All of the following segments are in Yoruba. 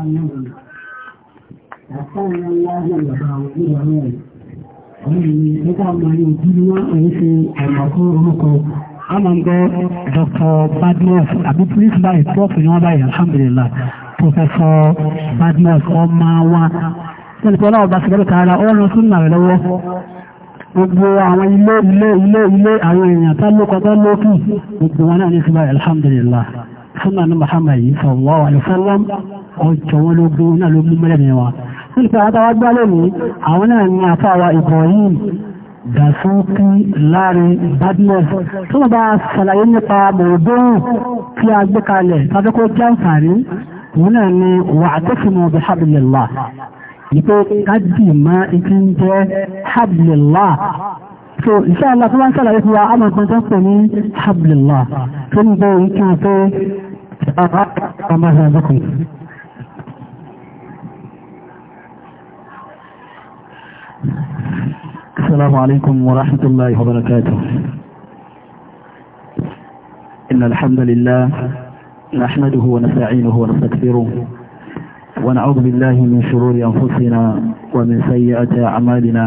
àtàwọn aláwọ̀ bàbá òkú bàbá rẹ̀ Dr. Badmus àbí prince báyìí tọ́pù ní báyìí alhamdulillah Professor Badmus ọmọ wa wọ́n ti pọ́ láwọn bá ṣe gbọ́dọ̀ tààrà ọ̀rọ̀ súnmọ́ rẹ̀ lọ́wọ́ gbogbo àwọn ilé ilé ilé ilé àwọn èèyàn tá lókọ tá lókì gbogbo wọn náà ní ṣe alhamdulillah súnà ní Muhammad yìí sallallahu alaihi wasallam ọjọ́ wọn ló gbé náà ló mú mẹ́rẹ̀mí wa nípa àtàwà gbálẹ̀ ní àwọn náà ní afáwa Ibrahim dàsókè láàrin badmus tó wọ́n bá ṣàlàyé nípa mọ̀ọ́dọ́rùn tí a gbé kalẹ̀ tàbí kó jẹ́ àǹfààní òun náà ni wa'tasimu bihablillah ìpé kájì máa ikú ń jẹ́ hablillah ان شاء الله طبعا سلا ń sàlàyé fún حبل الله máa kọjọ́ pẹ̀ ní hablillah بكم السلام عليكم ورحمة الله وبركاته إن الحمد لله نحمده ونستعينه ونستكثره ونعوذ بالله من شرور أنفسنا ومن سيئة أعمالنا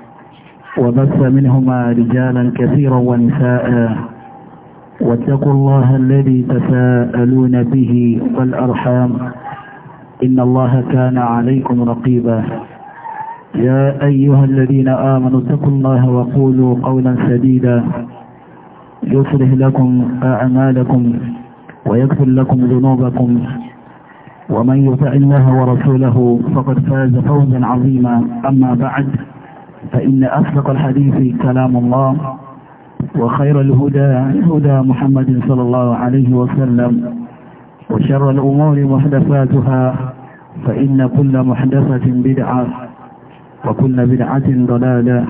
وبث منهما رجالا كثيرا ونساء واتقوا الله الذي تساءلون به والأرحام إن الله كان عليكم رقيبا يا أيها الذين آمنوا اتقوا الله وقولوا قولا سديدا يصلح لكم أعمالكم ويكفر لكم ذنوبكم ومن يطع الله ورسوله فقد فاز فوزا عظيما أما بعد فإن أصدق الحديث كلام الله وخير الهدى هدى محمد صلى الله عليه وسلم وشر الأمور محدثاتها فإن كل محدثة بدعة وكل بدعة ضلالة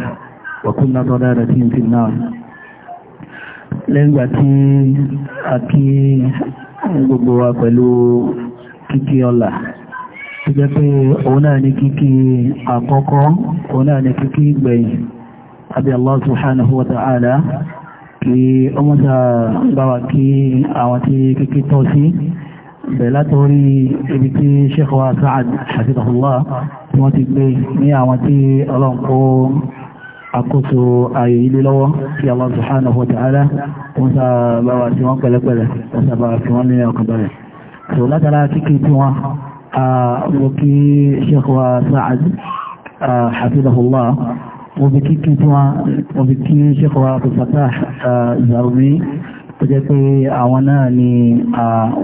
وكل ضلالة في النار lẹ́gbà tí a kí gbogbo wa jẹ́ pé òun náà ní kíkí àkọ́kọ́ òun náà ní kíkí gbẹ̀yìn àbí Allah subhanahu wa ta'ala kí ọmọdà báwa kí àwọn tí kíkí tọ́ sí bẹ̀ látorí ibi tí Sheikh wa Sa'ad hafidhahullah tí wọ́n ti gbé ní àwọn tí ọlọ́nkó àkóso ààyè ilé lọ́wọ́ kí Allah subhanahu wa ta'ala wọ́n sábà báwa tí wọ́n pẹ̀lẹ́pẹ̀lẹ́ wọ́n sábà fi wọ́n ní ọkàn bẹ̀rẹ̀ wọ́kí ṣekọwa sa'ad hafizahullah wọ́bikí kíkọ́ wọ́bikí ṣekọwa bufata zarumi tó jẹ́ pé àwọn náà ni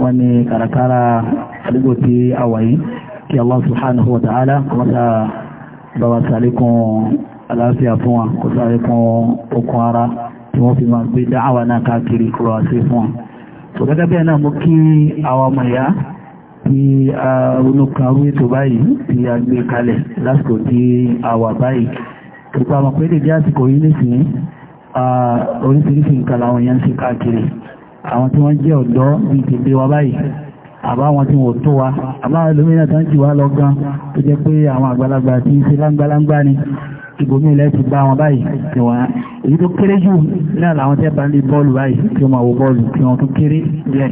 wọ́n ni kàràkàrà àdúgbò tí a wáyé kí Allah subhanahu wa ta'ala kuma ta bàbá sàríkún aláfíà fún wa kò sàríkún okun ara tí wọ́n fi máa gbé dáhàwà náà káàkiri kúrò àti fún wa. tó gẹ́gẹ́ bẹ́ẹ̀ náà mú kí àwọn ọmọ ìyá tí a onúkàrú ètò báyìí tí a gbé kalẹ̀ lásìkò tí a wà báyìí tó pa mọ̀ pé lè jẹ́ àsìkò yìí nìsìn oríṣiríṣi nǹkan làwọn èèyàn ṣe káàkiri àwọn tí wọ́n jẹ́ ọ̀dọ́ bíi tèbé wa báyìí àbáwọn tí wọ́n tó wa àbáwọn ẹlòmínà tó ń jù wá lọ gan tó jẹ́ pé àwọn àgbàlagbà tí ń ṣe láńgbáláńgbá ni ìbomi ilẹ̀ ti bá wọn báyìí tí wọ́n èyí tó kéré jù náà làwọn tẹ́ bá ń lè bọ́ọ̀lù báyìí tí wọ́n máa bọ́ọ̀lù tí wọ́n tún kéré díẹ̀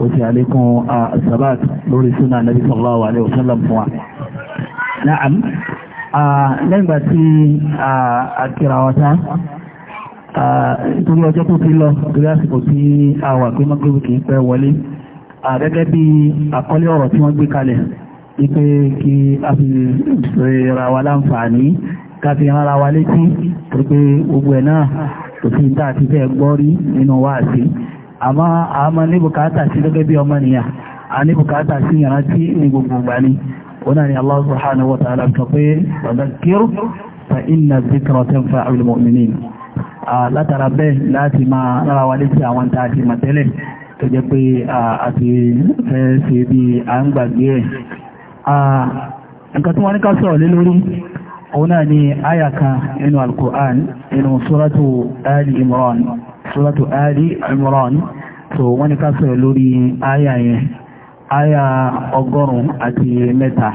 ó ti àlékún sabat lórí súnà nàbí sallallahu alaihi wasallam fún wa na'am lẹ́gbà tí àkíra ọ̀tá nítorí ọjọ́ tó fi lọ torí àsìkò tí a wà pé mọ́gbẹ́wì kìí pẹ́ wọlé gẹ́gẹ́ bí àkọlé ọ̀rọ̀ tí wọ́n gbé kalẹ̀ wípé kí a fi ra wa láǹfààní ká fi wa létí pé gbogbo ẹ̀ náà òfin tá ti fẹ́ gbọ́ rí nínú wáàsí àmọ́ àmọ́ ní bùkátà sí gẹ́gẹ́ bí ọmọnìyàn a ní bùkátà sí ìrántí ní gbogbo gbani wọn ni Allah subhanahu wa ta'ala sọ pé fadhakkir fa inna dhikra mu'minin látara bẹ́ẹ̀ láti máa rárá wa létí àwọn tá a ti mọ̀ tẹ́lẹ̀ tó jẹ́ pé àti fẹ́ ṣe bí à ń ni àyà kan nínú al-Qur'an nínú suratu Ali Imran suratu Ali Imran so wọ́n ní ká sọ̀rọ̀ lórí àyà yẹn àyà ọgọ́rùn-ún àti mẹ́ta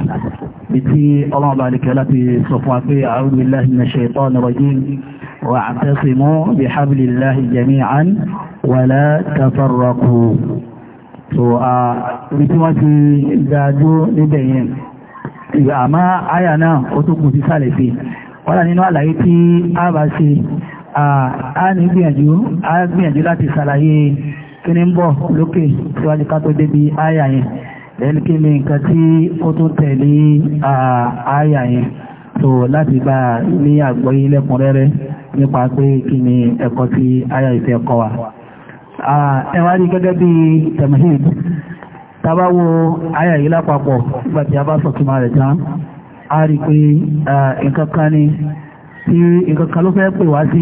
bíi ọlọ́run bá nìkẹ́ láti sọ fún wa pé a'udhu billahi minash shaitani rajim wa'tasimu bihablillahi jami'an wala tafarraqu so ibi tí wọ́n ti dájú níbẹ̀ yẹn àmọ́ àyà náà ó tó kù sí sàlẹ̀ sí wọ́n nínú àlàyé tí a bá ṣe a ní gbìyànjú a gbìyànjú láti ṣàlàyé kí ní ń bọ̀ lókè síwájú ká tó débi àyà yẹn lẹ́nu kí ni nǹkan tí ó tó tẹ̀lé àyà yẹn so láti bá ní àgbọ́yé lẹ́kùnrẹ́rẹ́ nípa pé kí ni ẹ̀kọ́ tí àyà ìfẹ́ kọ́ wa ẹwà rí gẹ́gẹ́ bí tẹ̀mọ̀hìd tàbáwo àyà yìí lápapọ̀ nígbàtí a bá sọ̀túnmà tí nǹkan kan ló fẹ́ pè wá sí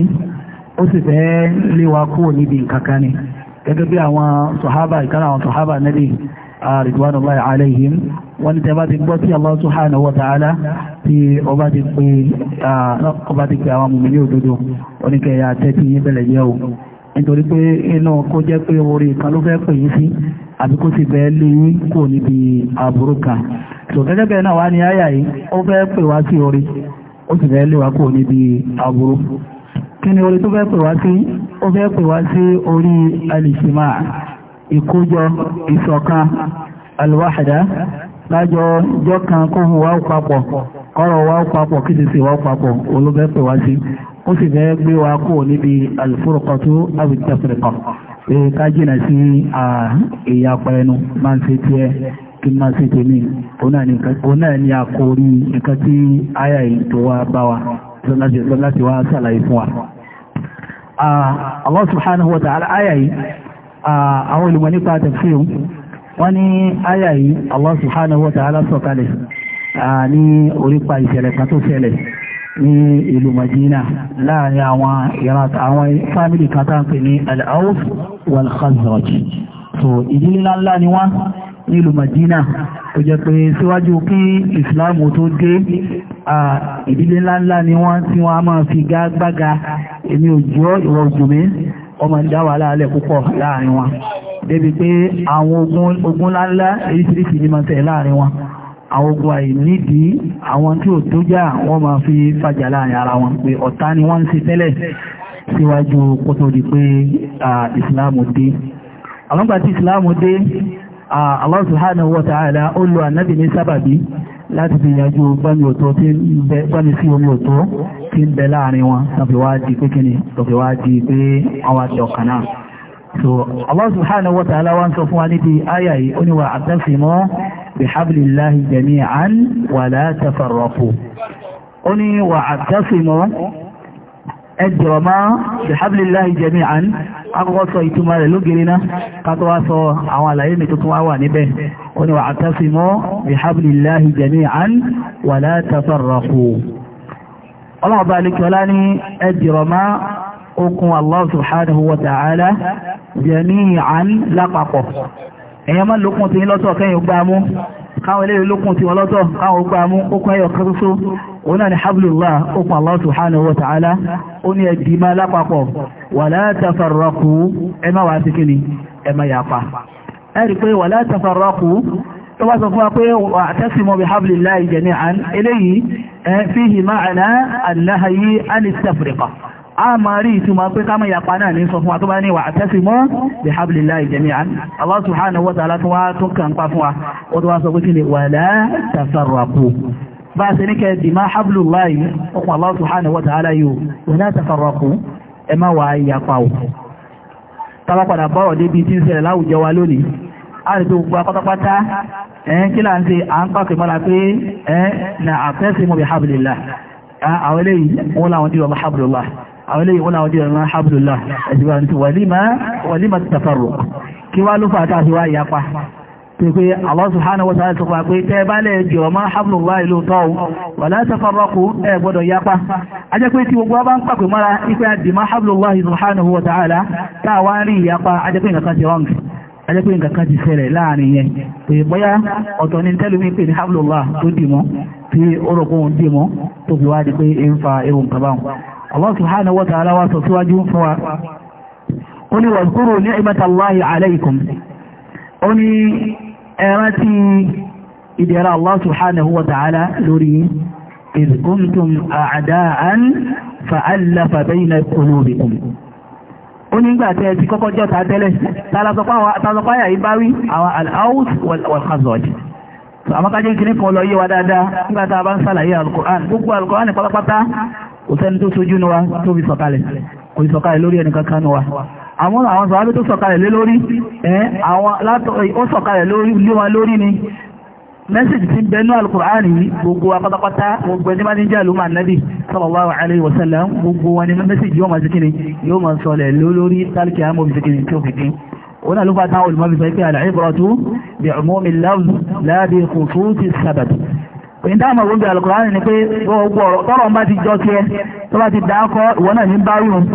ó sì fẹ́ lé wa kúrò níbi nǹkan ni gẹ́gẹ́ bí àwọn sọ̀hábà ìkànnà àwọn sọ̀hábà nẹ́bí ridwanullahi alayhim wọ́n ní tẹ́bá ti gbọ́ tí Allah subhanahu wa ta'ala tí ọba ti pè ọba ti pè àwọn mùmìnì òdodo oníkẹyà tẹ́tí yín bẹ̀lẹ̀ yẹ o nítorí pé inú kó jẹ́ pé orí kan ló so gẹ́gẹ́ bẹ́ẹ̀ náà wá ní àyà yìí ó sì fẹ́ lé wa kúrò níbi aburú kí ni orí tó fẹ́ pè wá sí ó fẹ́ pè wá sí orí alìsìmá ìkójọ ìṣọ̀kan alwahada lájọ jọ kan kóhùn wá papọ̀ kọ́rọ̀ wá papọ̀ kí sì sí wá papọ̀ olóbẹ́ pè wá sí ó sì fẹ́ gbé wa kúrò níbi alfurukọtú abitafirikọ ká jìnà sí ìyapa ẹnu máa ń ṣe tiẹ̀ kí máa sí tèmi òun náà ni àkórí nǹkan tí àyà yìí tó wá bá wa láti wá sàlàyé fún wa Allah subhanahu wa ta'ala àyà yìí àwọn olùmọ̀ nípa tafsir wọ́n ní àyà yìí Allah subhanahu wa ta'ala sọ̀kalẹ̀ ní orípa ìṣẹ̀lẹ̀ kan tó ṣẹlẹ̀ ní ìlú Madina láàrin àwọn ìran àwọn fámìlì kan tá pè ní al wal-Khazraj so ìdílé ńláńlá ni wọ́n nílùú Madina tó jẹ́ pé síwájú kí Islam tó dé ìdílé ńláńlá ni wọ́n tí wọ́n á máa fi gágbága èmi òjò ìwọ̀ òjòmí ọmọ ìdá wà láàlẹ̀ púpọ̀ láàrin wọn débi pé àwọn ogun ńláńlá èyíṣiríṣi ní máa tẹ̀ láàrin wọn àwọn ogun àìnídìí àwọn tí ò tó jà wọ́n máa fi fàjà láàrin ara wọn pé ọ̀tá ni wọ́n ń ṣe tẹ́lẹ̀ síwájú kó tó di pé Islam dé àwọn gbà tí ìsìláàmù dé Allah subhanahu wa ta'ala ó lo ànábì ní sábàbí láti fi yanjú gbọ́nì òtó tí sí omi òtó tí ń bẹ láàrin wọn tàbíwá di pé kíni tàbíwá di pé àwọn àti ọ̀kan so Allah subhanahu wa ta'ala wá ń sọ fún wa níbi àyà yìí ó ní wa atasimu ẹjọ̀ máa ṣìhábìláì jẹ́mí àn akọ́kọ́ sọ ìtumọ̀ rẹ̀ lógiri náà kátó wá sọ àwọn àlàyé mi tuntun wá wà níbẹ̀ ó ní wà àtàfimọ́ ṣìhábìláì jẹ́mí àn wà látàfàràkù ọlọ́ọ̀bá alikọ́lá ní ẹjọ̀ máa okun Allah subhanahu wa ta'ala jẹ́mí àn lápapọ̀ èèyàn máa òun náà ni hablullah okùn Allah subhanahu wa ta'ala ó ní ẹ̀dì máa lápapọ̀ wala tafarraqu ẹ má wá sí kíni ẹ má yapa ẹ rí pé wala tafarraqu tó bá sọ fún wa pé wa'tasimu bihablillahi jami'an eléyìí fihi ma'na an-nahyi an-tafriqa a ma rí ìtumọ̀ pé ká mọ̀ yàpá náà ní sọ fún wa tó bá ní wà àtẹ́sìmọ́ jami'an Allah subhanahu wa ta'ala tó wá tó kàn pa fún wa ó tó wá sọ pé kí wala tafarraqu bá a ṣe ní kẹ́ẹ̀dì máa hablullahi okùn Allah subhanahu wa ta'ala yóò wọ́n náà tafarraqu ẹ má wà ìyapa ò tàbá padà bọ́rọ̀ débi tí ń ṣẹlẹ̀ láwùjọ wa lónìí a rí tó gbogbo pátápátá ẹ̀yìn kí là ń ṣe à ń pàkẹ́ mọ́ra pé ẹ̀ na àfẹ́sìmọ̀ bí hablillah àwọn eléyìí pé Allah subhanahu wa ta'ala sọpá pé tẹ́ bá lẹ́ jọ máa hablullah ìlú tọ́wọ́ wà la tafarraqu ẹ gbọ́dọ̀ yapa a jẹ́ pé tí gbogbo bá ń pàpè mara ipé àdìmá hablullah subhanahu wa ta'ala táwa ń rí ìyapa a jẹ́ pé nǹkan ti rọ́ǹkì a jẹ́ pé nǹkan ti ṣẹlẹ̀ láàrin yẹn pé bóyá ọ̀tọ̀ ni tẹ́lú mi pè ní hablullah tó dìmọ́ tí orokun dìmọ́ tó fi wá di pé ń fa ewu nǹkan báwọn Allah subhanahu wa ta'ala wa sọ síwájú fún wa ó ní wàzkúrò ní ni'matallahi alaykum ó ní ẹran tí ìdẹ̀ra Allah subhanahu wa ta'ala lórí iz kuntum a'da'an fa'allafa bayna qulubikum ó nígbà tẹ́ ti kọ́kọ́ jọta tẹ́lẹ̀ tàbí yìí bá wí àwọn al-Aws wal-Khazraj àmọ́kájẹ́ kìíní kan àwọn àwọn sọ̀hábí tó sọ̀kalẹ̀ lé lórí ẹ́ àwọn ó sọ̀kalẹ̀ lórí lé wọn lórí ni mẹ́sìtì tí bẹnu alkùnrin gbogbo apátápátá gbogbo ẹni máa ní jẹ́ àlúmà náàbì sallallahu alaihi wasallam gbogbo wọn ni mẹ́sìtì yóò máa síkìní yóò máa sọ̀lẹ̀ ìdáàmà gbogbo alukùránì ni pé gbogbo ọ̀rọ̀ tọ́rọ̀ ń bá ti jọ sí ẹ tó bá ti dákọ́ ìwọ náà ní bá rí òun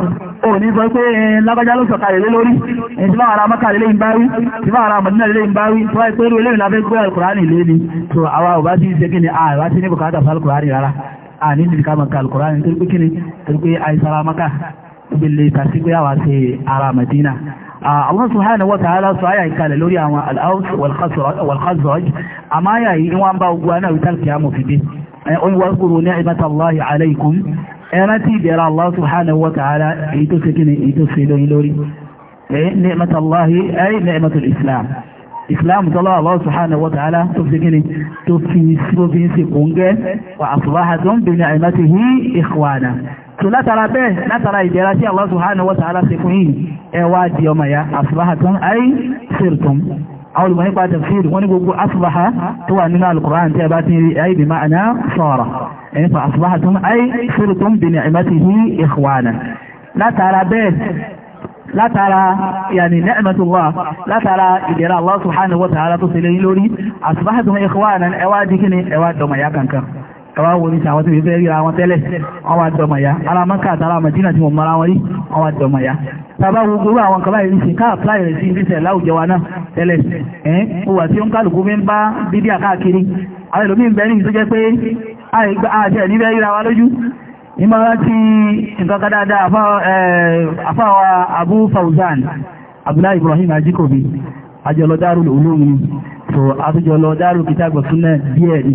ò ní sọ pé eh, lágbájá ló sọ kàlẹ̀ lé lórí èyí tí báwọn ará mọ́kà lè ń bá rí tí báwọn ará mọ̀dínà lè ń bá rí tí wáyé pé irú eléyìn láfẹ́ gbé alukùránì lé ni tó àwa ò bá ti ṣe kí ni àwa ti ní bùkátà fún Ah, Allah subhanahu wa ta'ala sọ ayà ìkalẹ̀ lórí àwọn al-Aws wal-Khazraj àmọ́ ayà yìí wọ́n bá ogun anáwí tàbí àmọ̀fìdí oyin wa kúrò ní ni'matallahi alaykum ẹran tí ìbẹ̀rẹ̀ Allah subhanahu wa ta'ala èyí tó sẹ́kì ní èyí tó sẹ́ lóyìn lórí ni'matallahi ay ni'matul Islam Islam tọ́lọ́ tó látara bẹ́ẹ̀ látara ìdẹ̀ra tí Allah subhanahu wa ta'ala ṣe fún yìí ẹ wá di ọmọ ya asbaha tán ayé sirtum àwọn olùmọ̀ nípa tafsir wọ́n ní gbogbo asbaha tó wà nínú al-Qur'an tí a bá ti rí ayé bí ma'ana sara ẹni fa asbaha tán ayé sirtum bi ni'matihi ikhwana látara bẹ́ẹ̀ látara yàní ni'matullah látara ìdẹ̀ra Allah subhanahu wa ta'ala tó ṣe lórí asbaha tán ikhwana ẹ di kíni ẹ dọ̀mọ̀ ya kankan tọwà wo ní àwọn tí mi fẹ́ ríra wọn tẹ́lẹ̀ wọ́n wá dọmọ̀ ya alamọ́kà àtàrà àmọ̀dínà tí mo mara wọn rí wọ́n wá dọmọ̀ ya tàbá gbogbo àwọn kan báyìí sí ká àpláì rẹ̀ sí ìrísẹ̀ láwùjọ wa náà tẹ́lẹ̀ ẹ̀ ó wà tí ó ń kálukú mi ń bá dídí àkáàkiri àwọn ìlú mi ń bẹ ní ìtọ́jẹ́ pé àṣẹ níbẹ̀ ríra wa lójú ìmọ̀ra ti nǹkan Abu Ibrahim Ajikobi àjọlọ dárò lòlóhun so àtújọlọ dárò kìtàgbọ̀ súnmẹ́ díẹ̀ ni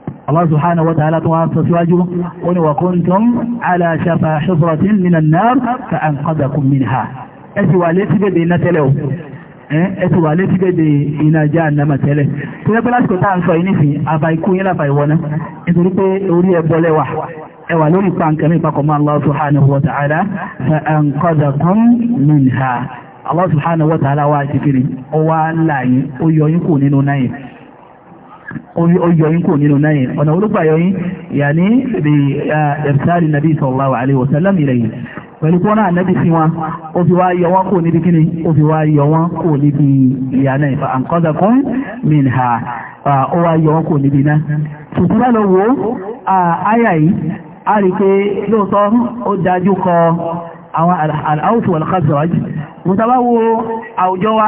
Allah subhanahu wa ta'ala tún wá sọ síwájú ó ní wa kuntum ala shafa hufratin minan nar ka anqadakum minha ẹ sì wà létí bèbè iná tẹ́lẹ̀ o ẹ ti wà létí gbèdè iná Jahannama tẹ́lẹ̀ tí lẹ́pẹ́ lásìkò tá à ń sọ yìí nísìnyí àbá ikú yín lábà ìwọ́ná nítorí ọyọyìn kò nínú náà yẹn ọ̀nà olùgbà yọyìn yàní bí ẹ̀rsáàlì nàbí sallallahu alaihi wasallam ilayhi pẹ̀lú kó náà nàbí sí wọn ó fi wá yọ wọn kò níbi kíni ó fi wá yọ wọn kò níbi ìyá náà fa anqadhakum minha ó wá yọ wọn kò níbi náà tuntun bá lọ wo àyà yìí a rí pé lóòótọ́ ó dájú kọ àwọn al-Aws wal-Khazraj mùsàbáwo àwùjọ wa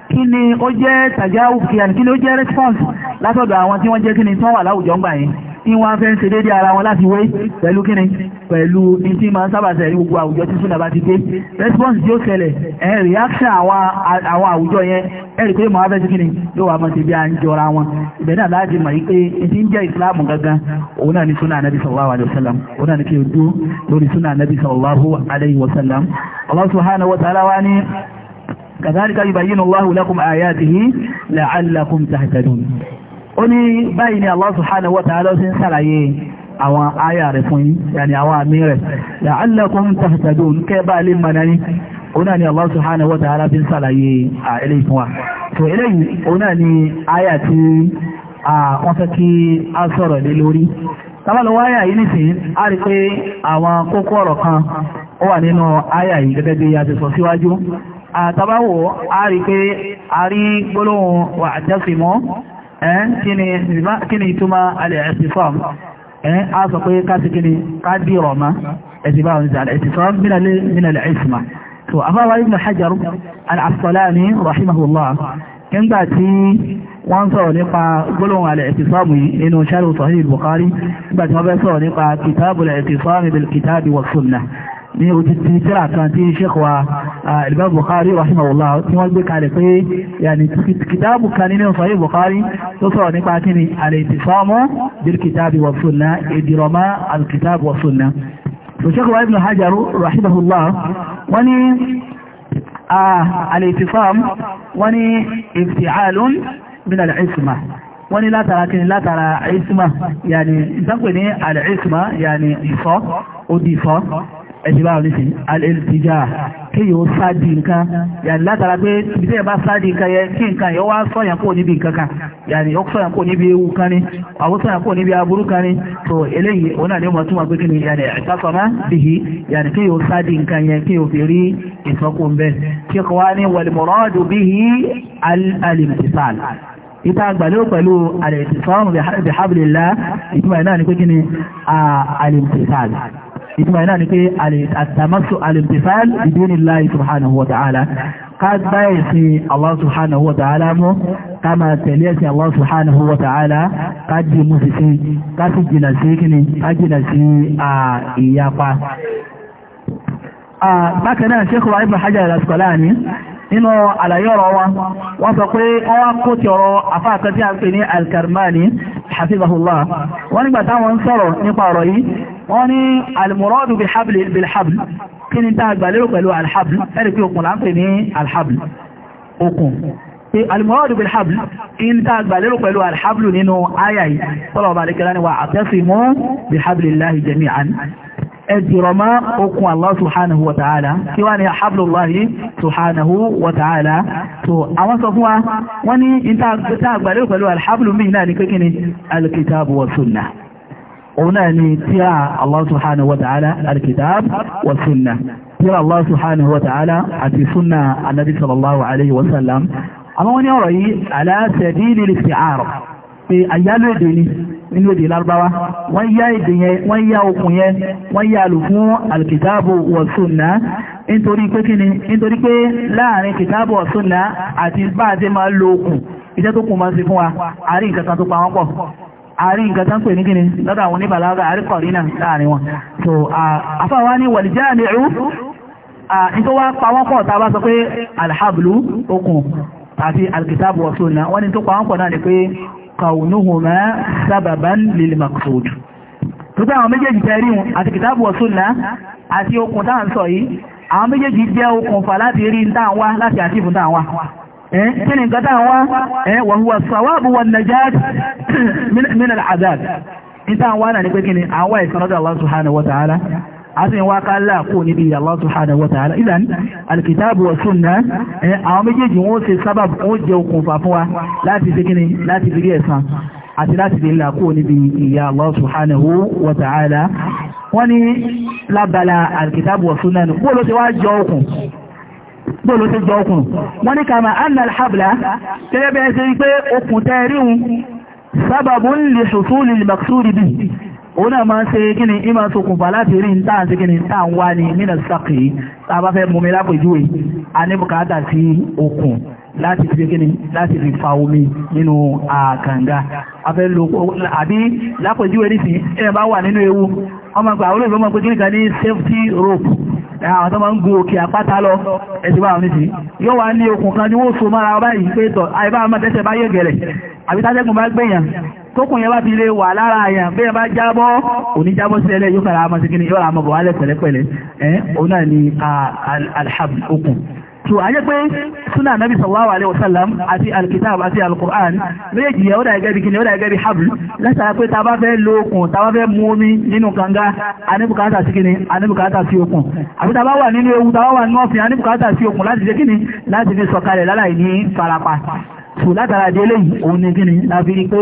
kí ni ó jẹ́ tàjáwù kí àti kí ni ó jẹ́ response látọ̀dọ̀ àwọn tí wọ́n jẹ́ kí ni tí wọ́n wà láwùjọ ńgbà yẹn tí wọ́n fẹ́ ń ṣe déédéé ara wọn láti wé pẹ̀lú kí ni pẹ̀lú ní tí máa ń sábàṣẹ̀ ní gbogbo àwùjọ tí súnà bá ti dé response tí ó ṣẹlẹ̀ ẹ̀ reaction àwọn àwùjọ yẹn ẹ̀rì pé màá fẹ́ sí kí ni yóò wá máa ṣe bí a ń jọra wọn ìbẹ̀ náà láti mọ̀ yí ti ń jẹ́ ìsìláàmù gangan òun náà ni súnà anábì sallallahu alayhi wa sallam òun náà ni kí o dúró lórí súnà anábì sallallahu alayhi wa sallam Allah subhanahu wa ta'ala wa ni kàtàríkà yubayyinu Allahu lakum ayatihi la'allakum tahtadun ó ní báyìí ni Allah subhanahu wa ta'ala sí ń sàlàyé àwọn ayà rẹ̀ fún yín yàní àwọn àmì rẹ̀ la'allakum tahtadun kẹ́ bá lè mọ̀nà ní ọ̀nà ni Allah subhanahu wa ta'ala bí ń sàlàyé à ilé fún wa tó ilé ọ̀nà ni ayà tí wọ́n fẹ́ kí a sọ̀rọ̀ lé lórí tábàlọ́ wáyà yìí nìsín a rí pé àwọn kókó ọ̀rọ̀ kan ó wà nínú ayà yìí gẹ́gẹ́ bí a ti sọ síwájú àtàbáwò ah, a rí pé a rí gbólóhùn wà àjẹ́sìmọ́ kí ni ìtumá alẹ́ ẹ̀sìfọ́m a sọ pé ká sí kí ni ká dí rọ̀má ẹ̀sìfọ́m ẹ̀sìfọ́m mínàlẹ̀ ẹ̀sìmá so afáwà ibn hajar al-asqalani rahimahullah nígbà tí wọ́n sọ̀rọ̀ nípa gbólóhùn al-i'tisamu yìí nínú sharh sahih nígbà tí wọ́n fẹ́ sọ̀rọ̀ nípa kitabul i'tisami bil kitabi wa sunnah ní òtítí tíra kan tí Sheikh wa ìlúbà Bukhari rahimahullah tí wọ́n gbé kalẹ̀ pé yàní kìtàbù kan nínú sahih Bukhari tó sọ̀rọ̀ nípa kí ni al-i'tisamu bil-kitabi wa sunnah ìdìrọ̀mọ́ al-kitab wa sunnah Sheikh wa Ibn Hajar rahimahullah wọ́n ní al-i'tisam wọ́n ní ibti'alun min al-isma wọ́n ní látara kí ni látara isma yàní ìtàkùn ní al-isma yàní ìfọ́ ẹ̀sìnbá olùsìn alẹ́lùtìjà kí yóò sáàdì nǹkan yàní látara pé ibi tí ẹ bá sáàdì nǹkan yẹ kí nǹkan yóò wá sọ̀yàn kúrò níbi nǹkan kan yàní ó sọ̀yàn kúrò níbi ewu kan ni àwọn sọ̀yàn kúrò níbi aburú kan ni tó eléyìí òun náà ni ó mọ̀ túmọ̀ pé kí ni yàní ìtàkọ̀mọ́ bìhí yàní kí yóò sáàdì nǹkan yẹ kí yóò fi rí ìsọkùn bẹ́ẹ̀ kí kò wá ní wàlìmọ̀rọ́dù bìhí alẹ́lùtìsàl ìta àgbàlẹ́ pẹ̀lú alẹ́lùtìsàl ìtumọ̀ iná ni pé àtàmásù alìmtìfàl ìdúnì láì subhanahu wa ta'ala ká báyẹ̀ sí Allah subhanahu wa ta'ala mọ́ ká máa tẹ̀lé sí Allah subhanahu wa ta'ala ká jí mú sí sí ká jìnà sí kíni ká sí ìyapa. bákan náà Sheikh Ibn Hajar nínú àlàyé ọ̀rọ̀ wa wọ́n sọ pé wọ́n wá kó ti ọ̀rọ̀ afáàkan tí a ń pè ní alkarmani hafizahullah wọ́n nígbà táwọn ń sọ̀rọ̀ nípa ọ̀rọ̀ yìí wọ́n ní almuradu bilhabl bilhabl kí ni tá àgbà lérò pẹ̀lú alhabl ẹ̀rì pé okùn là ní alhabl ẹ̀dìrọ̀mọ́ okun Allah subhanahu wa ta'ala kí wá ní àhábùlọ́láhì subhanahu wa ta'ala tó àwọn sọ fún wa wọ́n ní ìta àgbàlẹ́ pẹ̀lú alhábùlù mí náà ní pé kíni alkitabu wa sunna òun náà ni tí a Allah subhanahu wa ta'ala alkitab wa sunna tí a Allah subhanahu wa ta'ala àti sunna annabi sallallahu alaihi wasallam àwọn wani ọ̀rọ̀ yìí ala sabili pé àyálò èdè ni nínú èdè lárúbáwá wọ́n yá èdè yẹn wọ́n yá okùn yẹn wọ́n yá lò fún alkitabu wa sunna nítorí pé kíni nítorí pé láàrin kitabu wa sunna àti bá a ti máa lo okùn iṣẹ́ tó kù máa ń ṣe fún wa àárín nǹkan kan tó pa wọ́n pọ̀ àárín nǹkan tán pè ní gíní lọ́dọ̀ àwọn oníbàlága àríkọ̀ rí láàrin wọn so àfáwá ní wàlìjá ní ẹ̀rú tó wá pa wọ́n pọ̀ tá bá sọ pé alhablu okùn àti alkitabu wa sunna wọ́n ní tó pa wọ́n pọ̀ náà ni pé kaunuhuma sababan lil maqsud tó bá àwọn méjèèjì tẹ́rí wọn àti kìtàbù wa sunna àti okùn táà ń sọ yìí àwọn méjèèjì jẹ́ okùnfà láti rí táà wá láti àti ìfún táà wá kí ni nǹkan táà wá wa huwa sawabu wan najat min al-azab ní táà wá náà ní pé kí ni Allah subhanahu wa ta'ala àti ìwáká láàkó níbi Allah subhanahu wa ta'ala ìlànì alkitabu wa sunna àwọn méjèèjì wọ́n ṣe sábàbù wọ́n jẹ okùnfà fún wa láti fi kíni láti fi rí ẹ̀san àti láti fi láàkó níbi ìyà Allah subhanahu wa ta'ala wọ́n ní lábala alkitabu wa sunna nù bóòló ti wá jọ okùn bóòló ti jọ okùn wọ́n ní kama anna alhabla tẹ́lẹ̀ pé okùn tẹ́ẹ̀ríhun òun náà máa ń ṣe kíni ìmọ̀ ṣokùnfà láti rí ní táà sí kíni táà ń wá ní nínà sàkì tá a bá fẹ́ mumi lápèjúwe a ní bùkátà sí okùn láti fi kíni láti fi fa omi nínú àkànga afẹ́ lo àbí lápèjúwe nísìnyí ẹ̀ bá wà nínú ewu ọmọ ìgbà olóògbé ọmọ pé kíni kan ní safety rope àwọn tó máa ń gun òkè àpáta lọ ẹ̀sìn báwọn nìsí yóò wá ní okùn kan ni wọ́n so mára báyìí pé tọ̀ àìbá máa tẹ́sẹ̀ bá yẹ̀gẹ̀rẹ̀ àbí tátẹ́gùn bá gbẹ̀yàn tókùn yẹn bá fi lè wà lára àyàn bí ẹ bá jábọ́ òní jábọ́ sílẹ̀ yóò kàrà àmọ́ sí kí ni yóò rà àmọ́ bọ̀ wálẹ̀ pẹ̀lẹ́pẹ̀lẹ́ ẹ̀ òun náà ni alhab tó a jẹ́ pé súnà nàbí sallallahu alaihi wasallam àti alkitab àti alkur'an méjì yẹ ó dà gẹ́bí kìnnì ó dà gẹ́bí hablu látara pé tàbá fẹ́ lo okùn tàbá fẹ́ mú omi nínú kànga anibukata sí kìnnì anibukata sí okùn àbí tàbá wà nínú ewu tàbá wà nínú ọ̀fìn anibukata sí okùn láti fi sọ̀kalẹ̀ láláì ní farapa so látara di eléyìí òun ni gíní láfi rí pé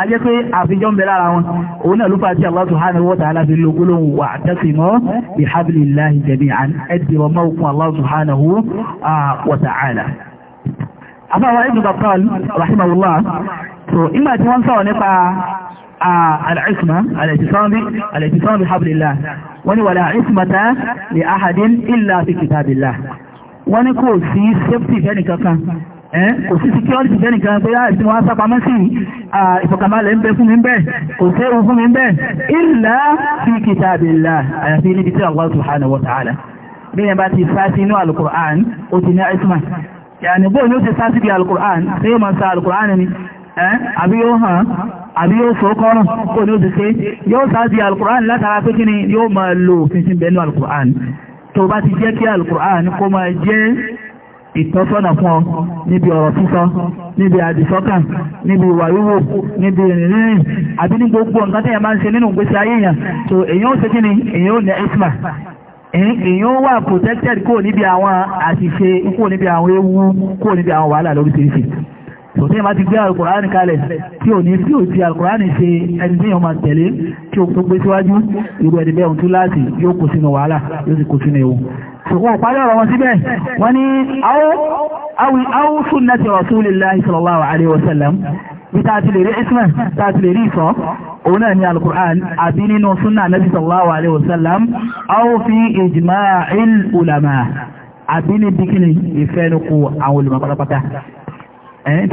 a jẹ́ pé àfijọ́ ń bẹ lára wọn òun náà ló fà tí Allah subhanahu wa ta'ala fi lógólóhùn wà tẹ́sìmọ́ bi hablillahi jami'an ẹ̀dìrọ̀ mọ́kún Allah بحبل الله ولا عصمة لأحد إلا في الله wọ́n ní kò sí kò sí security jẹ́ nìkan pé láì ah, tí wọ́n sápamọ́ sí ìfọ̀kànbalẹ̀ ń bẹ fún mi bẹ́ẹ̀ kò sí ewu fún mi bẹ́ẹ̀ illa fi kitabillah àyàfi níbi tí Allah subhanahu wa ta'ala bí yẹn bá ti sá sí inú alukur'an ó ti ní isma yàní bóò ni ó ti sá sí bí alukur'an tí yóò máa sa alukur'an ni àbí yóò hàn àbí yóò sọ kọ́rùn kò ní ó ti ṣe yóò sá sí alukur'an látara pé kí ni yóò máa lo òfin sí bẹ́ẹ̀ ìtọ́sọ́nà fún ọ níbi ọ̀rọ̀ sísọ níbi àdìsọ́kàn níbi ìwà wíwò níbi ìrìnrìn àbí ní gbogbo nǹkan tẹ́yẹ máa ń ṣe nínú ìgbésí ayé èèyàn so èèyàn ó ṣe kí ni èèyàn ó ní isma èèyàn ó wà protected kúrò níbi àwọn àṣìṣe kúrò níbi àwọn ewu kúrò níbi àwọn wàhálà lóríṣiríṣi so tí ma ti gbé alkùránì kalẹ̀ tí ò ní tí ò ti alkùránì ṣe ẹni tí yóò máa tẹ̀lé tí ó gbé síwájú irú ẹni bẹ́ẹ̀ tún láti yóò kó sínú wàhálà yóò sì kó sínú ewu ṣùgbọ́n parí ọ̀rọ̀ wọn síbẹ̀ wọ́n ní awú sunnati rasulillahi sallallahu alaihi wasallam bí ta ti lè rí isma ta ti lè rí ìsọ́ òun náà ni alkur'an àbí nínú sunna nabi sallallahu alaihi wasallam aw fi ijma'il ulama àbí ní bikini ìfẹ́nukú àwọn olùmọ̀ pátápátá ẹ̀yìn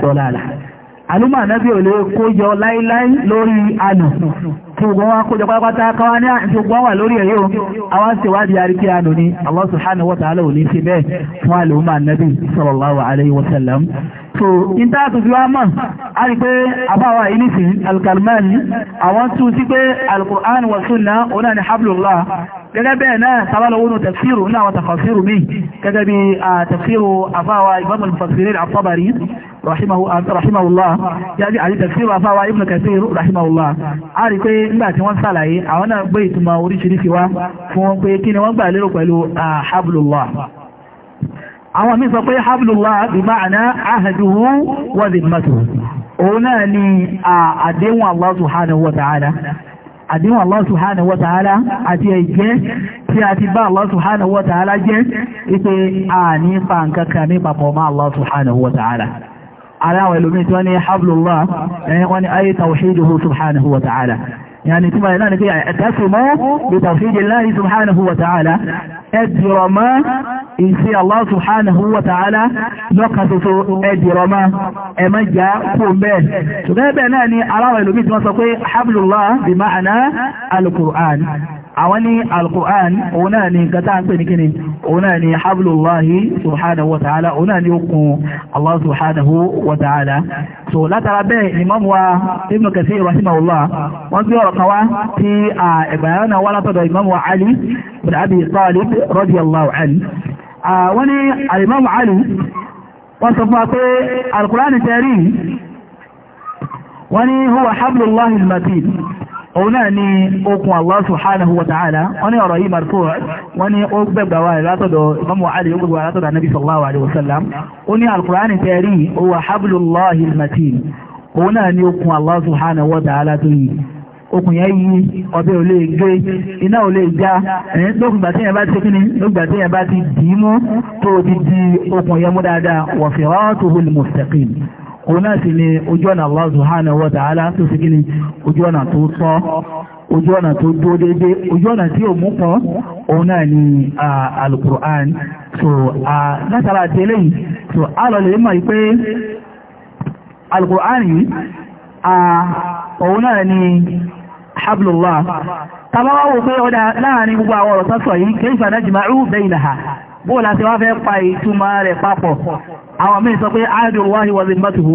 tó àlúmà nẹ́bí ò lè kó yọ láíláí lórí ànà tí gbogbo wọn kójọ pátápátá káwá ní àti gbogbo wà lórí ẹ̀yọ́ àwọn sì wá di àríkí ànà ní Allah subhanahu wa ta'ala ò ní ṣe bẹ́ẹ̀ fún àlúmà nẹ́bí sallallahu alaihi wa sallam so ìta gẹ́gẹ́ bẹ́ẹ̀ náà sábàlọ́wọ́nù tafsiru ní àwọn tafsiru mi gẹ́gẹ́ bí a tafsiru afáwa ibamul mufassirin al-Tabari rahimahullah yájí àti tafsiru afáwa ibn Kathir rahimahullah a rí pé nígbà tí wọ́n sàlàyé àwọn náà gbé ìtumọ̀ oríṣiríṣi wá fún pé kí ni wọ́n gbà lérò pẹ̀lú hablullah àwọn mi sọ pé hablullah bí ma'ana ahaduhu wa zimmatuhu òun náà ni àdéhùn Allah subhanahu wa ta'ala àdíwọ̀n Allah subhanahu wa ta'ala àti ẹ̀jẹ́ tí a ti bá Allah subhanahu wa ta'ala jẹ́ ipé a ní fa nǹkan kan ní papọ̀ mọ́ Allah subhanahu wa ta'ala ara tí wọ́n ní hablullah ẹ̀yìn wọ́n ní ayé tawhiduhu يعني ثم الآن في اعتصموا بتوحيد الله سبحانه وتعالى أجر ما إن الله سبحانه وتعالى لقصص أجر ما أما جاء قوم به سبحانه على الوميت ما حبل الله بمعنى القرآن àwọn ní alkùrán òun náà ni nǹkan táa ń pè ní kíni òun náà ni hablullahi subhanahu wa ta'ala òun náà ni okùn allah subhanahu wa ta'ala so látara bẹ́ẹ̀ imamu wa ibn Kathir rahimahullah wọ́n gbé ọ̀rọ̀ kan tí ẹgbẹ̀rẹ̀ náà wá látọ̀dọ̀ imamu ali bin abi talib radiyallahu anhu wọ́n ní alimamu ali wọ́n sọ fún pé alkùrán tẹ́rí wọ́n huwa hablullahi matin òun náà ni okun Allah subhanahu wa ta'ala wọ́n ní ọ̀rọ̀ yìí marfu wọ́n ní ó gbẹ̀gbà wa látọ̀dọ̀ imamu ali ó gbẹ̀gbà látọ̀dọ̀ anabi sallallahu alaihi wasallam ó ní alkurani tẹ́rí huwa hablullahi almatin òun náà ni okun Allah subhanahu wa ta'ala tó yìí okùn yẹn yí ọbẹ̀ ò lè gbé iná ò lè já ẹ̀yìn lókùngbà tí yẹn bá ti kíni lókùngbà tí yẹn bá ti dì í mú tó ti di okùn yẹn mú dáadáa wa firatuhu al òun náà sì ni ojú ọ̀nà Allah subhanahu wa ta'ala tó sì kí ni ojú ọ̀nà tó tọ́ ojú ọ̀nà tó dúró ojú ọ̀nà tí ò mú pọ̀ òun náà ni alukur'an so látara àti eléyìí so a lọ lè mọ̀ pé alukur'an yìí òun náà ni wò pé láàrin gbogbo àwọn ọ̀rọ̀ yìí kéfà náà jìmá rú bóòlá tí fẹ́ pa ìtumọ̀ rẹ̀ papọ̀ àwọn mí sọ pé áàdùnláhì wà zimbatuhu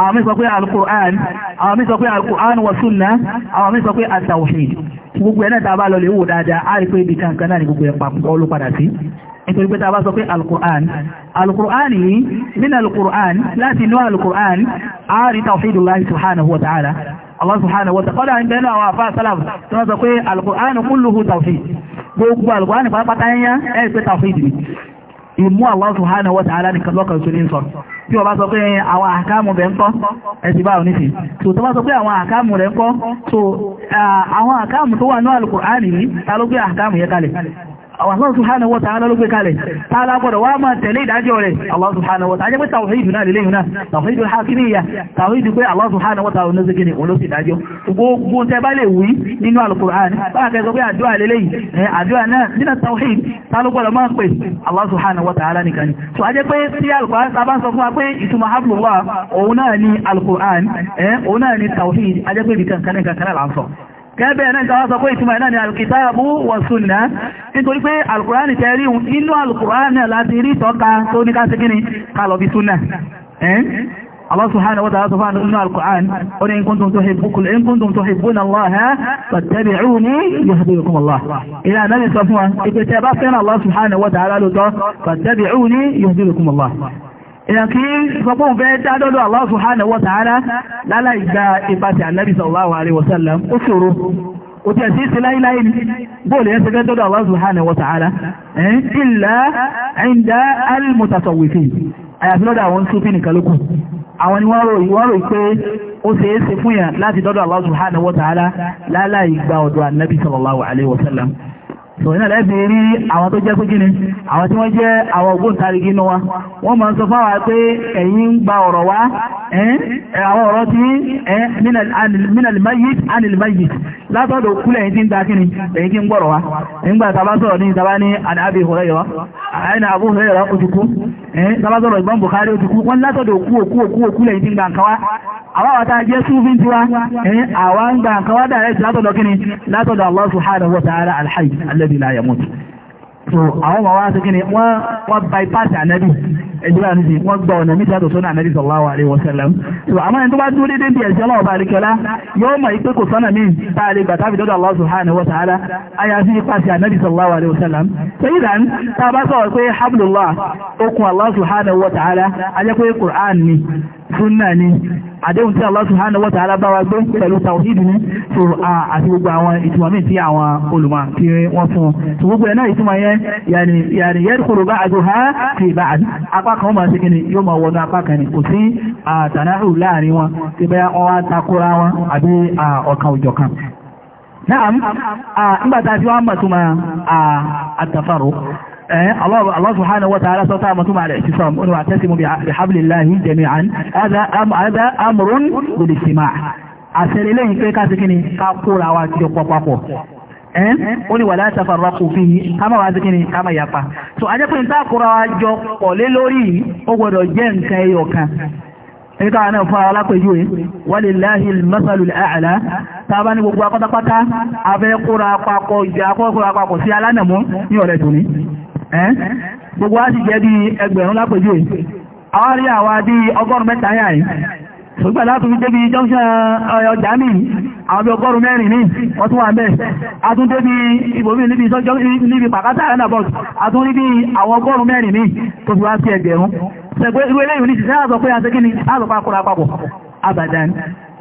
àwọn mí sọ pé alkùrán àwọn mí sọ pé alkùrán wà súnnà àwọn mí sọ pé àtàwọ̀ṣìd gbogbo ẹ̀nà tàbá lọ lè wò dáadáa a rí pé ibi kankan náà ni gbogbo ẹ̀ papọ̀ olópadà sí nítorí pé tàbá sọ pé alkùrán alkùrán yìí nínú alkùrán láti inú alkùrán a rí tàwọ̀ṣìdùláhì subhanahu wa Allah subhanahu wa ta'ala ń bẹ̀rẹ̀ àwọn afá sálàmù tí wọ́n sọ pé alkùrán kulluhu tàwọ̀ṣìd gbogbo alkùrán pàápàá táyá ẹ̀ pé tàwọ̀ṣìd ìmú Allah subhanahu wa ta'ala nìkan lọ́kàn tó ní sọ tí wọ́n bá sọ pé àwọn àkáàmù rẹ̀ ń kọ́ ẹ̀sì bá òní sí tó tó bá sọ pé àwọn àkáàmù rẹ̀ ń kọ́ so àwọn àkáàmù tó wà ní Al-Qur'ani ní ta ló gbé àkáàmù yẹ kalẹ̀ àwọn Allah subhanahu wa ta'ala ló gbé kalẹ̀ tààlà gbọ́dọ̀ wá máa tẹ̀lé ìdájọ́ rẹ̀ Allah subhanahu wa ta'ala jẹ́ pé tàwíìdù náà lélẹ́yìn náà tàwíìdù hakimiyya tàwíìdù pé Allah subhanahu wa ta'ala lóṣèké ni olóṣì ìdájọ́ gbogbo tẹ bá lè wí nínú al-Qur'an báwọn kẹsọ pé àdúrà lélẹ́yìn àdúrà náà nínú tàwíìdù tààlà gbọ́dọ̀ máa pè Allah subhanahu wa ta'ala nìkan ni so a jẹ́ pé tí al-Qur'an sábà sọ fún wa pé ìtumọ̀ gẹ́gẹ́ ẹ̀nà ìjọba sọ pé ìtumọ̀ ẹ̀nà ni alkitabu wa sunna nítorí pé alkùránì tẹ́rí inú alkùránì láti rí tọ́ka tó ní káṣí gíní kalọ̀bí sunna Allah subhanahu wa ta'ala subhanahu inú alkùránì ó ní in kuntum tuhibbuna Allaha fattabi'uni yuhibbukum Allah ila nabi sọ fún wa ìpẹ̀tẹ̀ bá fẹ́ràn Allah subhanahu wa ta'ala lótọ́ fattabi'uni èèyàn kí sọpọ̀ ń fẹ́ dádọ́dọ̀ Allah subhanahu wa ta'ala láláì gba ìpàtẹ̀ ànábì sallallahu alaihi wa sallam ó ṣòro ó ti ẹ̀sí sí láíláí ní bóòlù yẹn sẹ́gẹ́ dọ́dọ̀ Allah subhanahu wa ta'ala illa 'inda al-mutasawwifin àyàfi lọ́dọ̀ àwọn Sufi nìkan lókù àwọn ni sòyìn náà lẹ́bìn rí àwọn tó jẹ́ pé gíní àwọn tí wọ́n jẹ́ àwọn ògbóǹtarìgì inú wa wọ́n máa ń sọ fáwa pé ẹ̀yin ń gba ọ̀rọ̀ wá àwọn ọ̀rọ̀ tí mínàlìmáyìí anìlìmáyìí látọ̀dọ̀ kúlẹ̀ ẹ̀yin tí ń da kíni ẹ̀yin kí ń gbọ́rọ̀ wá nígbà tàbá sọ̀rọ̀ ní ìtàbá ní àbí ìhòrẹ́yọ́ àyìn àbú ìhòrẹ́yọ́ ojúkú tàbá sọ̀rọ̀ ìgbọ́n Bukhari ojúkú wọ́n látọ̀dọ̀ kú òkú òkú òkú lẹ́yìn tí alladhi la yamut so àwọn ọmọ wa ṣe kí ni wọ́n bypass ànábì ẹjọ́lá ní wọ́n gbọ́ ọ̀nà mítà tó sọ́nà ànábì sallallahu alaihi wasallam so àmọ́ ẹni tó bá dúró dédé bí ẹ̀ṣẹ́ ọlọ́wọ́ bá rí kẹlá yóò mọ̀ ìpé kò sọ́nà mí bá rí gbà tábí dọ́dọ̀ Allah subhanahu wa ta'ala ayáfi ipasẹ̀ ànábì sallallahu àdéhùn tí Allah subhanahu wa ta'ala bá wa gbé pẹ̀lú tawhid ní so àti gbogbo àwọn ìtumọ̀ míì tí àwọn olùmọ̀ tí wọ́n fún so gbogbo ẹ̀ náà ìtumọ̀ yẹn yàní yàní yadkhulu ba'duha fi ba'd apá kan máa ṣe kíni yóò máa wọnú apá kan kò sí àtànáhù láàrin wọn tí bẹ́ẹ̀ wọ́n wá takora wọn àbí ọ̀kan òjọ̀ kan náà a الله سبحانه وتعالى سوطا متوم على الاعتصام واعتصموا بحبل الله جميعا هذا هذا أمر بالاجتماع àṣẹrẹ lẹ́yìn pé ká sí kí ni ká kóra wa jọ pọ̀pọ̀pọ̀ ẹn eh, ó ní wà láti farrakù fi ká máa wá sí kí ni ká máa yapa so a jẹ́ pé níta kóra wa jọ pọ̀ lé lórí ó gbọ́dọ̀ jẹ́ nǹkan ẹyọ kan ẹni káwọn náà fún alápẹjú ẹ walillahi al-masalu al-a'la tábà ní gbogbo akọ́tàpátá abẹ́ kóra papọ̀ ìjà akọ́kóra sí alánàmú ní ọ̀rẹ́ tòní ẹ́n gbogbo wa jẹ́ bí ẹgbẹ̀rún lápòjú àwọn rí àwa bí ọgọ́rùn mẹ́ta yà yìí ṣùgbọ́n láti fi junction eh, ọjà mi àwọn bí ọgọ́rùn mẹ́rin ní wọ́n tún wà mẹ́ atún débi ibòmí níbi pàkátà arena box atún rí bí àwọn ọgọ́rùn mẹ́rin ní tó fi wá sí ẹgbẹ̀rún a ni àzọ pa kúra papọ̀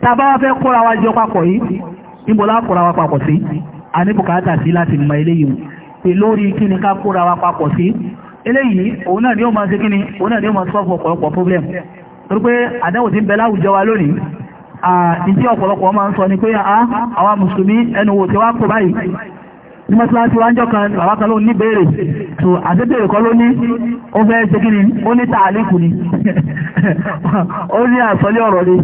tàbá wá fẹ́ kóra wa jọ papọ̀ yìí níbo lá kóra wa papọ̀ sí a ní bùkátà sí láti mọ eléyìí pè lórí kí ni ká kóra wa papọ̀ sí eléyìí òun náà ni ó máa ṣe ọ̀pọ̀lọpọ̀ problem torí pé àdánwò ti ń bẹ láwùjọ wa lónìí ìdí ọ̀pọ̀lọpọ̀ máa ń sọ ni pé àwọn mùsùlùmí ẹnu wò tí wá kó báyìí ní mọ́síláńtí wájọ́ kan bàbá kan ló ní béèrè tó àdébèrè kọ́ ló ní o fẹ́ ṣe kí ni ó ní tààlíkù ni ó ní àsọlé ọ̀rọ̀ ni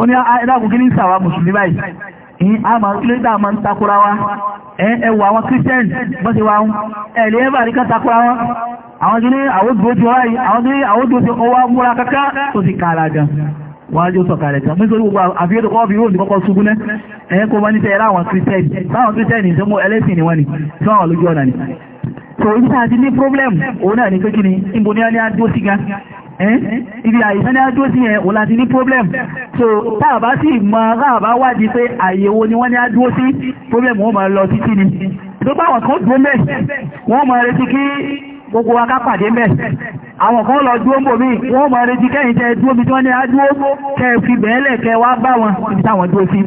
ó ní ah, kí ní sàwà mùsùlùmí báyìí ìyìn àmà kílódà máa ń wa ẹwà àwọn wa ń ẹ̀lẹ́ wọ́n á jó sọ̀kalẹ̀ tán nítorí gbogbo àfihàn kọ́ fi róòlù kọ́kọ́ ṣubú náà ẹ̀yẹn kó bá ní tẹ́ẹ̀rẹ́ àwọn kírísítẹ́nì báwọn kírísítẹ́nì ṣe mú ẹlẹ́sìn ni wọ́n ni tí wọ́n lójú ọ̀nà ni so ibi tá a ti ní problem òun náà ni pé kí ni ibo ní ọlẹ́ adó sí ga ibi àyíká ní adó sí yẹn òun láti ní problem so táàbá sì mọ ráàbá wádìí pé àyèwò ni wọ́n ní adó sí problem wọ́n máa lọ títí ni tó báwọn kan dúró mẹ́ wọ́n máa retí kí gbogbo wa ká pàdé mẹ́ àwọn kan lọ dúó mò mí wọ́n mọ̀ retí kẹ́yìn tẹ́ dúó mi tí wọ́n ní adúó kẹ́ fi bẹ̀ẹ́lẹ̀ kẹ́ wá bá wọn ibi táwọn dúó sí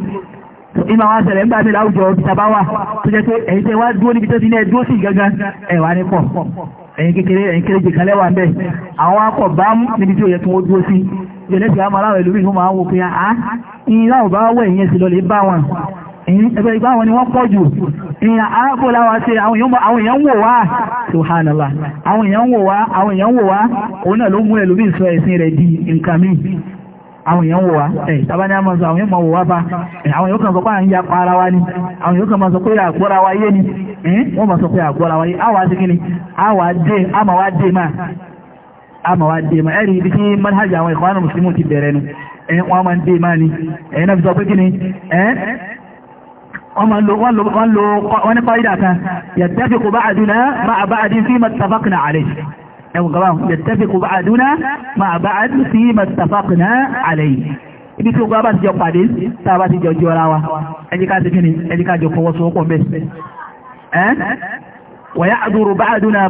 ìmọ̀ àwọn àṣẹ̀lẹ̀ ń gbà mí láwùjọ ibi tàbá wà tó jẹ́ pé ẹ̀yìn tẹ́ wá dúó níbi tó ti ní ẹ dúó sí gangan ẹ̀wà ní pọ̀ ẹ̀yìn kékeré ẹ̀yìn kékeré jẹ kalẹ́ wà ń ẹgbẹ́ ìgbà wọn ni wọ́n pọ̀ jù ìyàn arábòláwà sí àwọn èèyàn wò wá ṣùhánàlá àwọn èèyàn wò wá àwọn èèyàn wò wá òun náà ló mú ẹlòmí ìsọ ẹ̀sìn rẹ̀ di nǹkan míì àwọn èèyàn wò wá ẹ̀ tàbá ní àmọ́ àwọn èèyàn wò wá bá àwọn èèyàn kan sọ pé à ń ya pa ara wa ni àwọn èèyàn kan máa sọ pé ẹ̀ wọ́n máa ń dé máa ni ẹ̀ náà fi sọ pé kíni ẹ̀ wọ́n lo wọ́n ní kọ́ídà kan yattafiqu ba'duna ma'a ba'din fima ittafaqna alayhi ẹwùn gaba yattafiqu ba'duna ma'a ba'din fima ittafaqna alayhi ibi tí ogun bá ti jọ pàdé tá a bá ti jọ jọ ra wa ẹjíká ti kí ni ẹjíká jọ fọwọ́sowọ́pọ̀ bẹ́ẹ̀ wọ̀yá àdúrò bá àdúnà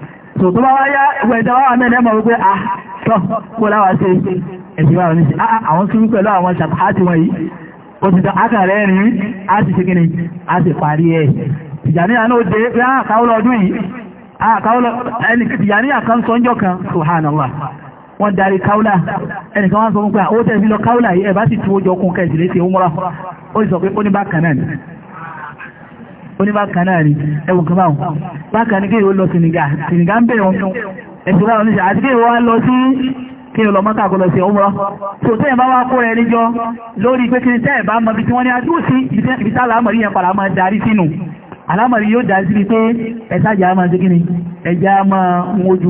tó tó bá wáyá ìwẹ̀ ìjọba wà mẹ́rin ẹmọ̀ wípé ah tọ́ kó láwà sí ẹ̀sìn wà ní sí àwọn tún pẹ̀lú àwọn ṣàpáàtì wọ̀nyí ó ti tọ́ ákàrẹ́ rìn á sì ṣe kíni á sì parí ẹ̀ ìjàníyà náà dé pé àkàwọ́lọ́ ah, ọdún yìí àkàwọ́lọ́ ah, ẹni ìjàníyà kan sọ ń jọ kan subhanallah wọ́n darí káúlà ẹnìkan wọ́n sọ fún pé ah, ó tẹ̀sí lọ káúlà yìí ẹ̀ bá sì tún ó jọ kún kẹ̀sì létí ó múra ó sì sọ pé ó ní bákan náà oníbákan náà ni ẹwùn kan báwọn bákan ní kéèyàn lọ Senegal Senegal ń bẹ̀rẹ̀ wọn ẹ̀sùn láwọn oníṣẹ́ àti kéèyàn wá lọ sí kí o lọ mọ́ta kó lọ sí ọmọ tó tẹ́ bá wá kó rẹ̀ níjọ lórí pé kí tẹ́ bá mọ́ bí tí wọ́n ní adúrú sí ibi tá alámọ̀rí yẹn padà máa darí sínú alámọ̀rí yóò darí sí pé ẹ̀sájà máa ni ẹja máa ń wojú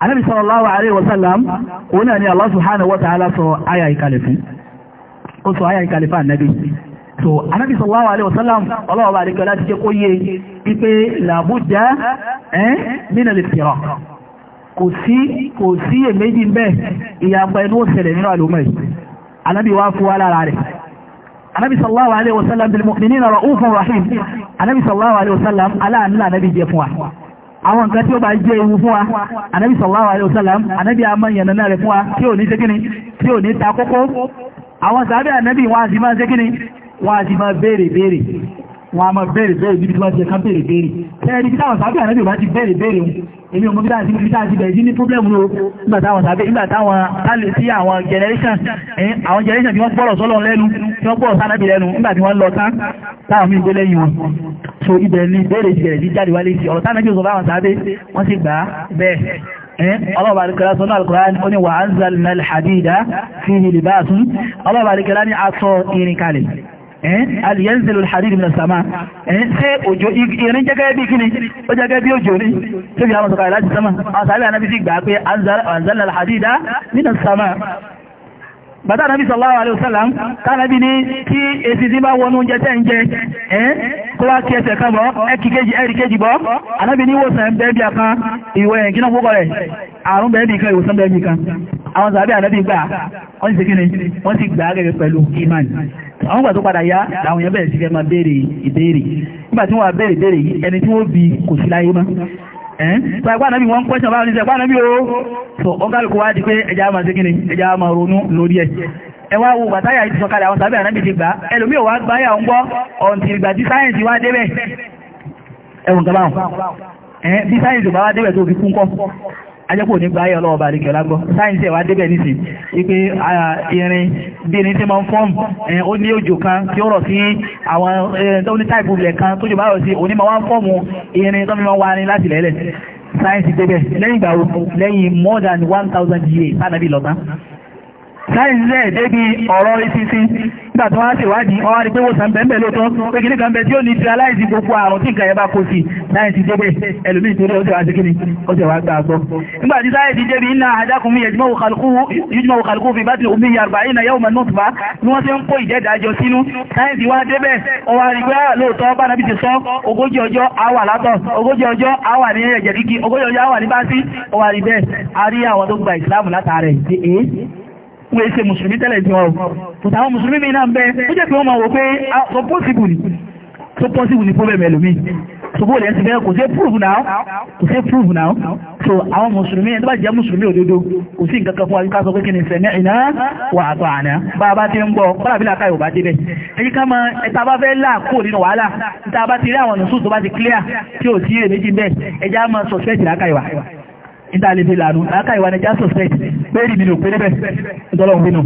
anábì sallallahu alaihi wasallam òun náà ni Allah subhanahu wa ta'ala sọ àyà ìkàlẹ̀ fún ó sọ àyà ìkàlẹ̀ fún anábì so anábì sallallahu alaihi wasallam ọlọ́wọ́ bá àríkẹ́ láti jẹ́ kó yé wípé làbújá ẹ́ nínú lè fìrọ̀ kò sí kò sí èméjì ń bẹ́ ìyàpá inú òṣèlè nínú àlùmọ̀ yìí anábì wá fún wa lára rẹ̀ anábì sallallahu alaihi wasallam àwọn nǹkan tí ó bá jẹ́ ewu fún wa anábì sallallahu alaihi wasallam anábì amáyànnà náà rẹ̀ fún wa tí ò ní ṣe kíni tí ò ní ta kókó àwọn sàábẹ̀ anábì wọn àti máa ṣe kíni wọn àti máa béèrè béèrè wọn a mọ́ bèèrè bèèrè bí wọ́n jẹ kán bèèrè bèèrè ẹ̀rí bí táwọn sábẹ́ àrẹ́bì wájí bèèrè bèèrè wọn èmi ọmọ bídá àti bídá àti bẹ̀ẹ̀jí ní pọ́blẹ̀mù ló nígbà táwọn sábẹ́ nígbà táwọn tálẹ̀ sí àwọn generation àwọn generation tí wọ́n gbọ́rọ̀ sọ́lọ́ lẹ́nu tí wọ́n gbọ́rọ̀ sánábì lẹ́nu nígbà tí wọ́n lọ tán táwọn mí gbélé yìí wọn so ibẹ̀ ni bèèrè ìbẹ̀rẹ̀ sí jáde wálé sí ọ̀rọ̀ tánábì sọ fáwọn sábẹ́ wọ́n sì gbà bẹ́ẹ̀ ọlọ́ọ̀bà àríkẹ́lá sọ náà Al-Qur'an ó ní wà á ń zàlìmẹ́lì hadida fi hìlìbáàtún ọlọ́ọ̀bà àríkẹ́lá ní aṣọ irin kalẹ̀ aliyanzilu alhadid min as-sama ṣé òjò irin jẹ́gẹ́ bí kíni ó jẹ́gẹ́ bí òjò ní tó fi àwọn sọ̀kàlẹ̀ láti sama àwọn sàálẹ̀ anábi sì gbà pé anzala alhadida min as-sama bàtà anábi sallallahu alaihi wasallam tánàbí ní kí èsì tí bá wọnú oúnjẹ tẹ́ ń jẹ ẹ́ kó wá kí ẹsẹ̀ kan bọ́ ẹkì kejì ẹ̀rì kejì àwọn sàbí ànábì gbà wọ́n ti kíni wọ́n ti gbà gẹ́gẹ́ pẹ̀lú imani àwọn gbà tó padà yá àwọn èèyàn bẹ̀rẹ̀ sí fẹ́ máa béèrè ìbéèrè nígbà tí wọ́n béèrè ìbéèrè yìí ẹni tí wọ́n bi kò sí láyé mọ́ sọ ẹgbà náà bí wọ́n pẹ́sàn bá ní sẹ ẹgbà náà bí o so ọgálùkù wá di pé ẹja máa sí kíni ẹja máa ronú lórí ẹ̀ ẹwà wo bàtáyà ti sọ̀kalẹ̀ àwọn sàbẹ̀ ànábì ti gbà ẹlòmí ò wá gbáyà ń gbọ́ ọ̀ntì ìgbà tí sáyẹ̀nsì wá débẹ̀ ẹwùn gabáhùn bí sáyẹ̀nsì bá wá débẹ̀ tó fi kún kọ́ ajẹ́kò ní gbáyé ọlọ́wọ́ bá àríkẹ̀ lágbọ́ sáyẹ̀nsì ẹ̀wà débẹ̀ nìsí wípé irin bí irin tí ma ń fọ́m ó ní òjò kan tí ó rọ̀ sí àwọn tó táìpù ilẹ̀ kan tó jù bá rọ̀ sí onímọ̀ wá fọ́ọ̀mù irin tó fi máa wá ní láti lẹ́lẹ̀ sáyẹ̀nsì débẹ̀ lẹ́yìn ìgbà more than one years sáyẹ̀nsì rẹ̀ débi ọ̀rọ̀ ìsinsin nígbà tí wọ́n sì wádìí ọwá rí pé wò sàn bẹ̀m̀bẹ̀ lóòótọ́ pé kìnnìkan bẹ̀ tí ó ní tíráláìsì gbogbo àrùn tí nǹkan ẹ̀bá kò sí sáyẹ̀nsì débẹ̀ ẹlòmí ìtorí ọjọ́ àti kíni ọjọ́ wa gbà gbọ́ nígbà tí sáyẹ̀nsì débi iná adákùnmí yẹjúmọ̀ òkàlùkù fi bátìlì omi yàrùbá iná yẹ́wò mọ̀ nọ́ọ̀tùbá ni wọ́n ti ń kó ìdẹ́dàjọ sínú sáyẹ̀nsì wá débẹ̀ ọwá rí pé ah, lóòótọ́ bá nàbí ti sọ ogójì ọjọ́ àwà látọ̀ ogójì ọjọ́ àwà ní ẹ̀jẹ̀ kíkí ogójì ọjọ́ àwà ní bá sí ọwá rí bẹ́ẹ̀ a rí àwọn tó gba ìsìláàmù látàrẹ̀ wọ́n èsè mùsùlùmí tẹ́lẹ̀ tí wọ́n kò tàwọn mùsùlùmí mi náà bẹ́ ó jẹ́ pé wọ́n máa wò pé ah, so possible ni so possible ni problem ẹlòmí so bó lẹ́sìn bẹ́ẹ̀ kò sí prove now kò sí prove now so àwọn mùsùlùmí ẹni tó bá jẹ́ mùsùlùmí òdodo kò sí nǹkan kan fún àyíká sọ pé kí ni sẹ̀mí ìná wà àtọ̀ àná bá a bá ti ń bọ̀ kọ́lá bílà káyọ̀ bá débẹ̀ èyí ká mọ ẹta bá fẹ́ là kó nínú wàhálà níta bá ti rí àwọn nùsùn tó bá ti clear tí ò sí èrè méjì bẹ́ẹ̀ ẹjá mọ suspect lákàyọ̀ ìdálébé lànú láàkà ìwà ní jásò state bẹ́ẹ̀rì mi ló pé níbẹ̀ ìtọ́lọ̀hún bínú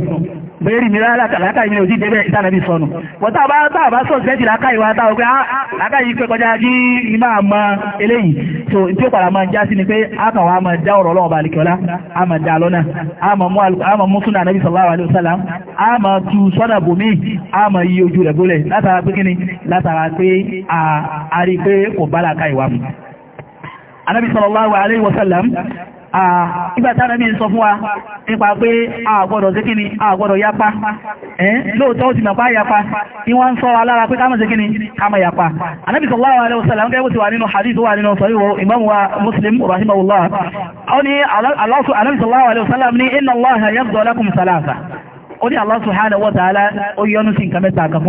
bẹ́ẹ̀rì mi láàkà ìmìnà òjì débẹ̀ ìtànàbí sọnù wọ́tá bá tàbá sọ state láàkà ìwà táwọn pé ah, láàkà yìí pé kọjá jí iná àmọ́ eléyìí so tí ó padà máa já sí ni pé àkàn wa máa já ọ̀rọ̀ ọlọ́wọ́ balikọ́lá a máa dá lọ́nà a máa mú súnà anábì sallallahu alaihi wasallam a máa tu sọ́nà bòmí a máa yí ojú rẹ̀ bólẹ̀ látara pé kíni látara pé a rí pé kò bá láàkà ìwà mu anábì sallallahu alaihi wasallam ìgbàtà náà mi ń sọ fún wa nípa pé àgbọ̀dọ̀ sí kíni àgbọ̀dọ̀ yapa ẹ́ lóòtọ́ ó ti mọ̀ pá yapa ní wọ́n ń sọ alára pé káàmù sí kíni yapa anábì sallallahu alaihi wasallam ń gẹ́gbẹ́ ti wà nínú hadith wà imam wa muslim rahimahullah ó ní anábì sallallahu alaihi wasallam ní inna allaha yafdalakum salasa ó ní allah subhanahu wa ta'ala ó yọ́nú sí nǹkan mẹ́ta kan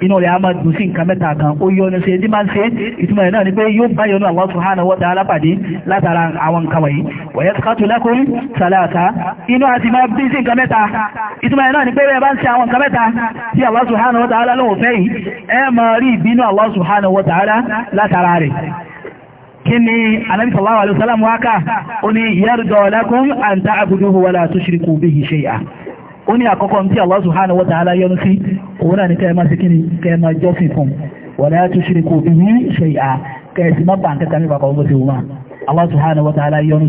inú rẹ̀ a máa dùn sí nǹkan mẹ́ta kan ó yọ ní ṣe tí máa ń ṣe ìtumọ̀ ẹ̀ náà ni pé yóò bá yọnú Allah subhanahu wa ta'ala pàdé látara àwọn nǹkan wọ̀nyí wọ̀yẹ́ kátó lákòrí sàlàkà inú àti máa bí sí nǹkan mẹ́ta ìtumọ̀ ẹ̀ náà ni pé ẹ bá ń ṣe àwọn nǹkan mẹ́ta tí Allah subhanahu wa ta'ala lóhùn fẹ́ yìí ẹ máa rí ìbínú Allah subhanahu wa ta'ala látara rẹ̀ kíni Ànábì àkọ́kọ́ nti Allah subhanahu wa ta'ala sí òun náà ni kẹ́ẹ̀má sí kíni kẹ́ẹ̀má jọ́sìn fún wala tushriku bihi shay'a kẹ́ẹ̀sì má bàǹkẹ́ta nípa kọ̀ọ̀bọ̀ sí wọn Allah subhanahu wa ta'ala yọ́nú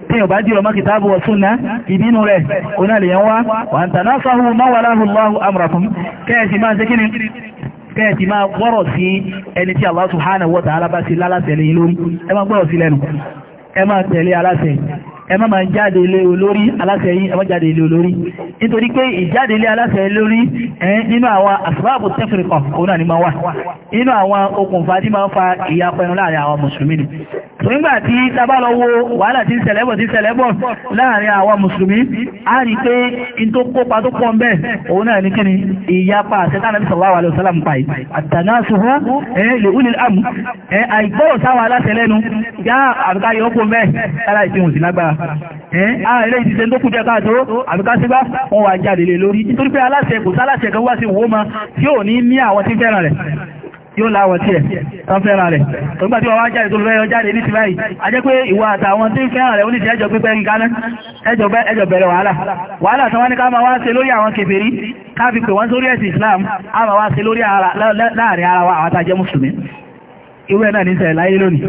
tí yóò bá jí ọmọ kìtàbù wa súnà ìbínú rẹ̀ oná lè yẹn wá wà ń tàná sáhù mọ́wàláhù Allahu amrakum kẹ́ẹ̀sì máa ṣe kíni kẹ́ẹ̀tì máa gbọ́rọ̀ sí ẹni tí Allah subhanahu wa ta'ala lálásẹ̀ lórí ẹ ẹ má máa jáde ilé olórí aláṣẹ yín ẹ má jáde ilé olórí nítorí pé ìjáde ilé aláṣẹ lórí ẹ nínú àwọn àsìbáàbù tẹ́fìrìkọ̀ òun náà ni máa wà nínú àwọn okùnfà tí máa ń fa ìyapẹnu láàrin àwọn mùsùlùmí ni tó nígbà tí tábàlọ́wọ́ wàhálà tí sallallahu alaihi wasallam pàì àtànáṣùhọ́ ẹ̀ lè wúlì àmù ẹ̀ àìgbọ́rọ̀ sáwọn aláṣẹ lẹ́nu yá àbíká yọkùn bẹ́ẹ̀ lára ìfihùn sí lágbára ààrẹ ìdíje tó kújẹ káàtó àbíkásígbá wọn wà jáde lè lórí nítorí pé aláṣẹ kò sáláṣẹ kan wá sí wó ma tí ò ní ní àwọn tí fẹ́ràn rẹ̀ yóò láwọ̀ tí ẹ̀ tán fẹ́ràn rẹ̀ tọ́gbà tí wọ́n wá jáde tó lọ́yọ́ jáde ní ti báyìí a jẹ́ pé ìwà àtàwọn tí ń fẹ́ràn rẹ̀ oníṣẹ́ ẹjọ́ pípẹ́ ń kaná ẹjọ́ bẹ̀rẹ̀ wàhálà wàhálà tán wá ní ká máa wá ṣe lórí àwọn kèfèrí káàfi pè wọ́n sórí ẹ̀sìn Islam a máa wá ṣe lórí láàrin ara wa àwọn tá a jẹ́ mùsùlùmí irú ẹ̀ náà ní ṣẹlẹ̀ láyé lónìí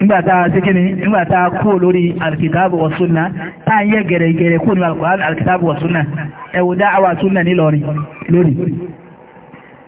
nígbàtà síkíní nígbàtà kú lórí alkitabu wa sunna tá ń yẹ gẹ̀rẹ̀gẹ̀rẹ̀ kú ní alkitabu wa sunna ẹ̀wùdá àwà sunna nílọrin lónìí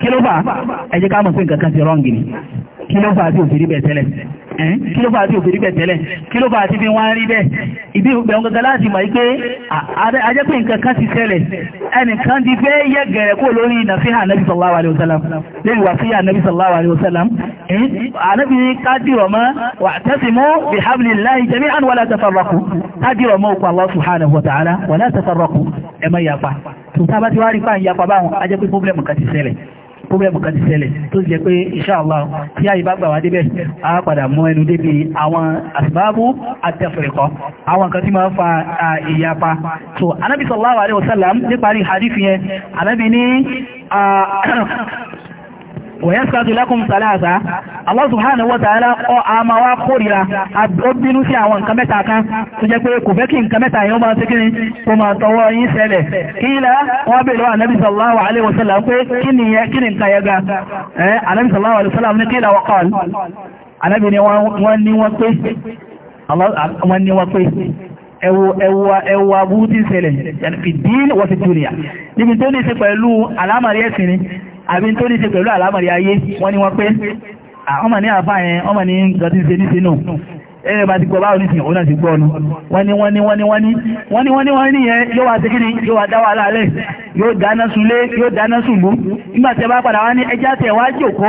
kí ló fà ẹ jẹ́ ká mọ̀ pé nǹkan kan ti rọ́ǹgì ni kí ló fà tí ò fi rí bẹ̀ tẹ́lẹ̀ kí ló fà tí ò fi rí bẹ̀ tẹ́lẹ̀ kí ló fà tí fi wọ́n rí bẹ̀ ìdí ìgbẹ̀ ọ̀gọ̀gọ̀ láti mọ̀ pé ajẹ́ pé nǹkan kan ti ṣẹlẹ̀ ẹnìkan ti fẹ́ yẹ gẹ̀rẹ̀ kó lórí nàfíhà nàbí sallallahu alaihi wasallam lórí wàfíhà nàbí sallallahu alaihi wasallam ànábì kádìrọ̀ mọ́ wà tẹ́sìmọ́ bí hablillahi jami'an wá rí fáà yapa báwọn ajẹ́ pé kan ti ṣẹlẹ̀ problem kan ti ṣẹlẹ̀ tó jẹ́ pé inshallah tí àyíbá gbà wá débẹ̀ a padà mọ́ ẹnu débi àwọn asbabu àtẹ́fẹ̀ẹ́kọ́ àwọn kan tí máa fa ìyapa so anábi sallallahu alaihi wasallam níparí hadith yẹn anábi ní wọ̀yẹ́sàtù lẹ́kùn sàlẹ́àsá Allah subhanahu wa ta'ala ọ àmà wá kórìíra àbíbínú sí àwọn nǹkan mẹ́ta kan tó jẹ́ pé kò fẹ́ kí nǹkan mẹ́ta yóò máa síkiri kò máa tọwọ́ yín ṣẹlẹ̀ kí ilẹ̀ wọ́n bèèrè wà Nabi sallallahu alaihi wasallam pé kí ni nǹkan yẹ ga alaihi wasallam ní kí ilẹ̀ wọ́n kọ́ọ̀lù Ànábì ni wọ́n ní wọ́n pé wọ́n ní wọ́n pé ẹwà burú tí ń ṣẹlẹ̀ fi dín wọ́n fi dúnìyà níbi tó ní ṣe pẹ̀lú alámàrí ẹ̀sìn ni àbí tó ní ṣe pẹ̀lú àlámọ̀rí ayé wọ́n ni wọ́n pé ọmọ ní àfáà yẹn ọmọ ní nǹkan tí ń ṣe níṣe náà ẹ̀rẹ́ bá ti gbọ́ báwọn nísìn òun náà ti gbọ́ ọ̀nà wọ́n ni wọ́n ni wọ́n ni wọ́n ni wọ́n ni wọ́n ni wọ́n ni yẹn yóò wá segin yóò wá dá wa lálẹ́ yóò dáná sunlé yóò dáná sùnmú nígbà tí ẹ bá padà wá ní ẹjá tẹ̀ wá jòkó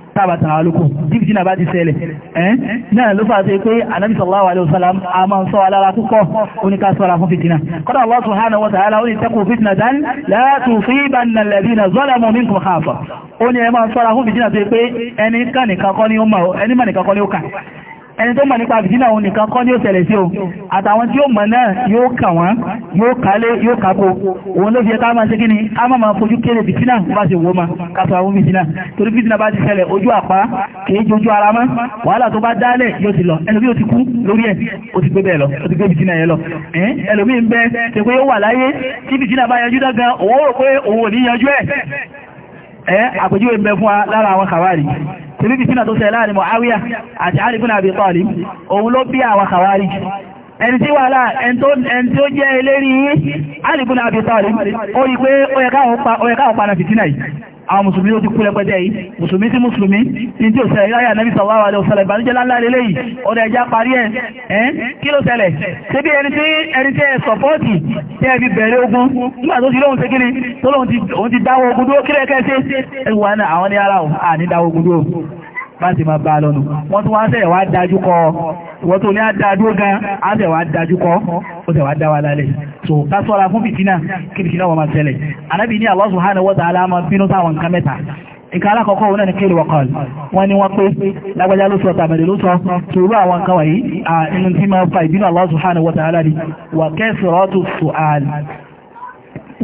tábàtàn àlùkù jìbìtì náà bá ti ṣẹlẹ̀ ẹ́n náà ló fàá sí pé anábì sallallahu alaihi wasallam a máa ń sọ alára púpọ̀ oníká sọ́ra fún fìtìnà kọ́dà Allah subhanahu wa la tusibanna alladhina zalamu minkum khafa ó ní ẹ máa sọ́ra fún fìtìnà tó pé ẹni kan nìkan kọ́ ni ó kà ẹni tó mọ̀ nípa fìdínà òun nìkan kọ́ ní ó ṣẹlẹ̀ sí o àtàwọn tí ó mọ̀ náà yóò kà wọ́n yóò kálé yóò kápò òun ló fi ẹka máa ṣe kí ni a máa máa fojú kéré fìdínà bá ṣe wó ma kàtó àwọn fìdínà torí fìdínà bá ti ṣẹlẹ̀ ojú àpá kìí jojú ara mọ́ wàhálà tó bá dálẹ̀ yóò ti lọ ẹlòmí ò ti kú lórí ẹ̀ ó ti gbé bẹ́ẹ̀ lọ ó ti gbé fìdínà yẹn lọ ẹlòmí ń bẹ ṣe pé ó wà láyé tí fìdínà bá yanjú dágan Eh, àpèjúwe ń bẹ fún wa lára àwọn kàwárì tìbí fìtínà tó ṣẹlẹ̀ láàrin Muawiya àti Ali ibn Abi Talib òun ló bí àwọn kàwárì ẹni tí wà láà ẹni tó jẹ́ eléri Ali ibn Abi Talib ó rí pé ó yẹ káwọn pa náà fìtínà yìí àwọn mùsùlùmí ó ti kú lẹ́pẹ́tẹ́ yìí mùsùlùmí sí mùsùlùmí ní tí ó ṣẹlẹ̀ láyà nẹ́bí sallallahu alaihi wasallam ìbànújẹ́ láńlá lélẹ́ yìí ọdẹ ẹja parí ẹ̀ ẹ́n kí ló ṣẹlẹ̀ síbi ẹni tí ẹni tí ẹ sọ̀pọ́ọ̀tì tí ẹ fi bẹ̀rẹ̀ ogun nígbà tó ti lóhun ṣe kíni tó lóhun ti dáwọ́ ogun dúró kílẹ̀ kẹ́ẹ́ ṣe ẹwà àwọn ní ara ò à ní dáwọ́ ogun dúró bá ti máa bá lọ́nu wọ́n tún wá tẹ̀ wá dájú kọ wọ́n tó ní àdájú gan á tẹ̀ wá dájú kọ ó tẹ̀ wá dá wa lálẹ̀ so ká sọ́ra fún fìtínà kí fìtínà wọ́n máa tẹ̀lẹ̀ anábì ní Allah subhanahu wa ta'ala máa bínú sáwọn nǹkan mẹ́ta ìka alákọ̀ọ́kọ́ wọn ní kéèrè wọ̀kọ̀ọ̀l wọ́n ni wọ́n pé lágbàjá ló sọ tàbẹ̀lẹ̀ ló sọ tòrú àwọn nǹkan wáyé inú tí máa fa ìbínú Allah subhanahu wa ta'ala wà kẹ́sìrọ́tù su'al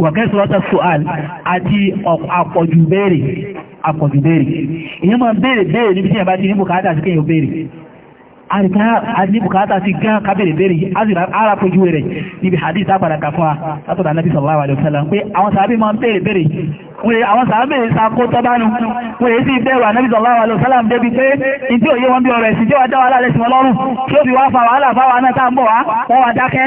wà kẹ́sìrọ́tù su'al àti àpọ̀jù bẹ́ẹ̀rẹ̀ akọ̀bí béèrè èyàn máa béèrè béèrè níbi tí ẹ̀ bá ti ní bùkátà sí kéyàn béèrè àríká ní bùkátà sí gán kábèrè béèrè ara kojú rẹ̀ níbi hadith àpàdàkà fún wa látọ̀dà Ànábì sallallahu alaihi wasallam pé àwọn sàábé máa béèrè béèrè àwọn sàábé sakó tọ́bánu wọ́n èsì bẹ̀rù ànábì sallallahu alaihi wasallam débi pé ìdí òye wọn bí ọ̀rọ̀ ẹ̀sìn jẹ́ wà dá wàhálà lẹ́sìn ọlọ́run tí ó fi wá fa wàhálà fáwa náà tá ń bọ̀ wá wọ́n wá dákẹ́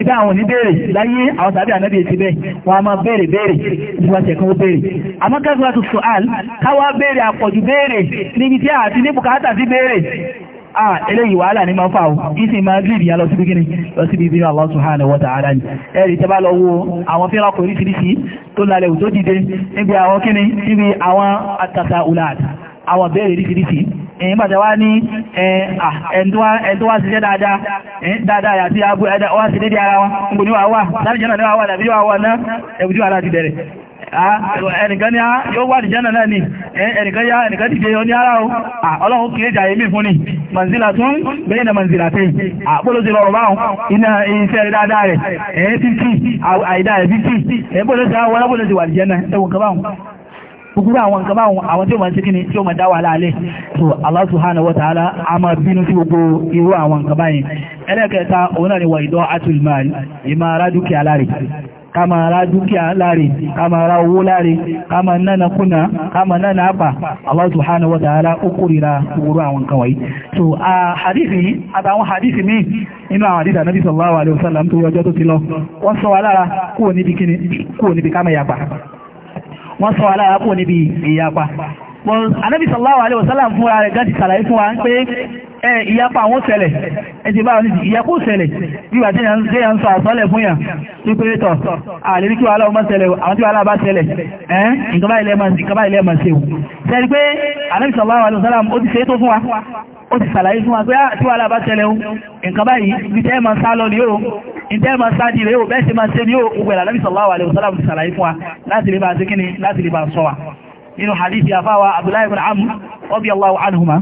ibi àwọn òní béèrè láyé àwọn tàbí ànábì èsì bẹ́ẹ̀ wọ́n a máa béèrè béèrè ìfúwàṣẹ̀ kan ó béèrè àmọ́ kẹ́sùwà tó sọ àl káwá béèrè àpọ̀jù béèrè níbi tí àti ní bùkátà sí béèrè ah eléyìí wàhálà ní máa fàáwù ìsìn máa gírìdì yà lọ sí bígínì lọ sí bí bíra Allah subhanahu wa ta'ala ni ẹ̀rì tẹ́ bá lọ wo àwọn fẹ́ra kò oríṣiríṣi tó lálẹ́ òtó dìde níbi àwọn kíni níbi àwọn àtàtà ulaata àwọn bẹ́ẹ̀rẹ̀ oríṣiríṣi ẹ̀yìn bàtà wá ní ẹ̀ẹ́dọ́wà síṣẹ́ dáadáa dáadáa àti àbúrẹ́dà wá sí dédé ara wọn gbogbo níwà wà lábìjẹ́ náà níwà wà lábìjẹ́ wà wà náà ẹ̀bùjú ara ti bẹ̀rẹ̀ Ah, ẹnìkan ní á ah, yóò wà ní jẹ́nà náà ni ẹnìkan yá ah, ẹnìkan ti jẹ́ ọ ní ara o ọlọ́run kìí jà èmì fún ni manzila tún bẹ́yìn na manzila tẹ́ àpólò sí lọ́rọ̀ báhùn iná iṣẹ́ rẹ̀ dáadáa rẹ̀ ẹ̀ẹ́ tí tí àìdá rẹ̀ bí tí ẹ̀bọ́lọ́ sí àwọn ọlọ́bọ̀lọ́ sí wà ní jẹ́nà ẹwọ̀n kabáhùn gbogbo àwọn nǹkan báwọn àwọn tí ó máa ṣe kíni tí ó máa dá wà láàlẹ́ so Allah subhanahu wa ta'ala a máa bínú sí gbogbo irú àwọn nǹkan báyìí ẹlẹ́kẹta òun náà ni wà ìdọ́ atulmal ìmára dúkìá láre Kama máa ra dúkìá láre kama máa ra owó láre ká máa nánà kùnà ká máa nánà àpà Allah subhanahu wa ta'ala ó kórìíra gbogbo àwọn nǹkan wọ̀nyí so hadithi àtàwọn hadithi míì nínú àwọn hadithi ànábì sallallahu alaihi wasallam tó yọjọ́ tó ti lọ wọ́n sọ wa lára kúrò níbi kíni kúrò níbi ká máa yapa wọ́n sọ wa lára kúrò níbi ìyapa Ànábì sallallahu alaihi wasallam fúnra rẹ̀ gáàsì sàlàyé fún wa ń pé ẹ ìyapa àwọn ṣẹlẹ̀ ẹ̀sìn bá ní ìyapa ò ṣẹlẹ̀ bí wà tí yà ń sọ àsọ́lẹ̀ fún yà tí pé tọ̀ àlèrí kí wà láwọn ṣẹlẹ̀ àwọn tí wà láwọn bá ṣẹlẹ̀ ẹ́ nǹkan bá ilẹ̀ máa ṣe wù sẹ́rí pé Ànábì sallallahu é tó fún wa ó ti sàlàyé fún wa pé ah, tí wà láwọn bá ṣẹlẹ̀ o nǹkan báyìí bí tẹ́ máa sá lọ ni ó ìtẹ́ máa sá di rẹ̀ ó bẹ́ẹ̀ ṣe máa ṣe ni ó gbẹ̀rẹ̀ Ànábì sallallahu alaihi wasallam ti sàlàyé fún wa láti lè bá ṣe kíni láti lè bá sọ nínú hadithi afáwa abdullahi ibn amr radiyallahu anhuma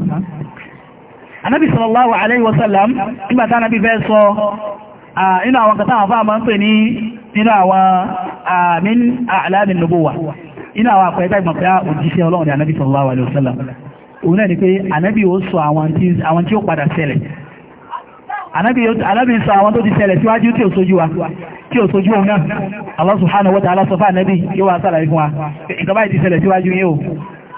anábi sallallahu alaihi wasallam nígbàtá anábi fẹ́ sọ inú àwọn kata àfáà ma ń pè ní inú àwọn àmìn àlámin nubuwa inú àwọn àpẹẹta ìgbàpẹ́ òjíṣẹ́ ọlọ́run ni anábi sallallahu alaihi wasallam òun náà ni pé anábi anábì sọ àwọn tó ti ṣẹlẹ̀ síwájú tí ò sojú wa tí ò sojú òun náà Allah subhanahu wa ta'ala sọ fún anábì yóò wa ìjọba ìti ṣẹlẹ̀ síwájú yìí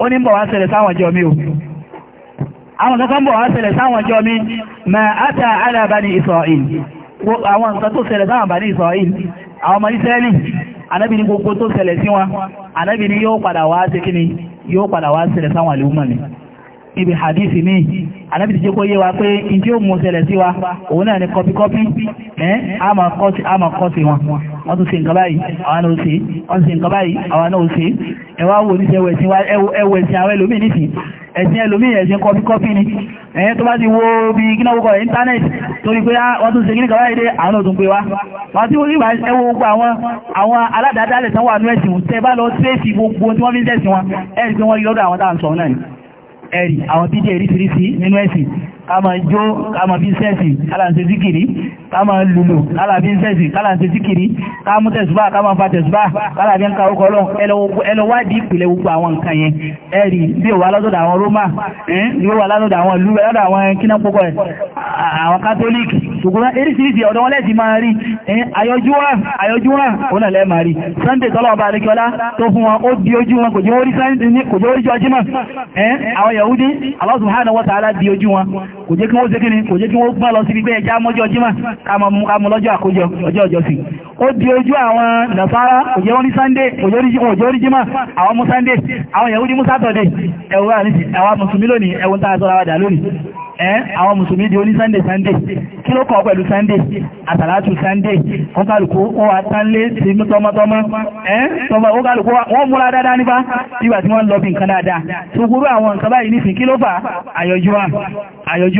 ó ní bọ̀ wá ṣẹlẹ̀ sáwọn jọ mi o àwọn kankan bọ̀ wá ṣẹlẹ̀ sáwọn jọ mi ma ata alaba ni Isra'il àwọn nǹkan tó ṣẹlẹ̀ sáwọn bani Isra'il àwọn ọmọ Israeli anábì ní gbogbo tó ṣẹlẹ̀ sí wọn anábì ní yóò padà wá ṣe kíni yóò padà wá ṣẹlẹ̀ sáwọn àlèhùn mọ̀ mi hadisi míì anábì ti jẹ́ kó yé wa pé in tí ó mú ṣẹlẹ̀ sí wa òun náà ni kọpikọpi a máa kọ́ sí wọn wọ́n tún ṣe nǹkan báyìí àwọn náà ṣe wọ́n ṣe nǹkan báyìí àwọn náà ṣe ẹwà wo ní ẹwẹ̀ sí àwọn ẹlòmíì nìsín ẹ̀sìn ẹlòmíì ẹ̀sìn kọpikọpi ni ẹ̀yẹn tó bá ti wo bí gínáwókọ̀ ìntánẹ̀tì torí pé ah, wọ́n tún ṣe gíníkà wáyé dé àwọn náà tún pé wá wọ́n tí ó rí ẹwọ gbogbo àwọn aládàádálẹ̀ tán wà ẹ̀sìn tẹ́ bá lọ sí gbogbo tí wọ́n fi ń tẹ̀sìn wọn ẹ̀sìn ẹ̀rì àwọn bídí èríṣiríṣi nínú ẹ̀sìn kama jó kama bí sẹ́ẹ̀sì kálàǹsẹ̀ síkìrí kama lùlù kálàbí sẹ́ẹ̀sì kálàǹsẹ̀ síkìrí kama tẹ̀sùbá kama fa tẹ̀sùbá kálàbí ń ka ókọ lọ ẹlọ́wádìí ìpìlẹ̀ gbogbo àwọn nǹkan yẹn ẹ̀rì bí wà lọ́dọ̀ Roma bí wà lọ́dọ̀ àwọn ìlú lọ́dọ̀ àwọn kíná púpọ̀ àwọn Catholic ṣùgbọ́n eríṣiríṣi ọ̀dọ́ wọn lẹ́sìn máa rí àyọjú wọn àyọjú wọn òun náà lẹ́ẹ̀ máa rí Sunday tọ́lọ̀ ọba àríkọlá tó fún wọn ó di ojú di ojú wọn kò jẹ́ kí wọ́n ṣe kí ni kò jẹ́ kí wọ́n pọ́ lọ síbi pé ẹja mọ́jọ́ jímà kàmọ̀ lọ́jọ́ àkójọ ọjọ́ ọjọ́sìn ó di ojú àwọn nàṣàrà kò jẹ́ wọ́n ní sunday òjò orí jímà àwọn mú sunday àwọn yahudi mú saturday ẹ̀wọ́ àwọn mùsùlùmí lónìí ẹ̀wọ́n tá a sọ́ra wa dà lónìí àwọn mùsùlùmí di oní sunday sunday kí ló kọ̀ pẹ̀lú sunday àtàlátù sunday wọ́n kálùkú ó wà tánlé sí tọmọtọmọ wọ́n kálùkú wọ́n múra dáadáa nípa ìgbà tí wọ́n lọ bí nǹkan dáadáa tó gbúrú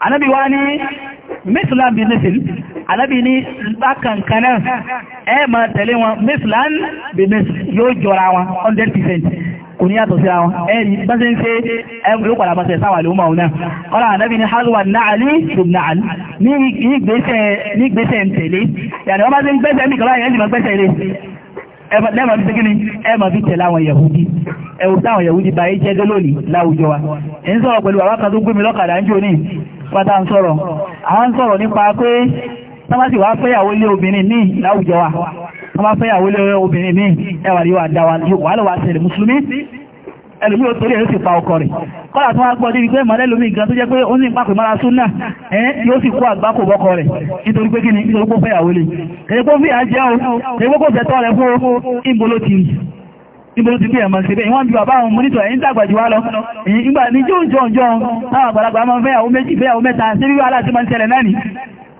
anábi wá ní mislan bí misil anábi ní bákankan náà ẹ ma tẹ̀lé wọn mislan bí misil yóò jọra wọn 100% kò ní yàtọ̀ síra wọn ẹ̀rí bá ṣe ń ṣe ẹgbẹ̀rún padà bàtẹ̀ sáwà ló Ni náà ọ̀rọ̀ ànábì ní hazuwa náàlì ṣùgbọ́n ní gbèsè ń tẹ̀lé yàtọ̀ wọ́n bá ṣe ń gbẹ́sẹ̀ mí kọ́lá yẹn sì máa gbẹ́sẹ̀ rẹ̀ lẹ́mọ̀ fi kíni ẹmọ̀ fi tẹ̀lé àwọn yahudi ẹ̀wù táwọn yahudi bá yé jẹ́ lónìí láwùjọ wa ń sọ̀rọ̀ pẹ̀lú àwọn tó gbé mi ń jò ní pátá ń sọ̀rọ̀ àwọn ń sọ̀rọ̀ nípa pé tọ́másì wá fẹ́yàwó lé obìnrin ní láwùjọ wa tọ́má fẹ́yàwó lé obìnrin ní ẹwà rí wà dáwà wà lọ́wà tẹ̀lẹ̀ mùsùlùmí ẹlùmí òtòrí ẹ̀rọ sì pa ọkọ rẹ̀ kọ́lá tó wá gbọ́ débi pé mọ̀lẹ́lùmí gan tó jẹ́ pé ó ní ìpapẹ̀ mara súnà ẹ́ yóò sì kó àgbákò bọ́kọ rẹ̀ nítorí pé kíni nítorí pé fẹ́yàwó lè kẹ́yẹ́ pé ó fìyà jẹ́ o níbo ti bí ẹ̀mọ̀ ṣe bẹ́ ìwọ́n bí bàbá àwọn mọ́nítọ̀ ẹ̀yìn dàgbàjú wá lọ ìgbà ní jọ́ jọ́ jọ́ táwọn àgbàlagbà máa fẹ́ àwọn méjì fẹ́ àwọn mẹ́ta sí wíwá aláti máa ń ṣẹlẹ̀ náà ni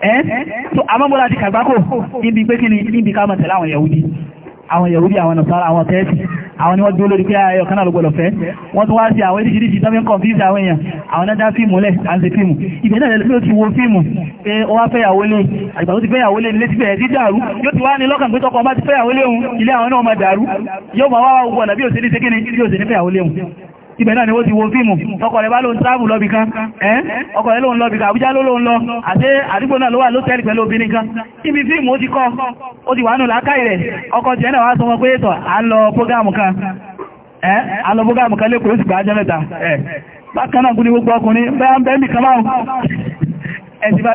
ẹ́ eh? so àmọ́bọ́lá ti kàgbákò níbi pé kí ni níbi ká mọ̀ tẹ̀lé àwọn Yahudi àwọn Yahudi àwọn Nasara àwọn tẹ́ẹ̀sì àwọn ni wọ́n dúró lórí pé ayọ̀ ah, kan náà lọ́gbọ̀lọ̀ fẹ́ wọ́n tún wá sí àwọn ìdíjìdíjì tó fi ń kọ̀nfíìsì àwọn èèyàn àwọn náà dá fíìmù lẹ̀ à ń ṣe fíìmù ìgbẹ́ náà lẹ́lẹ́sí ó ti wo fíìmù pé ó wá fẹ́yàwó lé àgbà tó ti fẹ́yàwó lé nílé síbẹ̀ ẹ̀dí dàrú yóò ti wá ní lọ́kàn pé tọkọ bá ti fẹ́yàwó lé òun ibẹ̀ náà ni ó ti wo fíìmù ọkọ rẹ̀ bá lóun táàbù lọ́bì kan ẹ́ ọkọ rẹ̀ lóun lọ́bì kan Àbújá ló lọ àti àdúgbò náà ló wà lótẹ́lì pẹ̀lú obìnrin kan níbi fíìmù ó ti kọ́ ó ti wà nù ọkọ tiẹ̀ náà wá sọ wọn pé ètò kan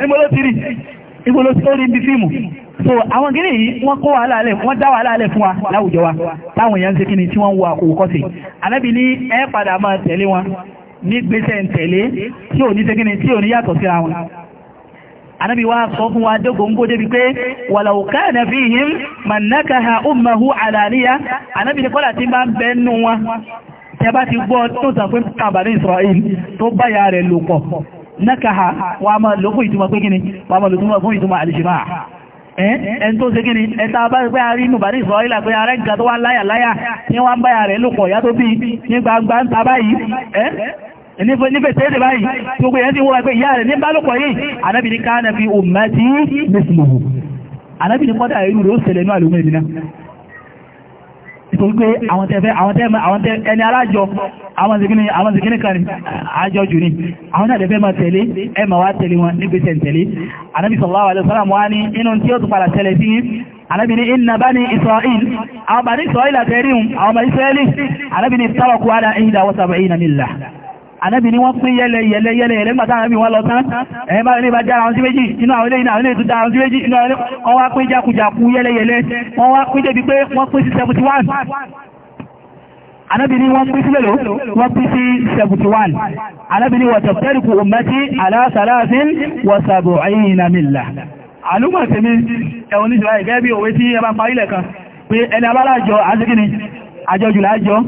ìgbòlò sí lórí ibi fíìmù so àwọn gíní yìí wọ́n kó wàhálà alẹ́ wọ́n dá wàhálà alẹ́ fún wa láwùjọ wa táwọn èèyàn ń ṣe kíni tí wọ́n ń wo àkókọ́sì anábì ní ẹ padà máa tẹ̀lé wọn ní gbèsè ń tẹ̀lé tí ò ní ṣe kíni tí ò ní yàtọ̀ síra wọn anábì wa sọ fún wa dógóngó débi pé walau kana fihim man nakaha ummuhu alaniya anábì ní kọ́lá tí máa ń bẹ nù wọn tẹ ti gbọ́ tó sàn pé kàbàrí Israel tó báyà rẹ̀ lò pọ̀ nákàá wà ituma lò fún ìtumọ̀ pé kíni wà máa lò fún ìtumọ̀ àlìṣìmá ẹn tó ṣe kíni ẹta bá pẹ́ àrí inú bàrí ìsọ̀ ìlà pé ààrẹ nǹkan tó wá láyà láyà ní wọ́n ń báyà rẹ̀ lòpọ̀ ìyá tó bí ní gbangba ń ta báyìí nífẹ̀ẹ́ tẹ́lẹ̀ báyìí tó pé ẹni wọ́n pé ìyá rẹ̀ ní bálòpọ̀ yìí anábì ní káà náà fi ummati mẹ́sìlòwò anábì ní kọ́dà irú rẹ̀ ó ṣẹlẹ̀ ní àlùmọ́ ìdínà nítorí pé àwọn tẹ́fẹ́ àwọn tẹ́mẹ́ àwọn tẹ́ ẹni alájọ àwọn zikini àwọn zikini kan àjọ jù ní àwọn náà tẹ́fẹ́ máa tẹ̀lé ẹ máa wá tẹ̀lé wọn ní gbèsè tẹ̀lé anábì sallallahu alaihi ànábì ni wọ́n pín yẹ́lẹ̀ yẹ́lẹ̀ yẹ́lẹ̀ yẹ́lẹ̀ nígbàtà ànábì wọ́n lọ tán ẹ̀yìn bá nípa jára wọn sí méjì inú àwọn eléyìn àwọn eléyìn dára wọn sí méjì inú àwọn eléyìn wọ́n wá pín jákujàku yẹ́lẹ̀ yẹ́lẹ̀ wọ́n wá pín débi pé wọ́n pín sí 71 Anábì ni wọ́n pín sí mélòó, wọ́n pín sí 71. Anábì ni wọ́n tẹ̀kù ummati ala salasin wa sab'ina millah. Àlúmọ̀ tèmi ẹ̀wọ̀n ní ṣe láì gẹ́gẹ́ bí òwe tí ẹ bá parí lẹ̀kan pé ẹni abálájọ́ àti kíni àjọjù lájọ́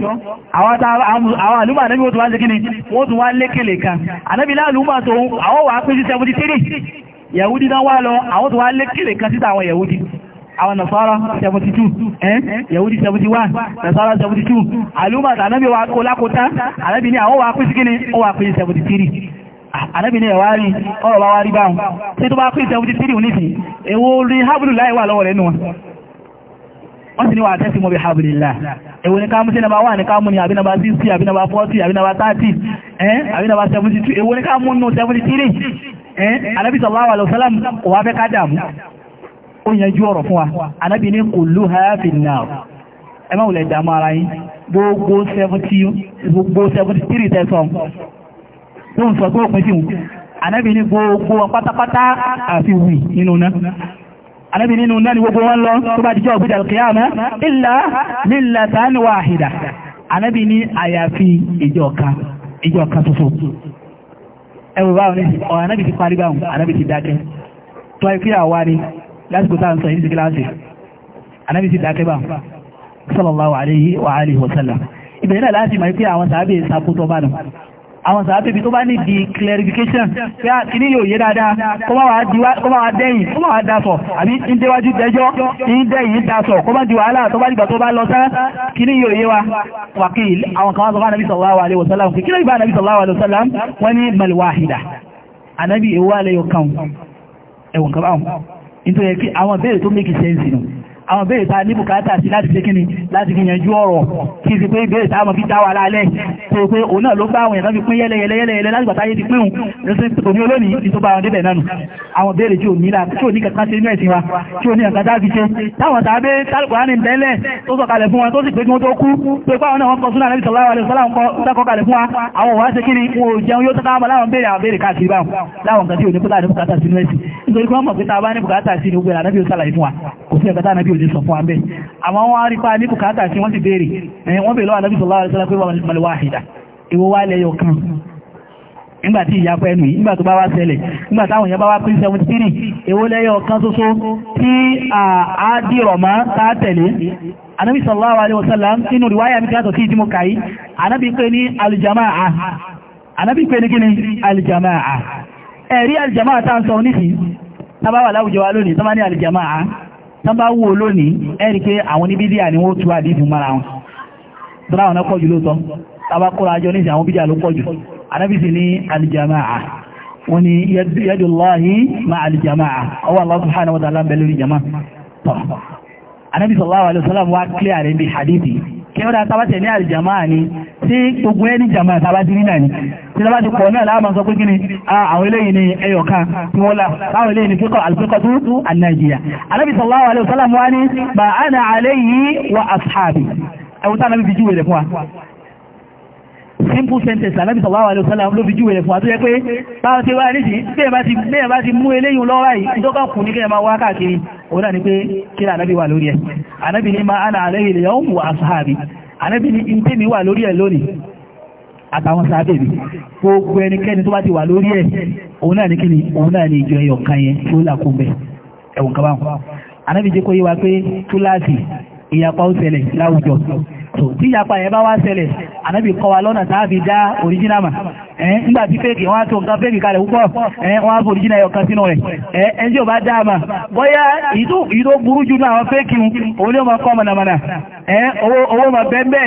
àwọn àlúmà anábí wọ́n tún wá ń ṣe kíni wọ́n tún wá lékèlè kan anábí láàlúmà tó àwọn wà pín sí 73 yẹ̀wúdí náà wá lọ àwọn tún wá lékèlè kan síta àwọn yẹ̀wúdí àwọn nàṣọ́rọ̀ 72 ẹ́n yẹ̀wúdí 71 nàṣọ́rọ̀ 72 àlúmà anábí wà kó lákòótá anábí ni àwọn wà pín sí kíni ó wà pín 73 anábì ní ẹ̀wà rí ọ̀rọ̀ bá wá rí báhùn tí tó bá pín 73 nísìn èwo rí hábùlù láì wà lọ́wọ́ rẹ̀ nù wọ́n sì ní wà tẹ́sí mọ́ bí hábùlù láà èwo ni ká mú sí nàbà wà ní ká mú ní àbí nàbà 60 àbí nàbà 40 àbí nàbà 30 ẹ́n àbí nàbà 72 èwo ni ká mú nù 73 ẹ́n anábì sallallahu alaihi wasallam kò wá fẹ́ ká dàmú ó yanjú ọ̀rọ̀ fún wa anábì ní kulluha fin-nar ẹ má wulẹ̀ dàmú ara yín gbogbo 70 gbogbo 73 tẹ́sán tó ń sọ pé òpin sí wọn anábì ní gbogbo pátápátá àfi wì nínú náà anábì nínú náà ni gbogbo wọn lọ tó bá dijọ́ ògbé dàlùkìyàmẹ́ illa millatan wahida anábì ní àyàfi ìjọ kan ìjọ kan tuntun ẹwù báwọn ní ọ̀rọ̀ anábì ti parí báwọn anábì ti dákẹ́ tó ẹ kíyà wá ní lásìkò táà ń sọ ìrísí kíláàsì anábì ti dákẹ́ báwọn sallallahu alaihi wa alihi wa ìbẹ̀rẹ̀ láti mọ̀ pé àwọn sàábẹ̀ sàkótọ́ bá àwọn sàábìbì tó bá ní di clarification pé a kì ní yóò yé dáadáa kó má wá dẹ́yìn kó má wá dáfọ̀ àbí ń déwájú dẹjọ́ ń dẹ́yìn dáfọ̀ kó má di wàhálà tó bá dìgbà tó bá lọ sáá kì ní yóò yé wa wàkìl àwọn kan wá sọ fún anábì sallallahu alaihi wasallam kí ló ìbá anábì sallallahu alaihi wasallam wọ́n ní malwahida anábì ìwọ́ alẹ́ yóò kàn ẹ̀wọ̀n kàbáwọn nítorí pé àwọn bẹ́ẹ̀ àwọn béèrè ta ní bùkátà sí láti ṣekíni láti fi yanjú ọ̀rọ̀ kí sí pé béèrè ta mọ̀ fi dáwà lálẹ́ tó pé òun náà ló bá àwọn èèyàn fi pín yẹ́lẹ̀ yẹ́lẹ̀ yẹ́lẹ̀ yẹ́lẹ̀ láti gbàtáyé ti pínhùn lọ́sí òní olónìí ti tó bá àwọn débẹ̀ nánu àwọn béèrè tí ò ní láti tí ò ní kankan sí inú ẹ̀sìn wa tí ò ní kankan tá fi ṣe táwọn tàbí tálùkùránì bẹ́lẹ̀ tó sọ kalẹ̀ fún wọn tó sì pé kí wọ́n tó kú pé pé àwọn náà wọ́n wa àwọn òwá ṣe kí ni wọn ò jẹun yóò tọ́ka ò lè sọ fún abẹ́ àwọn wọn rí pa ní bùkátà tí wọ́n ti béèrè ẹ̀yìn wọ́n bèèrè lọ́wọ́ anábì sallallahu alaihi wasallam pé wọ́n mọ̀lẹ́wà àhìdà ìwọ wá lẹ́yọ kan nígbà tí ìyapa ẹnu yìí nígbà tó bá wá ṣẹlẹ̀ nígbà táwọn èèyàn bá wá pín seventy three èwo lẹ́yọ kan ṣoṣo tí a dìrọ̀ mọ́ tá a tẹ̀lé anábì sallallahu alaihi wasallam nínú ìwáyà mi kíyàtọ̀ sí ìdímọ̀ kàí anábì pé ní alìjàmáà anábì pé ní kíni alìjàmáà ẹ̀rí alìjàmáà tá a sọ nísìnyí tábà wà láwùjọ wa lónìí tó bá ní alìjàmáà tán bá wò lónìí ẹ̀rí pé àwọn oníbídíà ni wọ́n tú àdífù mara wọn tó láwọn náà pọ̀jù lóòtọ́ tàbá kóra ajọ́ ní àwọn bídíà ló pọ̀jù anábìsì ní alìjàmáà wọ́n ni yadullahi ma alìjàmáà ọwọ́ Allah subhanahu wa ta'ala ń bẹ lórí jama kẹ́rọ tàbátẹ̀ ní àrìjàmáà ni tí gbogbo ẹni jàmáà tàbátí nínà ni tí tàbá ti pọ̀ náà láàmà sọ pé kí ni àwọn eléyìí ni ẹyọ̀kan tí wọ́n lá láwọn eléyìí ni kíkọ́ alfẹ́kọ́tú annajiya simple sentence alábi sallallahu alaihi wasallam ló fi júwèé fún àtúyẹ́ pé báwọn ti wá níṣìí bẹ́ẹ̀ bá ti mú eléyìn lọ́wọ́ yìí tó kàn kùn ní kẹ́ẹ̀ máa wá káàkiri òun náà ni pé kí anábi wà lórí ẹ̀ anábi ni ma ana alaihi al-yawm wa ashabi anábi ni intemi wà lórí ẹ̀ lónìí àtàwọn sáábẹ̀ mi gbogbo ẹnikẹ́ni tó bá ti wà lórí ẹ̀ òun náà ni kí ni òun náà ni ìjọ ẹyọ kan yẹn tó làkún bẹ̀ ẹ̀wọ̀n kan báwọn anábi jẹ́ kó tó tí ìyapa ẹ̀ bá wá ṣẹlẹ̀ ànábì kọ́ wa lọ́nà tàbí dá original mà ẹ̀ nígbà tí fẹ́ẹ̀kì wọ́n á tó nǹkan fẹ́ẹ̀kì kalẹ̀ púpọ̀ ẹ̀ wọ́n á fò original ẹ̀ ọ̀kan sínú rẹ̀ ẹ̀ ẹ̀ tí ò bá dá mà ìdó burú jù náà àwọn ma bẹ́ẹ̀bẹ́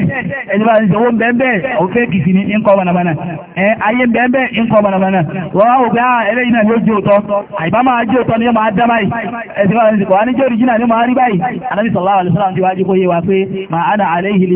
ẹ̀jọba ìṣòwò bẹ́ẹ̀bẹ́ òun fẹ́ẹ̀kì sí ní ńkọ́ mọ̀nàmọ̀nà ẹ̀ ayé bẹ́ẹ̀bẹ́ ńkọ́ mọ̀nàmọ̀nà wọ́n á wò pé ẹlẹ́yìn ah, náà yóò jẹ́ òótọ́ àìbá máa jẹ́ ni ó máa ni ó máa rí báyìí alaihi wasallam ti wájú kó yé wa ma ana alaihi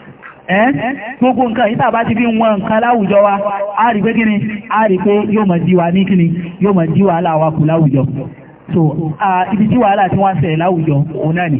ẹ́n gbogbo nǹkan yìí tàbá ti fi wọn nǹkan láwùjọ wa a rí pé kíni a rí pé yóò mọ̀ jí ní kíni yóò so ibi jí wàhálà ti wọ́n ṣẹ̀ láwùjọ òun náà ni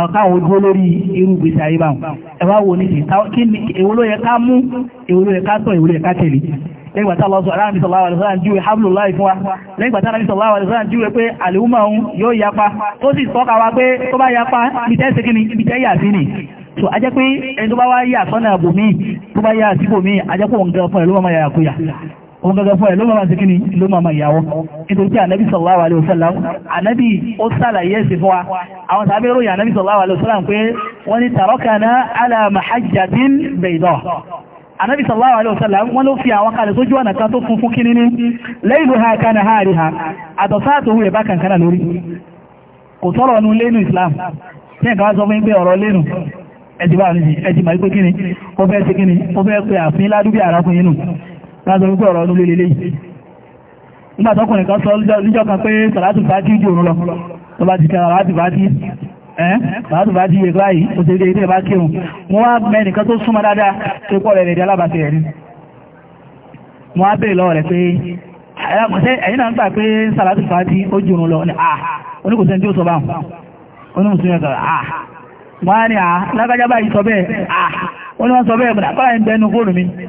àkáwọn ojú olórí irú gbèsè ayé báwọn ẹwà wo ní kí èwo ló yẹ ká mú èwo ló yẹ ká tọ̀ èwo ló yẹ ká tẹ̀lé lẹ́gbàtà lọ́sọ̀ aláàbí sọ̀láwà àdìsọ́lá ń júwe hábùlù láì fún wa lẹ́gbàtà aláàbí sọ̀láwà àdìsọ́lá yapa tó sì tọ́ka wa pé so a jẹ́ pé ẹni tó bá wá yà sọ́nà àbòmí tó bá yà síbòmí a jẹ́ pé òun gẹ́ fún ẹ̀lú ọmọ yàyàkúyà òun gẹ́gẹ́ fún ẹ̀ ló máa ti kíni ló máa ma ìyàwó nítorí pé ànábì sallallahu alaihi wasallam ànábì ó sàlàyé ẹ̀sìn fún wa àwọn tàbí ròyìn ànábì sallallahu alaihi wasallam pé wọ́n ní tarakana ala mahajjatin bayda ànábì sallallahu alaihi wọ́n ló fi àwọn kalẹ̀ tó funfun láti wípé ọ̀rọ̀ ọdún lélẹ̀ yìí nígbà tọkùnrin kan sọ níjọ́ kan pé sàlátù fàájì jù lọ tó bá ti sàlátù fàájì ẹ́ sàlátù fàájì yẹ báyìí ó ti rí ilé bá kírun wọ́n wá mẹ́rin kan tó súnmọ́ dáadáa tó pọ̀ rẹ̀ rẹ̀ alábàtẹ̀ rẹ̀ wọ́n á bèèrè rẹ̀ pé ẹ̀yìn náà ń gbà pé sàlátù ó jù lọ ní tí ó sọ wọ́n á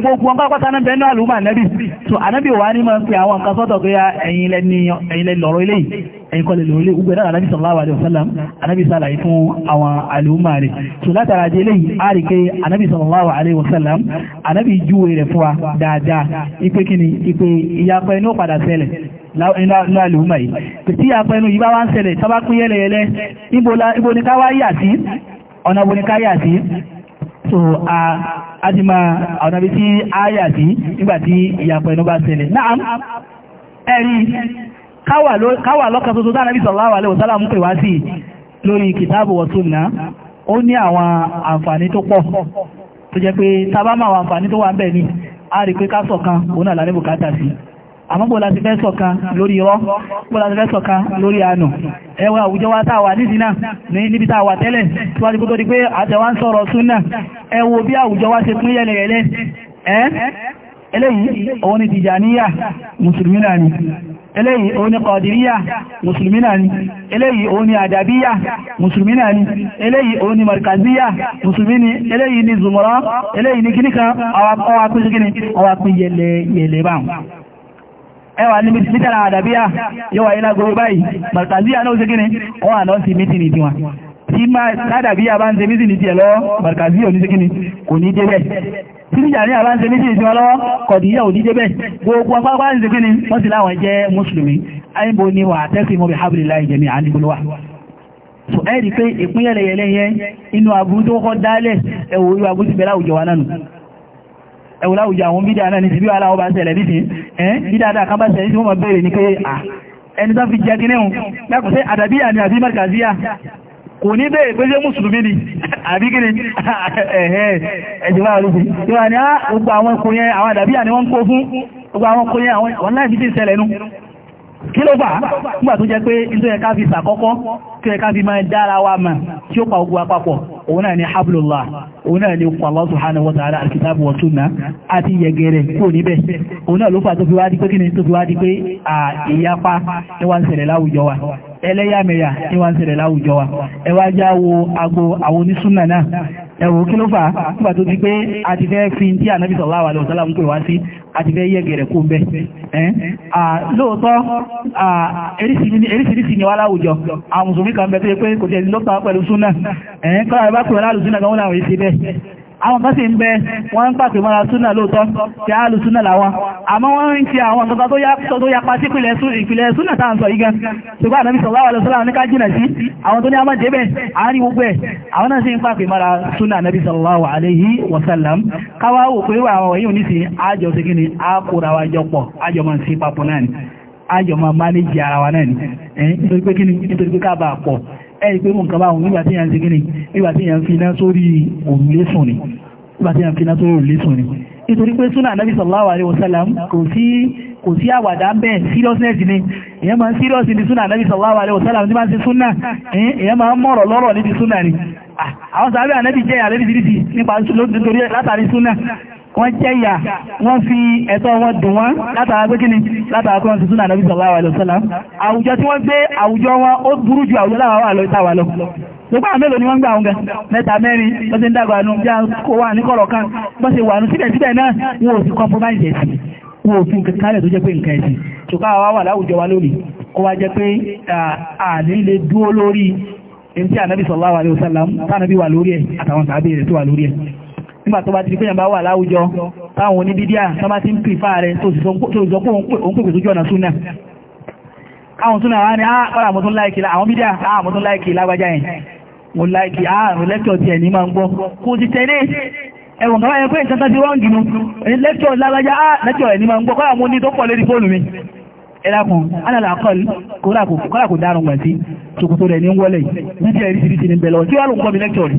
gbogbo ọgbà pátá náà bẹ̀rẹ̀ náà lùmọ̀ ànábì so ànábì wà ní máa ń pe àwọn nǹkan sọ́tọ̀ pé ẹ̀yin lẹ lọ́rọ̀ eléyìí ẹ̀yin kọ́ lè lọ́rọ̀ eléyìí gbogbo náà ànábì sallallahu alaihi wasallam ànábì sàlàyé fún àwọn àlùmọ̀ rẹ̀ so látara di eléyìí a wasallam ànábì júwe rẹ̀ fún wa dáadáa ipe kíni ipe ìyapẹ́ inú padà ṣẹlẹ̀ nínú àlùmọ̀ yìí tí ìyapẹ́ inú yìí bá wá ń ṣẹlẹ̀ tábà pín yẹ́lẹ̀yẹ́lẹ́ ibo so a adìmọ̀ àwọn ibi tí a yà sí nígbàtí ìyàpọ̀ ẹnu bá ṣẹlẹ̀ náà ẹ̀rí káwà lọ́kàn tuntun tánàbí sallallahu alaihi wasallam ń pè wá sí lórí kìtàbù wa sunna ó ní àwọn àǹfààní tó pọ̀ tó jẹ́ pé tábámà àwọn àǹfààní tó wà ń bẹ̀ ni a rí pé ká ṣọ̀kan òun náà lálẹ́ bùkátà sí àmọ́ bó láti fẹ́ ṣọ̀kan lórí irọ́ bó láti fẹ́ ṣọ̀kan lórí àánú ẹwà àwùjọ wa tàà wà nídìínà níbi tàà wà tẹ́lẹ̀ tí wá ti kó tó di pé àtẹ̀wà ń sọ̀rọ̀ súnà ẹ wo bí àwùjọ wa ṣe pín yẹlẹ̀yẹlẹ̀ eléyìí òun ni tìjàníyà mùsùlùmí náà ni eléyìí òun ni ni eléyìí òun ni ni eléyìí òun ni markazíyà mùsùlùmí ni ẹwà ní mítàrà àdàbíyà yóò wà ilá gorí báyìí markaziya náà ṣe gíní wọ́n àná sí mítìnì tí wọn tí máa sádàbíyà bá ń ṣe mítìnì tí ẹ lọ markaziya ní kò ní débẹ̀ tí níjàrí àbá ń ṣe mítìnì tí wọn lọ kọ̀díyà gbogbo apápá ń wọ́n sì láwọn jẹ́ mùsùlùmí àìbò wà tẹ́sí mọ́bí ẹwù láwùjọ àwọn bídá náà ní ti bí wà láwọ́ bá ń ṣẹlẹ̀ nítí ẹ́n dídáadáa kan bá ṣẹlẹ̀ tí wọ́n mọ̀ bèèrè ní pé à ẹni tó fi jẹ́ kí níhun lákùn sí àdàbíyà ni àbí mẹ́rìkàzíyà kò ní bèèrè pé ṣé mùsùlùmí ni àbí kí ni ẹ̀ẹ́ ẹ̀jẹ̀ wà lóṣù tí kí ló fà á nígbà tó jẹ́ pé tó yẹ ká fi sàkọ́kọ́ tó yẹ ká fi máa dára wa mà tí ó pa ogun apapọ̀ òun náà ni hablullah òun náà ni Allah subhanahu wa ta'ala al-kitab wa sunnah àti yẹgẹrẹ kò níbẹ̀ òun náà ló fà tó fi wá di pé kí ni tó fi wá di pé ìyapa ni wá ń ṣẹlẹ̀ láwùjọ wa ẹlẹ́yàmẹ̀yà tí wọ́n ń ṣẹlẹ̀ láwùjọ wa ẹ wá já wo agbo àwọn onísúnà náà ẹ wò kí ló fà á nígbà tó ti pé a ti fẹ́ fi tí ànábì sallallahu alaihi wasallam ń pè wá sí a ti fẹ́ yẹ̀gẹ̀rẹ̀ kó bẹ́ lóòótọ́ eríṣiríṣi ni wá láwùjọ àwọn mùsùlùmí kan bẹ tó yẹ pé kò tẹ̀lé lọ́pàá pẹ̀lú súnà kọ́ra ẹ àwọn kan sì ń bẹ wọ́n ń pàtẹ mọ́ra súnà lóòtọ́ tí a lù súnà láwọn àmọ́ wọ́n ń ṣe àwọn ọ̀tọ́ta tó yapa sí ìpìlẹ̀ súnà tàà ń sọ igan ṣùgbọ́n ànábì sallallahu alaihi wasallam ní ká jìnà sí àwọn tó ní a máa jẹ́bẹ̀ àárín gbogbo ẹ̀ àwọn náà sì ń pàtẹ mọ́ra súnà ànábì sallallahu alaihi wasallam káwá wò pé àwọn wọ̀nyí ò ní sí àjọ sí kí ni a kóra wa jọpọ̀ àjọ máa ń sí papọ̀ náà ni àjọ máa mánéjì ara wa náà ni nítorí pé kí ni nítorí pé ká bá pọ̀ ẹ̀yí pé mú nǹkan bá òun nígbàtí yà ń sigini nígbàtí yà ń fi iná sórí òrùlé sùn ni nígbàtí yà ń fi iná sórí òrùlé sùn ni nítorí pé súnà anábì sallallahu alaihi wasallam kò sí kò sí àwàdà ń bẹ̀ seriousness ni èyàn máa ń serious ní súnà anábì sallallahu alaihi wasallam tí máa ń ṣe súnà èyàn máa ń mọ̀rọ̀ lọ́rọ̀ níbi súnà ni àwọn sàábẹ̀ anábì jẹ́ àlébìsirisi nípa wọ́n jẹ́yà wọ́n fi ẹ̀tọ́ wọn dùn wọ́n látara pé kíni látara kọ́ tuntun náà nàbí sallallahu alaihi wasallam àwùjọ tí wọ́n gbé àwùjọ wọn ó burú ju àwùjọ láwà wà lọ ìta wà lọ gbogbo àwọn ni wọ́n gbà àwọn gan mẹ́ta mẹ́rin tó ti ń dàgbà nù bí kò wà ní kọ̀rọ̀ kan bọ́ sí wà nù síbẹ̀síbẹ̀ náà wọn ò sì compromise ẹ̀sìn wọn ò fi nǹkan kálẹ̀ tó jẹ́ pé nǹkan ẹ̀sìn ṣùgbọ́n àwa nígbà tó bá ti pé yàmbá wà láwùjọ táwọn oníbídíà tó bá ti ń pè fáà rẹ̀ tó sì sọ pé òun pèpè sójú ọ̀nà súnà àwọn súnà wá ní ah, àpárá mo tún láìkì àwọn bídíà àmọ́ ah, tún láìkì lágbájá yẹn mo láìkì ah, ààrùn lẹ́kọ̀ọ́ tiẹ̀ ní máa ń gbọ́ kò ti tẹ̀lé ẹwọ̀n kan wáyé pé nǹkan tán ti rọ́ǹgì nu lẹ́kọ̀ọ́ lágbájá lẹ́kọ̀ọ́ ẹ̀ ní máa ń gbọ́ kọ́ra mo ní tó pọ̀ lórí fóònù mi ẹlákun alàlàkọ́l kọ́lá kò dárùn gbà sí ṣòkòtò rẹ̀ ní wọlé yìí bí i ẹ̀rí ti ní bẹ̀lọ̀ tí wà ló ń kọ́ mi lẹ́kọ̀ọ́ rẹ̀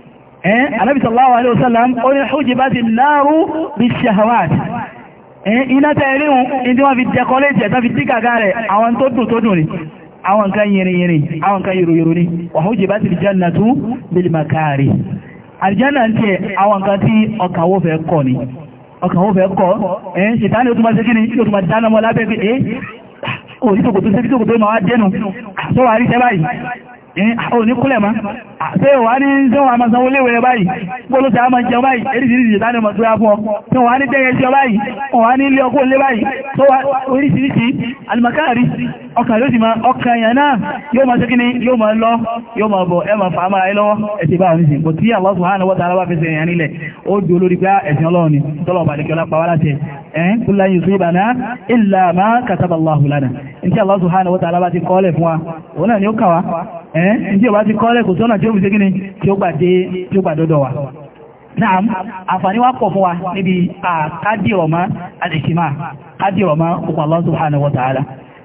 Eh, Ànábì sallallahu alaihi wasallam ó ní hujibati naaru bishahawat eh, iná tẹ́ríhun ní wọ́n fi dẹkọlẹ́tì ẹ̀tọ́ fi dígàgá rẹ̀ àwọn tó dùn tó dùn ni àwọn nǹkan yìnrìnyìnrìn àwọn nǹkan yìròyìrò ni wa hujibati aljannatu bil makari àlìjánà ń tẹ́ àwọn nǹkan tí ọkàwó fẹ́ kọ́ ni ọkàwó fẹ́ kọ́ ẹ̀ eh, ṣìtánì ó túnmọ̀ sí kí ni ó túnmọ̀ dáná mọ́ lábẹ́ pé ah, oníkúlẹ̀ ma ṣe wà ní ṣẹ́wà ma sanwó léwẹ̀ báyìí gbọ́lọ́ ṣe a ma jẹ báyìí eríṣìíríṣìí tánà ma tó yá fún ọ tí wà ní tẹ́yẹ sí ọ báyìí wà ní ilé ọkọ̀ lé báyìí tó wà oríṣìíríṣìí alimakari ọkà yóò sì ma ọkà yẹn náà yóò ma ṣekíní yóò ma lọ yóò ma bọ̀ ẹ ma Allah subhanahu wa ta'ala bá fẹsẹ̀ èèyàn nílẹ̀ ó di olórí pé ah, ẹ̀sìn ọlọ́run ni tọ́lọ̀ bá lẹ́kẹ́ ọlápá wá illa ma kataba Allahu Allah subhanahu wa ta'ala bá ti kọ́ọ́lẹ̀ ni ó kà ẹ́ ǹdí ọba ti kọ́lẹ̀ kò sọ́nà tí ó fi ṣe kíni tí ó gbàdé tí ó gbàdọ́dọ̀ wa náà àǹfààní wá pọ̀ fún wa níbi àkádìrọ̀mọ́ alìkìmá kádìrọ̀mọ́ òkú Allah subhanahu wa ta'ala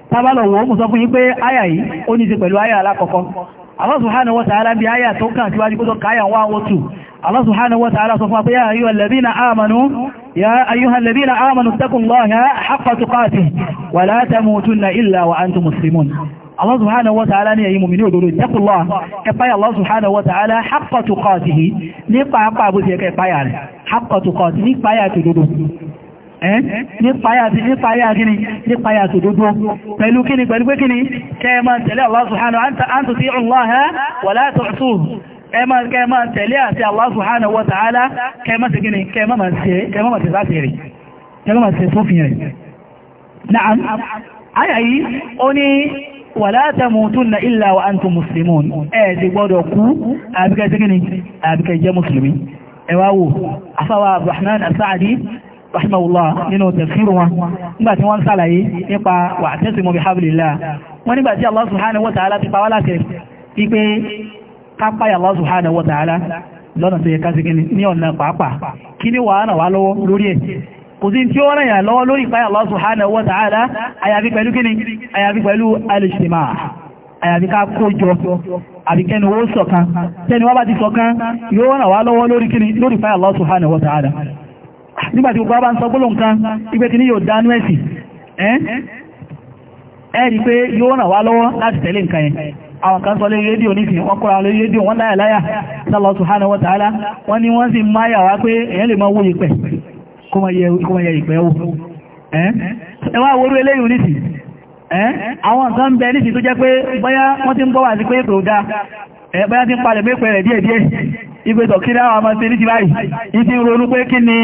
tábàlọ̀wọ̀ mú sọ fún yín pé áyà yìí ó ní ti pẹ̀lú áyà alákọ̀ọ́kọ́ Allah subhanahu wa ta'ala bí áyà tó kàn tí wájú kó tó káyà wá wọ́tù Allah subhanahu wa Allah subhanahu wa ta'ala ní ẹ̀yin mùmínì òdodo ìtẹ́kùnlọ́ ẹ̀páyà Allah subhanahu wa ta'ala haqqa tuqatihi ní pàápàá bó ti ẹ̀kẹ́ ìpáyà rẹ̀ haqqa tuqatihi ní pàáyà tó dodo nípa ayà tó dúdú pẹ̀lú kíni pẹ̀lú pé kíni kẹ́ẹ̀mà tẹ̀lé Allah subhanahu an tuti'u Allah wa la tu'suhu ẹmà kẹ́ẹ̀mà tẹ̀lé àti Allah subhanahu wa ta'ala kẹ́ẹ̀mà sí kíni kẹ́ẹ̀mà tẹ̀ sáti rẹ̀ kẹ́ẹ̀mà tẹ̀ sófin rẹ̀ wala tamutunna illa wa antum muslimun ẹ̀ ti gbọ́dọ̀ kú àbíkẹ́ tí kíni àbíkẹ́ jẹ́ mùsùlùmí ẹwà wò afáwà Abdurrahman As-Sa'di rahimahullah nínú tafsir wọn nígbà tí wọ́n sàlàyé nípa wa'tasimu bihablillah wọ́n nígbà tí Allah subhanahu wa ta'ala ti pàwọ́ láti pípé kápáyà Allah subhanahu wa ta'ala kò sí tí ó rẹ̀ yà lọ́wọ́ lórí ìpáyà Allah subhanahu wa a àyàfi pẹ̀lú kíni àyàfi pẹ̀lú alìsìmá àyàfi ká kójọ àbí kẹni ó ṣọ̀kan tẹni wá bá ti ṣọ̀kan yóò ràn wá lọ́wọ́ lórí kíni lórí ìpáyà wa ta'ala nígbàtí gbogbo bá ń sọ gbólóhùn kan ipé yóò dánú ẹ̀sì pé yóò wá lọ́wọ́ láti tẹ̀lé nǹkan yẹn àwọn kan sọ lé rédíò kọ́ra lé rédíò láyà láyà wọ́n ni wọ́n sì máyà wá pé èyàn lè mọ́ wóye pẹ̀ kó máa yẹ ìpẹ́ ó ẹ wá wóró eléyìn nìsì àwọn nǹkan ń bẹ nìsì tó jẹ́ pé bóyá wọ́n ti ń bọ́ wà sí pé èpè ò dáa bóyá ti ń palẹ̀ pé pẹ̀rẹ̀ báyìí ìdí ronú pé kí ni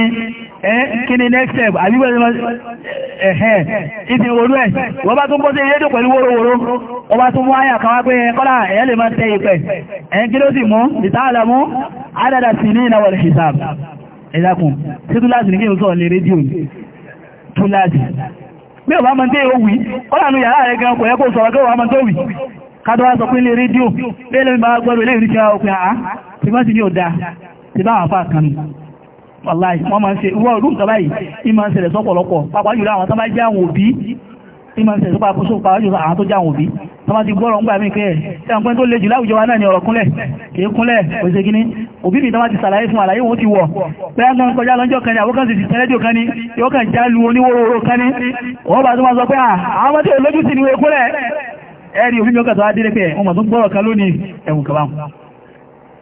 kí ni next step àbígbẹ̀ ẹ̀hẹ́ ìdí olú ẹ̀ wọ́n bá tún bọ́ sí rédíò pẹ̀lú wórówóró wọ́n bá tún mú àyà kan wá pé kọ́lá ẹ̀yẹ́ lè máa tẹ́ ìpẹ̀ ẹ̀yìn ẹ̀dàkùn sí túláàsì ní kí o sọ lè rédíò túláàsì bí o bá mọ́ tí ó wí ó lànà yàrá rẹ̀ gan kò yẹ kó sọ̀rọ̀ kí o bá mọ́ tó wí kádọ́ wá sọ pé lè rédíò bẹ́ẹ̀lẹ́ mi bá gbọ́rọ̀ ilé ìrìnṣẹ́ òpin àá tí wọ́n ti ní ọ̀dà tí bá wọn fà kan wọ́n máa ń ṣe ìwọ́ ọdún kan báyìí ìmọ̀ ń ṣẹlẹ̀ sọ́pọ̀lọpọ̀ pàápàá jùlọ àwọn tó ìmọ̀ ìṣẹ̀ṣọ́ pa àkóso pa ájú àwọn tó jáwọn òbí tó máa ti gbọ́rọ̀ ń gbà mí pé ẹ̀yàn pẹ́ tó lè jù láwùjọ wa náà ni ọ̀rọ̀ kúnlẹ̀ kìí kúnlẹ̀ òṣè gíní òbí mi tó máa ti sàlàyé fún àlàyé wọn ti wọ̀ pé ẹ̀yàn kọjá lọ́jọ́ kan ní àwọ́kàn sì ti tẹ́lẹ́jọ́ kan ní yóò kàn já lu oníwòrò kan ní wọ́n bá tó máa sọ pé àwọn ọmọdé olójú sí ni wọ́n kúnlẹ̀ ẹ̀rí òbí mi ọkà tó á dé pé wọ́n mọ̀ tó gbọ́rọ̀ kan lónìí ẹ̀wùn kàbáwọn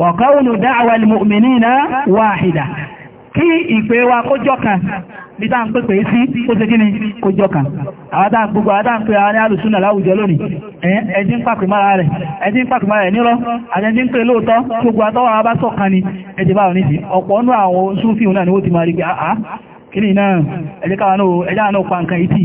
wọ̀kọ́wùlù dáàwà ilmọ̀mìnìna wáhìdà kí ìpè wa kójọ́ kan tá ń pè pè sí ó ṣe kíni kójọ́ kan gbogbo àwádá ń pè àwọn alùsúnà láwùjọ lónìí ẹ̀ẹ́dín pàpì rẹ̀ ẹ̀ẹ́dín pàpì rẹ̀ nírọ́ ni ti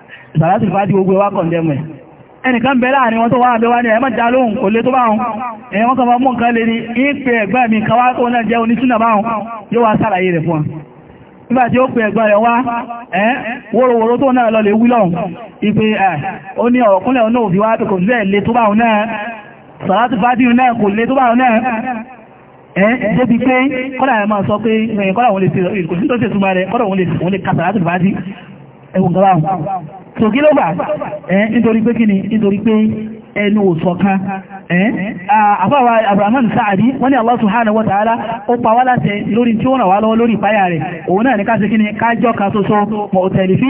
sàlátì fàájì gbogbo wa kọ̀ndẹ̀mù ẹ̀ ẹnìkan bẹ láàrin wọn tó wá àbẹ́wà ní ẹ̀mọ́ dá lóhun kò lè tó báhun èyàn wọ́n kan bá mú nǹkan lè ní ìpè ẹ̀gbẹ́ mi kan wá tó náà jẹ́ onítúnà báhun yóò wá sàlàyé rẹ̀ fún nígbà tí ó pè ẹ̀gbẹ́ rẹ̀ wá ẹ́ wóróworó tó náà lọ lè wí lọ́hun ìpè ẹ̀ ó ní ọ̀kúnlẹ̀ náà òbí wá tó kò lè lè tó báhun náà sàlátì fàájì náà tó báhun náà ẹ́ kọ́lá ẹ̀ máa sọ pé kọ́lá tó ṣe túnmọ̀ rẹ̀ tò kí ló bà ẹ́ nítorí pé kíni nítorí pé ẹnu òsọ̀kan àfáwà abrahaman sáàdì wọ́n ní Allah subhanahu wa ta'ala ó pa wá láti lórí tí ó ràn wá lọ́wọ́ lórí ìpáyà rẹ̀ òun náà ní káṣe kí ni kájọ́ kan ṣoṣo mọ̀tẹ̀lifí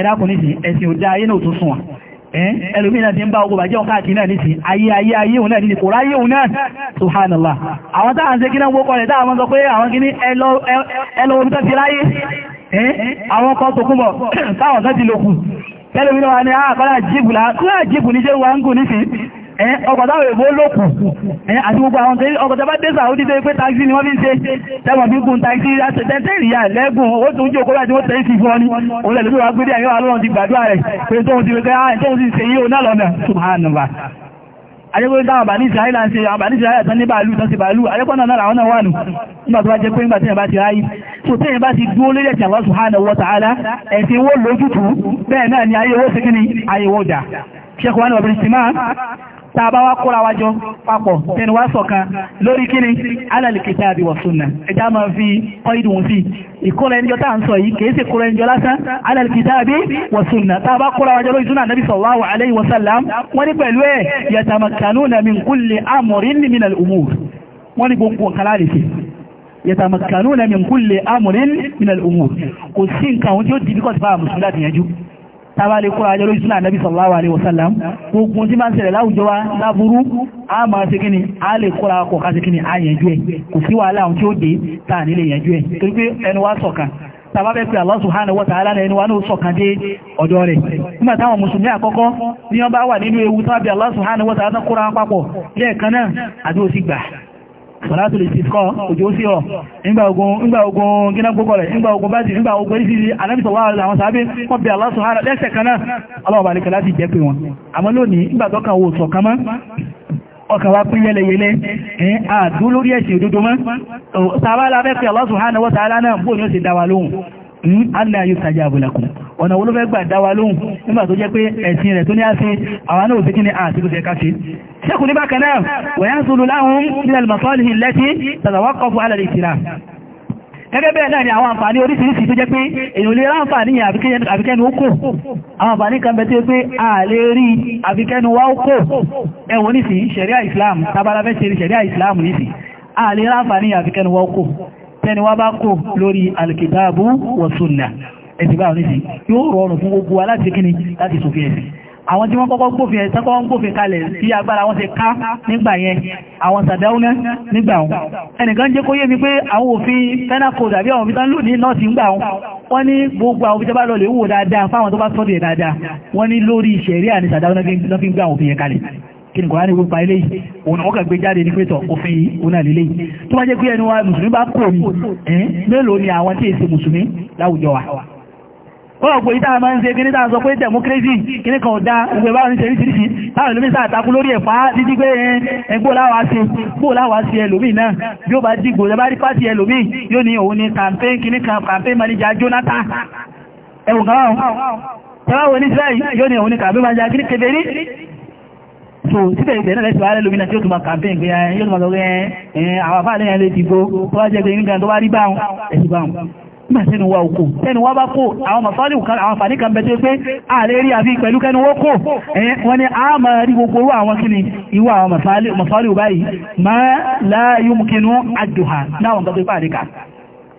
ẹ̀dàkùn nísìn ẹ̀sìn òjá ayé náà tó sùn wọn ẹlòmínà ti ń bá ogun bàjẹ́ ọ̀káàkì náà nísìn ayé ayé ayé òun náà nísìn kò ráyé òun náà subhanallah àwọn táà ń ṣe kí náà wókọ̀ rẹ̀ táà wọ́n sọ pé àwọn kí ní tó ti kan ọgbọ̀dáwò èbó lókù àti gbogbo àwọn tẹ́lẹ̀ ọgbọ̀dá bá dé sàúdí tó pé taxi ni wọ́n fi ń ṣe tẹ́wọ̀n fi gùn taxi tẹ́tẹ́rìyà lẹ́gùn ó tún jò kọ́lá tí wọ́n tẹ́lẹ̀ sí fún ọ ní olẹ́lẹ́lú wa gbé dé àyíwá lọ́rùn ti gbàdúrà rẹ̀ pé tóhun ti rẹ̀ ah, tóhun ti ṣe yíò náà lọ́nà subhanallah ayẹ́gbẹ́ dáwọn bà ní ìsìláìlá ń ṣe àwọn bà ní ìsìláìlá tán ní bàálù tán sí bàálù ayẹ́kọ́nà náà àwọn náà wà nù nígbà tó wá jẹ́ pé nígbà tẹ́yìn bá ti ráyí tó tẹ́yìn bá ti dúó lórí ẹ̀sìn Allah subhanahu wa ta'ala ẹ̀sìn wó lójútùú bẹ́ẹ̀ náà ni ayé wó sí kíní ayé wó dà ṣẹ́kọ̀ọ́ tàbá wá kóra wájọ papọ̀ tẹnu wá ṣọ̀kan lórí kíni alàlìkìtà àbíwọ̀ súnà ẹjá ma fi kọ́ ìdùn sí ìkóra ẹnjọ tàà ń sọ yìí kìí ṣe kóra ẹnjọ lásán alàlìkìtà àbíwọ̀ súnà tàbá kóra wájọ lórí súnà nàbí sallallahu alaihi wasallam wọ́n ní pẹ̀lú ẹ̀ yatamakkanuna min kulli amrin min al-umur wọ́n ní tàbálẹ̀ kúrò àjọ lójú náà nàbí sallallahu alaihi wasallam gbogbo tí máa ń ṣẹlẹ̀ láwùjọ wa láburú a máa ṣe kíni a lè kúrò àkọ́ ká ṣe kíni a yẹnjú ẹ̀ kò sí wàhálà àwọn tí ó dé tàà nílé yẹnjú ẹ̀ torí pé ẹnu wa sọ̀kan tàbá fẹ́ pé Allah subhanahu wa ta'ala ẹni wa náà sọ̀kan dé ọ̀dọ̀ rẹ̀ nígbà táwọn mùsùlùmí àkọ́kọ́ ní wọ́n bá wà nínú ewu tàbí Allah subhanahu wa ta'ala kúrò àpapọ̀ lẹ́ẹ̀kan náà àdó sì gbà sọ̀látò lè ti kọ́ òjò sí ọ̀ nígbà ogun gíná gbogbo rẹ̀ nígbà ogun bá ti nígbà ogun orí sí alábìsọ̀wà àwọn sàábé wọ́n bí Allah subhanahu lẹ́sẹ̀ kaná aláwọ̀bàlẹ̀kẹ̀ láti jẹ́ pé wọn àmọ́ lónìí nígbà tọ́kàn wo sọ̀kan mọ́ ọkàn wa pín yẹlẹyẹlẹ ẹ̀yìn àdúlórí ẹ̀sìn òdodo mọ́ tàbá lábẹ́ pé Allah subhanahu náà sì dáwà alẹ́ ayé sàjá àbúlákùn ọ̀nà wo ló fẹ́ gbà dáwà lóhùn nígbà tó jẹ́ pé ẹ̀sìn rẹ̀ tó ní àṣẹ àwọn náà òsìkí ni àti tó fẹ́ káṣe ṣẹ́kù ní bákan náà wẹ̀yán sùlù láhùn nílẹ̀ mọ̀sọ́lì lẹ́tí tàzàwọ́kọ̀ọ́fù alẹ́ ìsìlá gẹ́gẹ́ bẹ́ẹ̀ náà ni àwọn àǹfààní a lè rí àbíkẹ́ni wá ó kò ẹ̀wọ̀n nìsí ṣẹ̀ríà Islam tabalafẹ́ Islam nìsí a lè ráǹfààní àbíkẹ́ni wá ó tẹni wá bá kò lórí alkitabu wa sunnah ẹ̀sìn báwọn nìsí yóò rọrùn fún gbogbo aláti kíni láti sòfin ẹ̀sìn àwọn tí wọ́n kọ́kọ́ gbófin ẹ̀sìn kọ́kọ́ gbófin kalẹ̀ sí agbára wọn ti ká nígbà yẹn àwọn sàdáúná nígbà wọn ẹnìkan jẹ́ kó yé mi pé àwọn òfin penal code àwọn òfin lò ní nọ́ọ̀sì ń gbà wọn wọ́n ní gbogbo àwọn òfin tó bá lọ lè wò dáadáa fáwọn tó bá sọ́dọ̀ dáadáa wọ́n ní lórí ìṣẹ̀rí àní sàdáúná fi ń gbà òfin yẹn kalẹ̀ kí ni kò hánì wípa ilé òun ọkà gbé jáde ní pẹ́tọ̀ òfin yìí òun náà lélẹ́yìn tó bá jẹ́ pé ẹni wa mùsùlùmí bá kò ní ẹ́n mélòó ni àwọn tí èsì mùsùlùmí láwùjọ wa kọ́ọ̀pọ̀ ìta máa ń ṣe kí ní tàà sọ pé democracy kí ní kan ọ̀dá ìgbẹ̀ báwọn ṣe ríṣìíríṣìí táwọn ìlúmí sàtàkú lórí ẹ̀fà títí pé ẹgbó láwàá ṣe gbó láwàá ṣe ẹlòmí náà bí ó bá dìgbò ẹbá rí pàtí ẹlòmí yóò ní òun ni campaign kí ní kan campaign manager Jonathan ẹwùn kan wọ́n tẹ́wàá wo ní Israel yóò ní òun ni campaign manager kí ní kébèrè so síbẹ̀ ìbẹ̀ náà lẹ́sẹ̀ wáyé lómìnà tí ó tún ma campaign pé yóò tún ma sọ àwọn afáàlẹ́ yẹn lè ti tó wá jẹ́ pé nígbà tó wá rí báhùn ẹ̀sì báhùn nígbà tẹ́nu wa òkú tẹ́nu wa bá kó àwọn mọ̀sálì àwọn àǹfààní kan bẹ tí ó pé ààrẹ rí àfi pẹ̀lú kẹ́nu ó kó ẹ̀yìn wọ́n ni a máa rí gbogbo orú àwọn kíni ìwọ àwọn mọ̀sálì báyìí máa láyé kínú àjòhà láwọn gbogbo ipá àríkà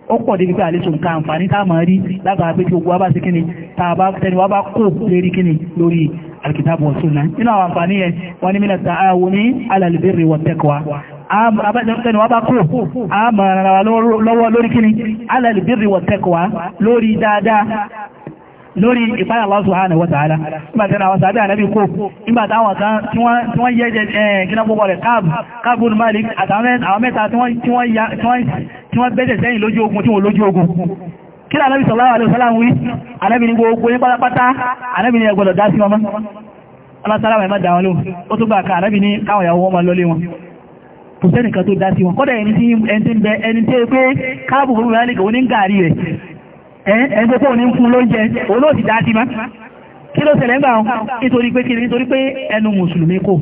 ó pọ̀ débi pé àlésò nǹkan àǹfààní tá máa rí lágbàá pé tí gbogbo wa bá sí kíni tá a bá tẹni wa bá kó lérí kíni lórí alkitabu wa nínú àwọn àǹfààní yẹn wọ́n ní mina ta'awuni ala albirri wa taqwa abẹ́jọ́tẹ́ni wọ́n bá kúrò a máa ala albirri wa taqwa lórí lórí ìpáyà Allah subhanahu wa ta'ala nígbàtí àwọn sàbí ànábì kò nígbàtí àwọn kan tí wọ́n yẹ́ gíná púpọ̀ rẹ̀ káàbùn Malik àtàwọn mẹ́ta tí wọ́n bẹ́jẹ̀ sẹ́yìn lójú ogun tí wọ́n lójú ogun kí ni ànábì sallallahu alaihi wasallam wí ànábì ní gbogbo ní pátápátá ànábì ní ẹgbọ́dọ̀ dá sí wọn mọ́ alásàlámà ẹ̀má dà wọn ló ó tó gbà ká ànábì ní káwọn ìyàwó wọn lọlé wọn kò sẹ́nìkan tó dá sí wọn kọ́dẹ̀ ẹni tí ń bẹ ẹni tí ó pé káàbù fún mẹ́rin kò ní gàrí rẹ̀ ẹ̀ẹ́n tó kó ní fún lóúnjẹ olóòtì dáadí má kí ló ṣẹlẹ̀ ń bá wọn nítorí pé kíni nítorí pé ẹnu mùsùlùmí kò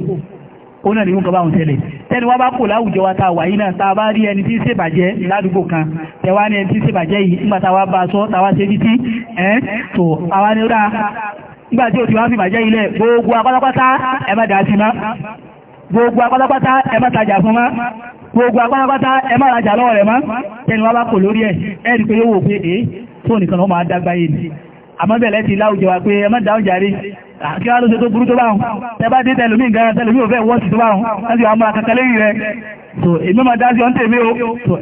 ó náà nínú kọba àwọn tẹ́lẹ̀ tẹ́ni wá bá kò láwùjọ wa ta wà yìí náà ta bá rí ẹni tí ń ṣèbàjẹ́ ládùúgbò kan tẹwà ní ẹni tí ń ṣèbàjẹ́ yìí nígbà tá wa bá sọ tá wa ṣe títí ẹ́ tó àwa ni ó dáa nígbà tí fi bàjẹ́ ilẹ̀ gbogbo apátápátá ẹ tí ò nìkan wọ́n máa dágbà yìí ni àmọ́ bẹ̀rẹ̀ ti láwùjọ wa pé ẹ má dáhùn jàre kí wá ló ṣe tó burú tó báhùn tẹ bá dé tẹlùmí nǹkan tẹlùmí ò fẹ́ wọ́ọ̀sì tó báhùn láti wàá akẹ́kẹ́ lẹ́yìn rẹ̀ so èmi ma dá sí ọ́n tèmi o so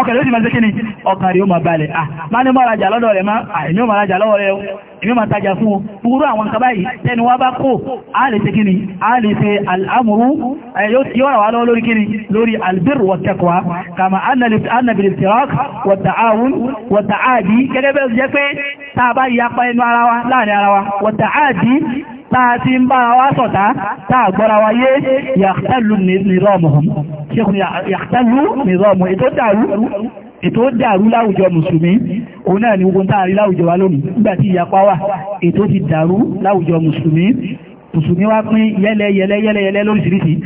ọkàn ló sì máa sékíní ọkàn rí ó ma balẹ̀ ah ma ní mọ́ra jà lọ́dọ̀ rẹ̀ máa ah, àìmí ó máa rajà lọ́wọ́ rẹ̀ o èmi máa tajà fún o gbogbo àwọn nǹkan báyìí tẹni wá bá kó a lè ṣe kíni a lè ṣe al'amuru eh, yóò rà wá lọ́wọ́ lórí kíni kama annabil tirak wa ta'awun wa ta'adi gẹ́gẹ́ bẹ́ẹ̀ jẹ́ pé tá a bá yapa ẹnu ara táa ti ń bára wá sọ̀tá táà gbọ́ra wáyé yàtàlù nìrọ̀mù yàtàlù nìrọ̀mù ètò dàrú ètò dàrú láwùjọ mùsùlùmí òun náà ni gbogbo táàrí láwùjọ wa lónìí nígbàtí ìyapa wà ètò ti dàrú láwùjọ mùsùlùmí mùsùlùmí wá pín yẹ́lẹ́yẹ́lẹ́yẹ́lẹ́ lóríṣìíríṣìí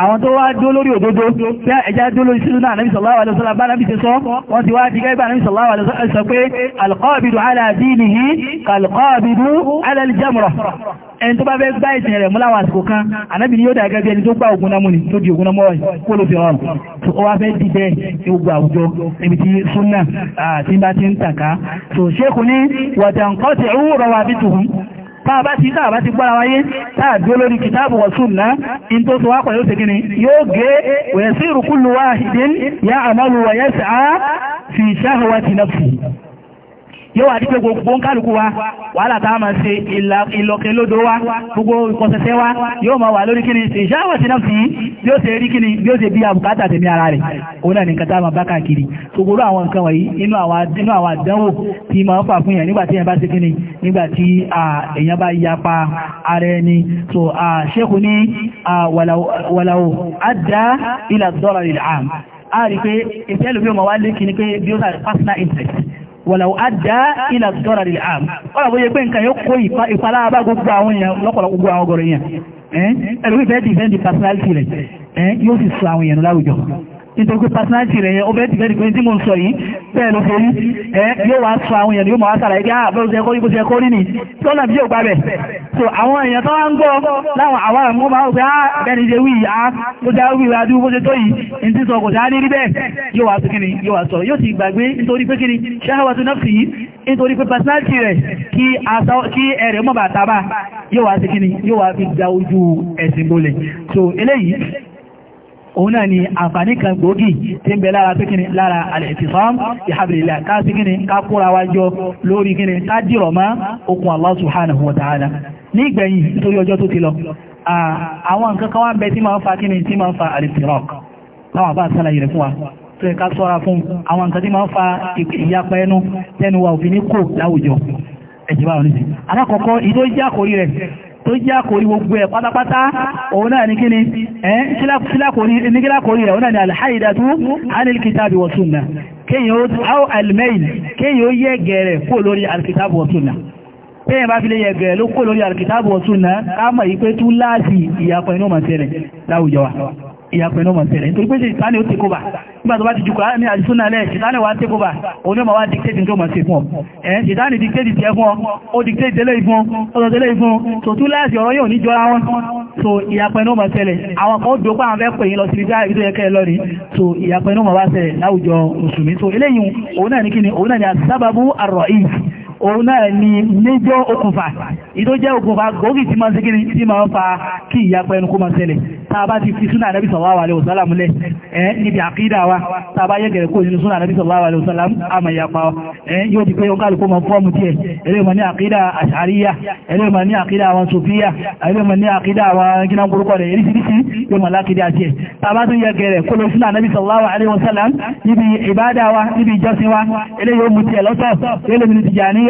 àwọn tó wá dó lórí òdodo tí ẹjá dó lórí sínú náà nàbí sallallahu alaihi wasallam bá nàbí ṣe sọ wọ́n ti wá ti gẹ́gbà nàbí sallallahu alaihi wasallam sọ pé alqabidu ala dinihi kalqabidu ala aljamra ẹni tó bá fẹ́ gbá ìsìn rẹ̀ múláwà àsìkò kan ànábì ni yóò dà gẹ́gẹ́ bí ẹni tó gbá ògùn náà múni tó di ògùn náà mọ́ kó ló fi ọ̀rọ̀ tó ó wá fẹ́ di bẹ́ẹ̀ ní gbogbo àwùjọ níbi tí súnà tí bá ti ń tàka tó ṣékù ní wàtàǹkọ́ ti rú rọwà bí tùhún tàbá ti tàbá ti gbára wáyé tàbí olórí kìtàbù wa sunna in tó sọwá pẹ̀lú ṣe gini yóò gé wẹ̀sí ìrùkúlù wahidin ya amalu wa yas'a fi shahwati nafsi yóò wà dípé gbogbo ń kálukú wa wàhálà tá a máa ṣe ìlọ̀kẹ́ lódò wa gbogbo ìkọsẹsẹ wa yóò máa wà lórí kíni ṣe ìṣáwọ̀ sí náà fi bí ó ṣe rí kíni bí ó ṣe bí àbùkátà tèmi ara rẹ̀ òun náà nìkan tá a máa bá káàkiri gbogbo àwọn nǹkan wọ̀nyí inú àwọn àdánwò tí máa ń fà fún yẹn nígbà tí yẹn bá ṣe kíni nígbà tí èèyàn bá yapa ara ẹni so ṣékù ní wàlàwò àdá ilà dọ́là ìlà àm a rí pé ìfẹ́ lómi ọmọ wa lé kíni pé bí ó sà personal interest wọ̀làwọ̀ àdá ilà dọ́rà lè àm ọ̀rọ̀ bóyẹ pé nǹkan yóò kó ìpalára bá gbogbo àwọn èèyàn lọ́pọ̀lọpọ̀ gbogbo àwọn ọgọ̀rọ̀ èèyàn ẹ̀rọ ìfẹ́ dìfẹ́ndì personality rẹ̀ yóò sì sọ àwọn èèyàn láwùjọ nítorí personality rẹ̀ yẹn obẹ́ tìbẹ́ tìbẹ́ tí mo ń sọ yìí bẹ́ẹ̀ ló forí ẹ yóò wá sọ àwọn èèyàn ni yóò máa sàlàyé ah, bí àbẹ́ oṣù ẹkọ́ ìbòṣù ẹkọ́ rí ni lọ́nà bí yóò gbà bẹ̀ so àwọn èèyàn tó wá ń gbọ́ láwọn àwọn àmọ́ máa ń pẹ́ á ah, bẹ́ni ṣe wí á ló dá wí adú bó ṣe tó yìí ní ti sọ kò dá ní rí bẹ́ẹ̀ yóò wá kíni yóò wá sọ yóò ti gbàgbé nítorí pé kíni ṣáhàwá tó náfì yìí nítorí pé personality rẹ̀ kí ẹ̀rẹ̀ mọ́ bàtà bá yóò wá sí kíni yóò wá fi gba ojú òun náà ni àǹfààní kan gbòógì tí ń bẹ lára pé kíni lára al-i'tisam bi hablillah ká sí kíni ká wájọ lórí kíni ká dìrọ̀ okùn Allah subhanahu wa ta'ala ní ìgbẹ̀yìn nítorí ọjọ́ tó ti lọ àwọn nǹkan kan wá ń bẹ tí máa ń fa kíni tí máa ń fa al-iftiraq láwọn àbá àtàlàyé rẹ̀ fún wa tó ẹ̀ká sọ́ra fún àwọn tó jẹ́ àkórí gbogbo ẹ̀ pátápátá òun náà ní kíni ẹ́n kílákòrí rẹ̀ òun náà ni alhaidatu anilkitabi wa sunna kíyàn ó almail kíyàn ó yẹ gẹ̀rẹ̀ kó lórí alkitabi wa sunna kíyàn bá fi lè yẹ gẹ̀rẹ̀ ló kó lórí alkitabi wa sunna ká mọ̀ yí pé láti ìyàpọ̀ inú mọ̀ ìyàpẹ̀ náà mọ̀sẹ̀rẹ̀ nítorí pé ṣìtánì ó tẹ́kọ́bà nígbà tó bá ti jùkọ́ ní àjísúnà lẹ́ ṣìtánì wá tẹ́kọ́bà onímọ̀ wá dìktéjì tó mọ̀sẹ̀ fún ọ ẹ̀yìn ṣìtánì dìktéjì tẹ́ fún ọ ó ìfún ọ̀sọ̀ ìfún tó tún láàṣì ọ̀rọ̀ yóò ní jọra so ìyàpẹ̀ náà mọ̀sẹ̀lẹ̀ àwọn kan ó dópa àwọn fẹ́ pè yín so ìyàpẹ̀ náà mọ̀ wá ṣẹlẹ̀ láwùjọ so eléyìí òun náà ní kíni òun náà ní àsábàbù àrọ̀ òun náà ni méjọ́ okùnfà ìdó jẹ́ okùnfà gbòógì tí máa ń síkiri tí máa ń fa kí ìyapa ẹnu kó máa ṣẹlẹ̀ tá a ti fi súnà ànábì sallallahu alaihi wasallam ẹ́ níbi àkídà wa tá a bá yẹ́gẹ̀rẹ̀ kó nínú súnà ànábì sallallahu alaihi wasallam àmà ìyapa ẹ́ yóò di pé ó kálukó máa fọ́ọ̀mù tiẹ̀ ẹlẹ́mọ̀ ní àkídà àṣàríyà ẹlẹ́mọ̀ ní àkídà àwọn sofíyà ẹlẹ́mọ̀ ní àkídà àwọn gíná gbórúkọ yóò máa lákídà tiẹ̀ tá a bá tún yẹ́gẹ̀rẹ̀ wa níbi ìjọsìn wa eléyìí ó mu tiẹ̀ lọ́tọ̀ eléyìí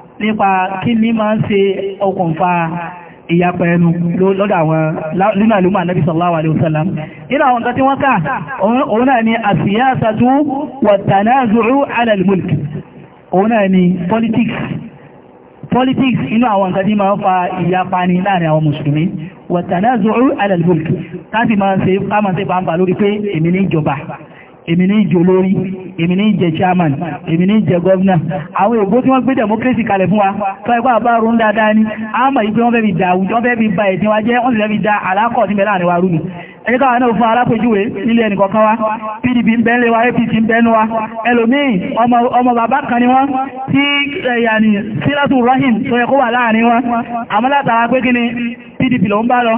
nípa kí ní máa ń ṣe okùnfà ìyapa ẹnu lọ́dọ̀ àwọn nínú àlúmà anábì sallallahu alaihi wasallam inú àwọn nǹkan tí wọ́n kà òun náà ni as-siyasatu wat-tanazu'u 'ala òun náà ni politics èmi ní jẹ olórí èmi ní jẹ chairman èmi ní jẹ governor àwọn ègbó tí wọ́n gbé democracy kalẹ̀ fún wa tó ẹgbà bá rún dáadáa ní àmà ìgbé wọ́n fẹ́ fi dà àwùjọ fẹ́ fi ba ẹ̀sìn wa jẹ́ wọ́n sì fẹ́ fi da àlákọ̀ níbẹ̀ láàrin wa rú ni ẹjọ́ àwọn náà fún alápòjúwé nílé ẹnìkọ̀ọ̀kan wa pdp ń bẹ nílé wa apc ń bẹ nú wa ẹlòmíì ọmọ bàbá kan ni wọ́n tí ẹ̀yàní sílátù rahim tó yẹ kó wà láàrin wọn àmọ́ látara pé kí ni pdp ló ń bá lọ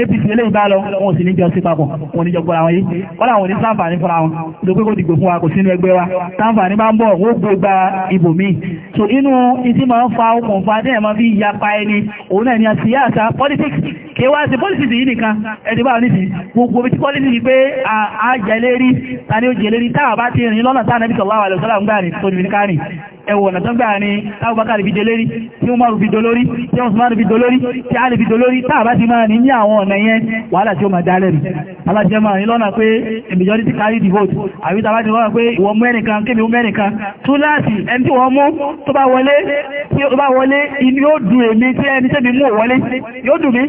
apc lè bá lọ wọn ò sì ní jọ sí papọ̀ wọn ní jọ gbọ́ra wọn yìí wọ́n làwọn ní sáǹfààní fúnra wọn ló pé kó dìgbò fún wa kò sínú ẹgbẹ́ wa sáǹfààní bá ń bọ̀ wọ́n gbé gba ibò míì so inú ìdí máa ń fa okùnfà dẹ́ẹ̀ máa fi yapa ẹni òun náà ni àti yáàta politics kí wá sí pọ́lísìsì yìí nìkan ẹ̀dì bá oníṣì gbogbo tí pọ́lísì yìí pé àjẹ́lérí tàbí ó jẹ́lérí táà bá ti rìn lọ́nà tánàbí sọ̀lá wà lọ́sọ́lá ń gbà ní tó ẹwọ̀nà tán gbà ní tábùbákàrí fi dolórí tí ó márùn fi dolórí tí ó márùn fi dolórí tí a lè fi dolórí tàbá ti máa ní ní àwọn ọ̀nà yẹn wàhálà tí ó máa dálẹ̀ rí alájẹ́ máa ní lọ́nà pé ìmìjọ́rí ti carry the vote àbí tàbá ti lọ́nà pé ìwọ mú ẹnìkan kébì mú ẹnìkan tún láti ẹni tí wọ́n mú tó bá wọlé tó bá wọlé inú yóò dùn èmi tí ẹni tẹ́mi mú wọlé yóò dùn mí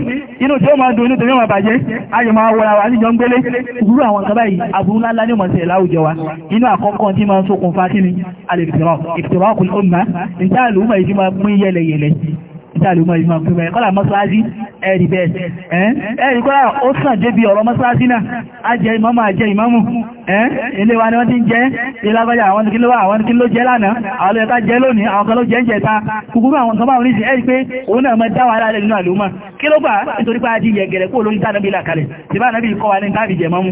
inú tí ó máa dùn inú tèmi máa bàjẹ́ ayò máa wọra wa níjọ ń gbélé ìgbúrú àwọn nǹkan báyìí aburú ńláńlá ní ọmọ sí ẹ̀ wa inú àkọ́kọ́ tí máa ń ṣokùnfà kí ni alẹ́ ìfìtìrọ̀ fìrọ́kùn ọmọ ìtàlù mọ̀ ìfi máa pín yẹlẹyẹlẹ ìtàlù mọ̀ ìfi máa pín mọ̀ kọ́lá mọ́sálásí ẹ̀rì bẹ́ẹ̀ ẹ̀rì kọ́lá ó sàn débi ọ̀rọ̀ mọ́sálásí náà a jẹ ìmámù a jẹ ìmámù ilé wa ni wọ́n ti ń jẹ́ ìlàbájá àwọn kí ló wà àwọn kí ló jẹ́ lánàá àwọn ẹ̀ka jẹ́ lónìí àwọn kan ló jẹ́ ń jẹ́ ta kúkúrú àwọn kan báwọn oníṣẹ́ ẹ̀rí pé òun náà mọ́ dáwà alálẹ̀ nínú àlùmọ́ kí ló gbà nítorí pé a ti yẹ̀gẹ̀rẹ̀ kó lórí tánàbí làkalẹ̀ tí bá nàbí kọ́ wa ní tábìjẹ̀ mọ́mú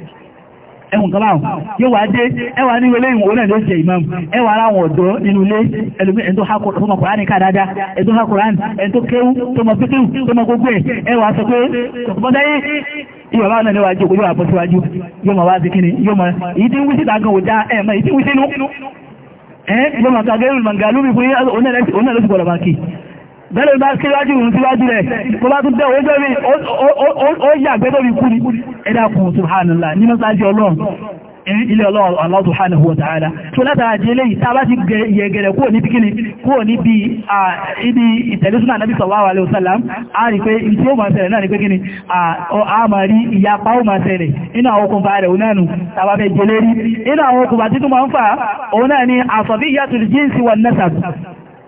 ẹ̀wùn kan báwọn yóò wá dé ẹwà ní ilé ìwò náà ló ṣe imam ẹwà ara àwọn ọ̀dọ́ nínú ilé ẹlòmí ẹ̀ntó hakùnrin kùránì ká dáadáa ẹ̀ntó hakùnrin ẹ̀ntó kéwú tó mọ pípéwù tó mọ gbogbo ẹ̀ ẹwà sọ pé bọ́dáyé ìwà bá náà níwájú òkú yóò àpọ̀ síwájú yóò mọ̀ wá sí kíni yóò mọ̀ èyí tí ń wí síta gan òjá ẹ̀mọ̀ bẹ́lẹ̀ bá síwájú ìrùn síwájú rẹ̀ tó bá tún bẹ́ẹ̀ ojọ́ rí ó yàgbé tó rí kú ní ẹ̀dàkùn ṣùhánàlá ní mọ́sájú ọlọ́run ilé ọlọ́run subhanahu wa ta'ala tó látara jẹ́ lẹ́yìn tá bá ti yẹgẹ̀rẹ̀ kúrò níbi kíni kúrò níbi ibi ìtẹ̀lẹ́sùnà náà sallallahu alaihi wasallam a rí pé tí ó máa ṣẹlẹ̀ náà ní pé kíni a máa rí ìyapa ó máa ṣẹlẹ̀ inú àwọn okùn bá rẹ̀ onánu tàbá fẹ́ jẹ́ lérí inú àwọn okùn bá títún máa ń fà òun náà ni asabiyatul jinsi wan nasab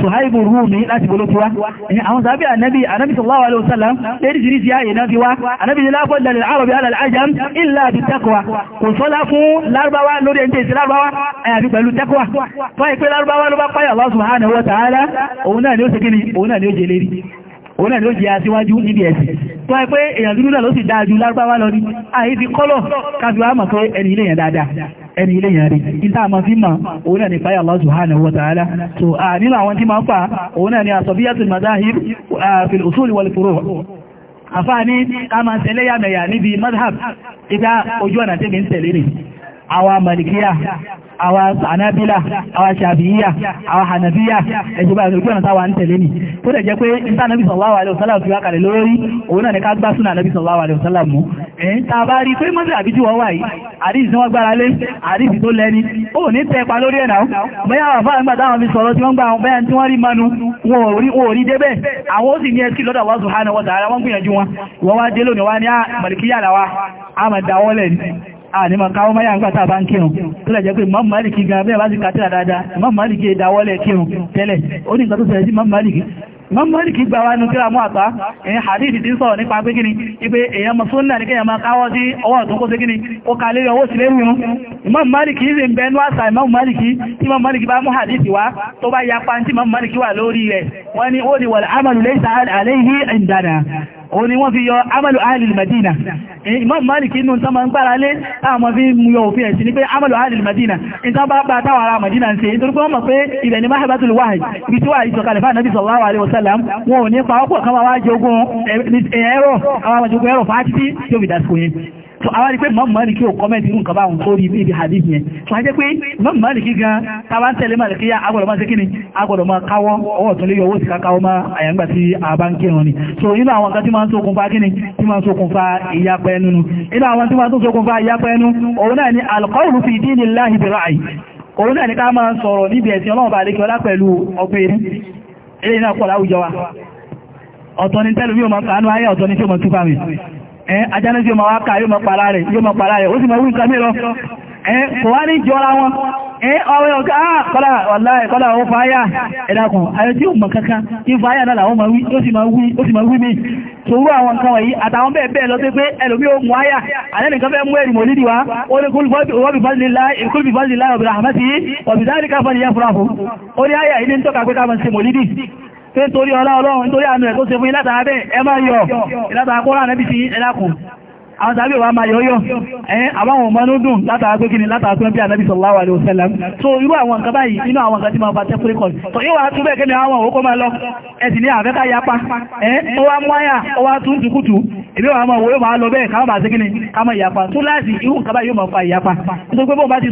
ṣùháìbù eh? rúmi láti bolo ti wá eh, àwọn sàábí ànábì ànábì sallallahu alaihi wasallam lérí jìrí sí ààyè náà fi wá ànábì ní láàpọ̀ ìlànà àrọ̀bí alàlájám ìlà àbí tẹ́kọ̀wá kò sọ́lá fún lárúbáwá lórí ẹ̀ntẹ́ sí lárúbáwá àyàfi òun náà ló jẹ́ aṣíwájú níbi ẹ̀sìn tó wáyé pé èèyàn dúdú náà ló sì dáa ju lárúbáwá lọ ní àyè fi kọ́lọ̀ káfí wá mọ̀ pé ẹni ilé yẹn dáadáa ẹni ilé yẹn rí níta àmọ́ fi mọ̀ òun náà ní fáyà Allah subhanahu wa ta'ala so nínú àwọn tí máa ń fà òun náà ní Awa malikiya awa sanabila awa shabiya awa hanabiya ẹjọba ìrìnkú ọ̀nà táwà ń tẹ̀lé ní tó dẹ̀ jẹ́ pé ìta nabi sallallahu alaihi wasallam fi wákàlẹ̀ lórí òun náà ni ká gbá súnà nabi sallallahu alaihi wasallam mú ẹ̀yìn ta bá rí pé mọ́sí àbíjú wọ́n wáyìí àríjì tí wọ́n gbára lé àríjì tó lẹ́ni ó ní tẹ́pa lórí ẹ̀nà bẹ́yà táwọn fi sọ̀rọ̀ tí wọ́n àwọn tí wọ́n rí manu wọn ò àníma n'i máyà ń gbàtà bá ń kírun tó lẹ́jẹ́ pé Imam Malik gan bẹ́ẹ̀ bá ti dáadáa Imam Malik dáwọ́lẹ̀ kírun tẹ́lẹ̀ ó ní nǹkan tó sí Imam Malik Imam Malik gbà wá nínú mú àtà èyàn hadithi ti ń sọ̀rọ̀ nípa pé kíni ipé èyàn mọ̀ sónà ní kíyàn máa káwọ́ sí ọwọ́ ọ̀tún kó sí kíni ó ka lérí ọwọ́ sílé rúrun Imam Malik rí ń bẹnu àṣà Imam Malik tí Imam Malik bá mú hadithi wá tó bá yapa tí Imam Malik wà lórí rẹ̀ wọ́n ni ni wal amalu òun ni wọ́n fi yọ amalu madina imam malik inú tán ma ń gbára lé táwọn fi mú yọ madina ìta bá awara madina ń ṣe nítorí pé wọ́n mọ̀ pé ibẹ̀ ni mahabatul wahai ibi tí wà ìjọ kalifa nabi sallallahu alaihi wasallam wọn ò ní pa jogun so àwọn àti pé Imam Maliki ò kọ́mẹ́ntì irú nǹkan bá wọn sórí ibi hadith yẹn so a jẹ́ pé Imam Maliki gan tàbá ń tẹ̀lé Maliki yá agbọ̀dọ̀ máa ṣe kí ni agbọ̀dọ̀ máa káwọ́ ọwọ́ tó lé yọ owó sí kákáwọ́ máa àyàngbà tí a bá ń so inú àwọn kan tí máa ń kí ni tí máa ń ṣokùnfà ìyapa ẹnu nu inú àwọn tí máa ń ni al-qawlu fi dinillahi bi-ra'yi òun ni ká máa sọ̀rọ̀ níbi ẹ̀sìn Ọlọ́run bá lékẹ́ ọlá pẹ̀lú ọgbẹ́ ilé náà pọ̀ láwùjọ wa ọ̀tọ̀ ni tẹ́lùmí ò máa ń sàánú ayé ọ̀tọ̀ tí ó máa ń mi Eh, ajánà sí ọmọ wá ká yóò mọ̀ pàlá rẹ̀ yóò mọ̀ pàlá rẹ̀ ó sì mọ̀ wí nǹkan mìíràn kò wá ní jọra wọn ọwọ́ ọ̀gá kọ́lá wàláhì kọ́lá ó fàáyà ẹ̀dàkùn ayọ́ tí ó mọ̀ kankan tí fàáyà náà làwọn ó sì máa wí mí ṣòwúrò àwọn nǹkan wọ̀nyí àtàwọn bẹ́ẹ̀ bẹ́ẹ̀ lọ sí pé ẹlòmí ó mú àyà àlẹ́nìkan fẹ́ mú ẹ̀rì mòlídì wá ó ní kúlùfì fásitì láì ọ̀bìnrin àmásí ọ̀bìnrin àríkà fọ́nìyàn fúnra fún ó ní àyà ilé ń tọ́ka pé ká mọ̀ sí mòlídì pé torí ọlá ọlọ́run torí àmì ẹ̀ tó ṣe fún ilátàábẹ́ ẹ máa yọ ìlátàákọ́rà nẹ́bí sí ẹlákùn àwọn tàbí wa máa yọ́yọ́ ẹ̀yìn àwọn ọmọnú dùn látàrí pé kíni látàrí bí ànábì sallallahu alaihi wasallam so irú àwọn nǹkan báyìí inú àwọn nǹkan tí máa bá tẹ́ tó yíò wá tún bẹ́ẹ̀ àwọn òkó máa lọ ẹ̀sìn ní àfẹ́ká yapa ẹ̀yìn tó láti máa fa ìyapa pé bóun bá ń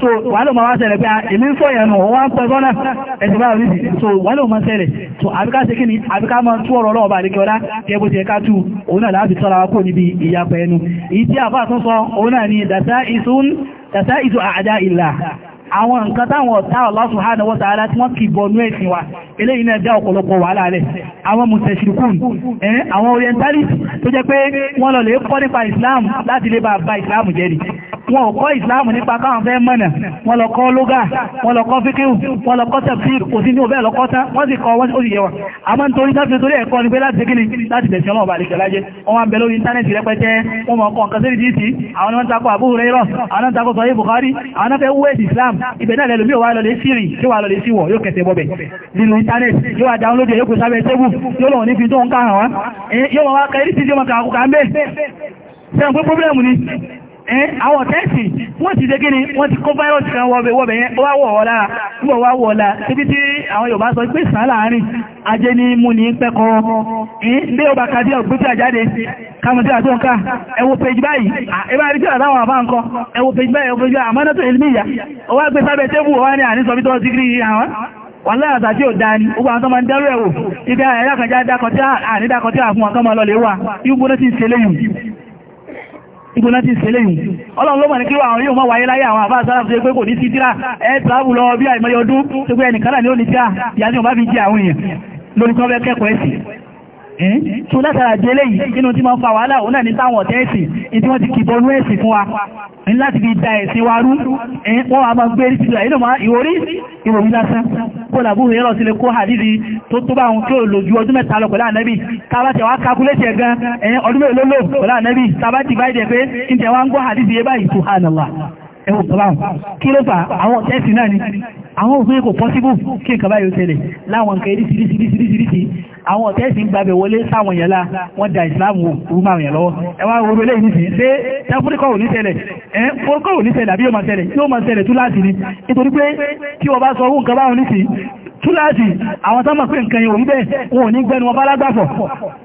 so wàá ló máa wá ṣẹlẹ̀ pé èmi sọ èèyàn nù ó wá ń pẹ́ so wàá ló máa ṣẹlẹ̀ so àbíká ṣe ni àbíká máa tú ọ̀rọ̀ ọlọ́ọ̀bà àríkẹ́ọ́lá tí ẹbó ti ẹka tú òun náà láti tọ́ra kó níbi ìyapa ẹnu ìyí tí àfáà tún sọ òun náà ni dàtà ìsú àdá ìlà àwọn nǹkan táwọn ọ̀tá Allah subhanahu wa ta'ala tí wọ́n kì bọnú ẹ̀sìn wa eléyìí náà dá ọ̀pọ̀lọpọ̀ wàhálà rẹ̀ àwọn mùsẹ̀ṣìrìkún ẹ̀rẹ́ àwọn orientalist tó jẹ́ pé wọ́n lọ lè kọ́ nípa Islam láti lè bá bá Islam jẹ́ wọn ò kọ́ ìsìláàmù nípa káwọn fẹ́ mọ̀nà wọn lọ kọ́ lógà wọn lọ kọ́ fíkíù wọn lọ kọ́ tẹ̀fíìrì kò sí ní òbẹ́ lọ kọ́ tán wọ́n sì kọ́ wọ́n sì yẹ wọn àmọ́ nítorí sáfì torí ẹ̀kọ́ ni pé láti ṣe kíni láti bẹ̀sẹ̀ ọmọ ọba àlejò lájẹ́ wọn wá ń bẹ lórí íńtánẹ́ẹ̀tì rẹpẹtẹ wọn mọ̀ kọ́ nǹkan sí ìdíìtì àwọn wọn takọ àbúrò rẹ rọ àwọn takọ sọ Bukhari àwọn fẹ́ wé Islam ibẹ̀ náà lẹ́lòmí ò wá lọ lè sírì tí wà lọ lè síwọ̀ yóò kẹsẹ̀ bọ́bẹ̀ nínú íńtánẹ́ẹ̀tì yóò wá dáúnlódì yóò kò sábẹ̀ tébù yóò lọ ní fi tó ń káhàn wá yóò wá kẹrí sí tí ó mọ̀ kàkùkà ń bẹ́ẹ̀ sẹ́yìn pé pọ́blẹ́mù ni àwọn tẹ́sì wọ́n ti dégé ni wọ́n ti kó fáírọ̀sì kan wọ́bẹ̀ wọ́bẹ̀ yẹn wá wọ̀ ọ̀la púpọ̀ wá wọ̀ ọ̀la títí tí àwọn Yorùbá sọ pé sàn láàrin ajé ní mú ní pẹ́kọ́ ilé ọba kàdí ọ̀gbẹ́ tí a jáde kàmùtí àti ọ̀ká ẹwọ page báyìí ẹbá rí tí a dáwọn àbá nǹkan ẹwọ page báyìí ọgbẹ́jú àmọ́nàtò ilmi ìyá ọwá gbé sábẹ̀ tébù wá ní àníṣọ́bítọ́ sígírí àwọn wà láàrín àti ò dáni ogun àwọn tó máa ń dẹ́rù ẹ̀wò ibi àyàkànjá dákọtí ànídàkọtí àfún ọ̀kan máa lọ lè wà yíò gbóná sí ìṣẹ́lẹ̀ yìí ìgbóná ti ṣẹlẹ̀ yìí ọlọ́run ló mọ̀ ní kíwà àwọn yóò mọ́ wáyé láyé àwọn àbá sára fi pé kò ní sí tíra ẹ tààbù lọ bí àìmọye ọdún tó pé ẹnìkan náà ní ó ní tíra ìyá ọba fi jẹ àwọn èèyàn lórí kan tó hmm? látara jẹ́ léyìí inú tí ma ń fa wàhálà òun náà ní táwọn ọ̀tẹ́ ẹ̀sìn tí wọ́n ti kìbọ̀ ní ẹ̀sìn fún wa ní láti fi da ẹ̀sìn wa rú wọ́n wà máa gbé rí sílẹ̀ inú máa ìwòrí ìròyìn lásán kó làbú ìrọ̀ sílẹ̀ kó hàdídi tó tó bá ohun tí ó lò ju ọdún mẹ́ta lọ pẹ̀lú ànẹ́bì tàbá tẹ̀wá kakuléṣì ẹ̀gan ọdún mélòó lò pẹ̀lú ànẹ́bì tàbá ti báyìí dẹ̀ pé ìtẹ̀wá ń gbọ́ hàdídi yé báyìí subhanallah ẹwọ bàbá kí ló fà àwọn ọ̀tẹ́sì náà ni àwọn òfin kò pọ́síbù kí nǹkan báyìí ó ṣẹlẹ̀ láwọn nǹkan eré sírí sírí sírí sírí sí àwọn ọ̀tẹ́sì ń gbàbẹ̀ wọlé sáwọn yẹn la wọ́n da ìsìláàmù orú márùn yẹn lọ́wọ́ ẹ wá wo eléyìí nìsín ṣé tẹfúríkọ́ ò ní ṣẹlẹ̀ ẹ fúríkọ́ ò ní ṣẹlẹ̀ àbí yóò máa ṣẹlẹ̀ yóò máa ṣẹlẹ̀ tú láti ni nítorí pé tí wọ́n bá sọ owó nǹkan báwọn nìsín túláàdì àwọn tó mọ̀ pé nǹkan yìí orílẹ̀ wọn ò ní gbẹ́nu ọba lágbàfọ̀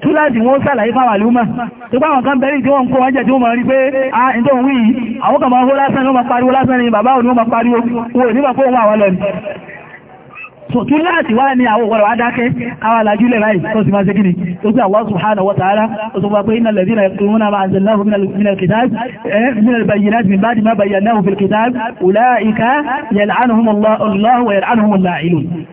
túláàdì wọn ó sàlàyé fáwà lúmọ̀ tó bá wọn kan bẹ̀rẹ̀ tí wọ́n ń kó wọ́n jẹ́ tí wọ́n mọ̀ rí pé a ìjọ òun yìí àwọn kan máa hó lásán ní wọ́n máa pariwo lásán ní bàbá òun máa pariwo wọn ò ní mọ̀ pé òun àwọn lọ ni tún láti wá ní àwọn ọ̀rọ̀ adákẹ́ àwọn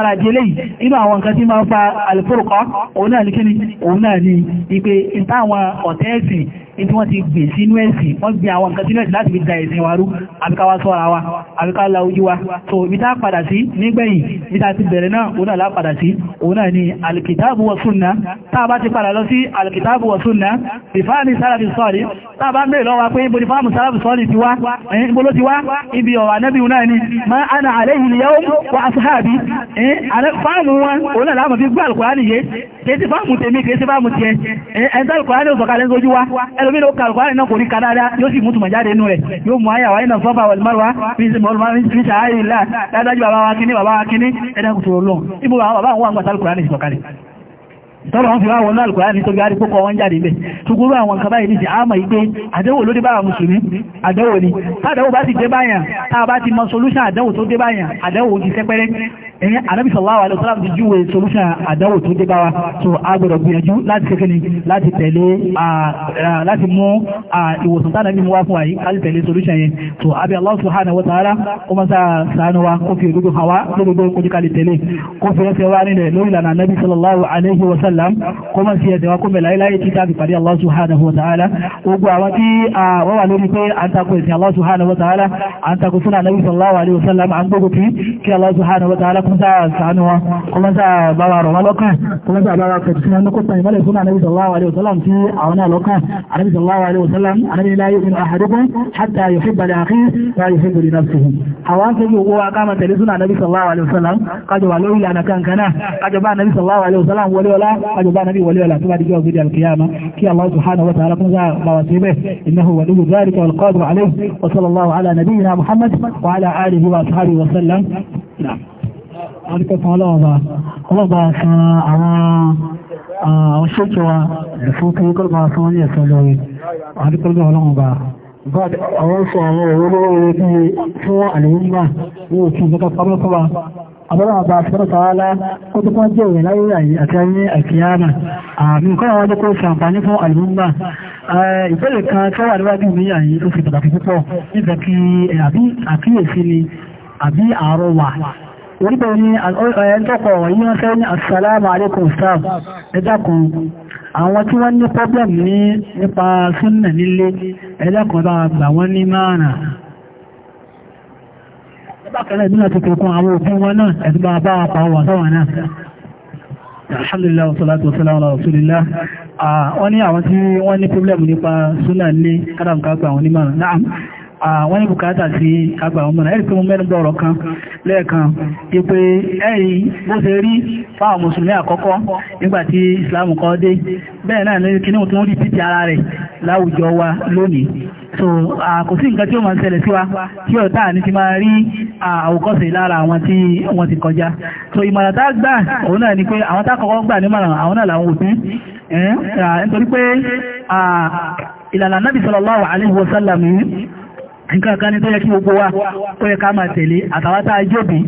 látara di eléyìí inú àwọn nǹkan tí máa ń fa àlùfòrùkọ́ òun náà ní kíni òun náà ní ipe ìtàwọn ọ̀tẹ́ẹ̀sìn ibi wọ́n ti gbè sínú ẹ̀sìn wọ́n gbé àwọn nǹkan sínú ẹ̀sìn láti fi da ẹ̀sìn wa rú àbíkáwá sọ́ra wa àbíká la ojú wa so ibi tá padà sí nígbẹ̀yìn ibi tá ti bẹ̀rẹ̀ náà òun náà lápadà sí òun náà ni alkitabu wa sunna tá a bá ti padà lọ sí alkitabu wa sunna ìfáàmì sáràfi sọ́ọ̀lì tá a bá ń lọ́wọ́ pé ibo ni fáàmù sáràfi sọ́ọ̀lì ti wá ibo ló ti wá ibi ọ̀rọ̀ anábì náà ni ma ana alayhi al Eh, fáàmù wọn òun náà láàmù fi gbé alùkùránì yé kéèsì fáàmù tèmi kéèsì fáàmù tiẹ̀ eh, ẹ̀ẹ́dá alùkùránì ò sọ̀kalẹ̀ sójú wa ẹlòmínú alùkùránì náà kò rí kanáda yóò sì mútu màjáde inú rẹ̀ yóò mú àyàwá iná sọ́fà wàlúmọ́rùwá fi sàárì ìlà dájú bàbá wa kíní bàbá wa kíní ẹ̀dá kùtùrò lóhùn ibùdó àwọn bàbá wọn àgbàtà alùkùránì sọ̀kalẹ̀ tọ́rọ wọn fi wá wọn lálùkọ́ láti tóbi àrí púpọ̀ wọn jáde ibẹ̀ ṣùgbúrú àwọn nǹkan báyìí nìsí àmà ìgbé àdẹ́wò ló dé bá mùsùlùmí àdẹ́wò ni tàdẹ́wò bá ti dé báyàn tàbá ti mọ solúṣà àdẹ́wò tó dé báyàn àdẹ́wò ti sẹ́pẹ́rẹ́ ẹ̀yìn anábìsọ̀láwà alẹ́sọ́lá ti júwe solúṣàn àdánwò tó dé bá wa tó agbọ̀dọ̀ gbìyànjú láti kékeré láti tẹ̀lé láti mú ìwòsàn tánà bí mú wá fún wa yìí láti tẹ̀lé solúṣàn yẹn tó abẹ́ Allah subhanahu wa ta'ala kó máa sàánú wa kó fi òdodo hàn wá lódodo kó jíkalè tẹ̀lé kó fi ẹsẹ̀ wá nílẹ̀ lórí ìlànà anábì sallallahu alaihi wa sallam kó máa fi ẹsẹ̀ wá kó mẹ́lá iláyé títà fi pàdé Allah subhanahu wa ta'ala gbogbo àwọn tí wọ́n wà lórí pé à ń takò ẹ̀sìn kí Allah subhanahu wa ta'ala kọmọ́sá sàánú wọn kọmọ́sá báwa rọ̀ wọn lọ́kàn kọmọ́sá báwa kẹ̀tù sí wọn kópa ìmọ́lẹ̀ fún ànábì sallallahu alaihi wasallam tí àwọn náà lọ́kàn ànábì sallallahu alaihi wasallam ànábì la yu'minu ahadukum hatta yuhibba li akhihi wa yuhibbu li nafsihi àwọn tó yóò wọ́n ká máa tẹ̀lé súnà ànábì sallallahu alaihi wasallam kájọ wà lórí ìlànà kankana kájọ bá ànábì sallallahu alaihi wasallam wọlé ọlá kájọ bá ànábì wọlé ọlá tó bá dijọ́ gbédé alkiyama àríkẹ́kùn ọlọ́ọ̀bá ọlọ́ọ̀bá san àwọn ṣéjọ wa fún kí kọ́lọ̀bá san wọ́n ní ẹ̀sọ́ lórí àríkẹ́kùn ọlọ́ọ̀bá àwọn sọ àwọn òwúrọ̀wọ̀ bí fún àlèyìnbá ní òkú ìjọka pàmọ́kọ́wà abọ́lọ́ọ̀bá fẹ́rọ̀tàwálá kó tó kọ́ jẹ́ ìrìn láyé àti ayé àkíyàmà àmì nǹkan àwọn ọdọ́kọ́ ṣàǹfàní fún àlèyìnbá ìpẹ́lẹ̀ kan tẹ́wà níwájú ní àyí ó fi pàtàkì púpọ̀ nígbà kí àbí àkíyèsí ni àbí àárọ̀ wà orípẹ̀ ní ẹ̀ẹ́dọ́kọ̀ wọ̀nyí wọ́n fẹ́ ní assalamu alaikum staff ẹ̀dàkùn àwọn tí wọ́n ní problem ní nípa súnnà nílé ẹ̀dàkùn bá gbà wọ́n ní márùn-ún bákanáà ìbínà ti kòkún àwọn òfin wọn náà ẹ̀dí bá bá pàwọ̀ sọ́wọ̀n náà alhamdulillah wasalatu wasalamu ala rasulillah wọ́n ní àwọn tí wọ́n ní problem nípa súnnà nílé kádàmkà gbà wọ́n ní márùn-ún àwọn ní bùkátà sí agbà àwọn mọ́nà ẹ̀rì pé mo mẹ́nu bọ̀rọ̀ kan lẹ́ẹ̀kan ipé ẹ̀rì bó ṣe rí fáwọn mùsùlùmí àkọ́kọ́ nígbàtí Islam kọ́ dé bẹ́ẹ̀ náà ní kíní tó ń rí títí ara rẹ̀ láwùjọ wa lónìí so kò sí nǹkan tí ó máa ń ṣẹlẹ̀ sí wa tí ọ̀tá ní ti máa rí àwòkọ́ṣe lára àwọn tí wọ́n ti kọjá so ìmọ̀ràn tá gbà òun náà ni pé àwọn tá kọ́kọ́ gbà nímọ̀ràn àwọn náà làwọn òfin nítorí pé ìlànà náà bí sallallahu alaihi wasallam nǹkankan ní tó yẹ kí gbogbo wa ó yẹ ká máa tẹ̀lé àtàwátá ajọ́bí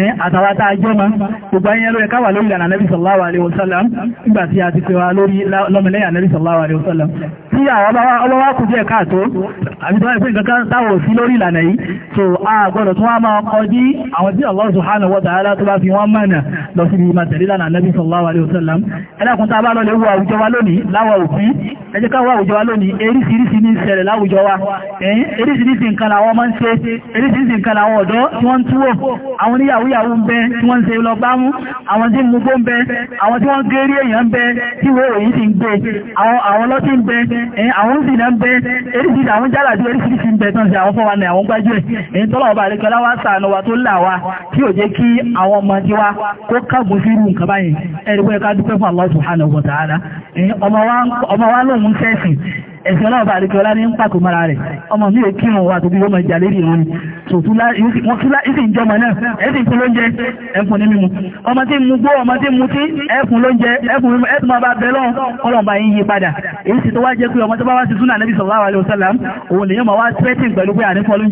ẹ́ àtàwátá ajọ́mọ́ gbogbo ayẹyẹ ló yẹ ká wà lórí ìlànà Nabi sallallahu wasallam nígbàtí a ti pè wá lórí lọ́mọlẹ́yà Nabi sallallahu wasallam tí àwọn ọlọ́wà kù díẹ̀ káàtó àbí tọ́wọ́ ìpín kankan táwọn òfin lórí ìlànà yìí tó a gbọ́dọ̀ tún wá máa kọjí àwọn tí Allah subhanahu wa ta'ala tó bá fi wọ́n mọ̀nà lọ sí ibi màtẹ̀lé lánà sallallahu alaihi wasallam ẹlẹ́kùn tá a bá wa lónìí láwọ̀ òfin ẹ jẹ́ ká wo àwùjọ wa lónìí eríṣiríṣi ní ìṣẹ̀lẹ̀ láwùjọ wa eríṣiríṣi nǹkan làwọn ọmọ ń ṣe eríṣiríṣi nǹkan làwọn ọ̀dọ́ tí wọ́n ń túwò àwọn oníyàwóyàwó ń bẹ tí wọ́n ń ṣe àwọn sì náà ń mbe eríṣiríṣi àwọn jálà sí eríṣiríṣi ń bẹ tán sí àwọn fọwọ́ ní àwọn gbájú ẹ̀ èyí tọ́lọ̀ ọba àríkọlá wá wa tó là wa tí ò jẹ́ kí àwọn ọmọ tí wa kó kàgùn sí irú nǹkan báyìí wa ẹ̀sìn ọlọ́ọ̀bá àríkọ́lá ní ń pàkó mara rẹ̀ ọmọ mi ò kírun wa tó bí wọ́n mọ ìjà lérí wọn ni wọ́n tún lá ìsìn ìjọmọ náà ẹ̀sìn fún lóúnjẹ ẹ̀fún ní mímu ọmọ tí mu gbó ọmọ tí mu tí ẹ̀fún lóúnjẹ ẹ̀fún mímu ẹ̀fún máa bá bẹ lọ́wọ́ ọlọ́ọ̀bá yín yí padà èyí sì tó wá jẹ́ pé ọmọ tó bá wá sí súnà níbi sallallahu alaihi wasallam òun lèyàn máa wá tírẹ́tìn pẹ̀lú pé àní fọlú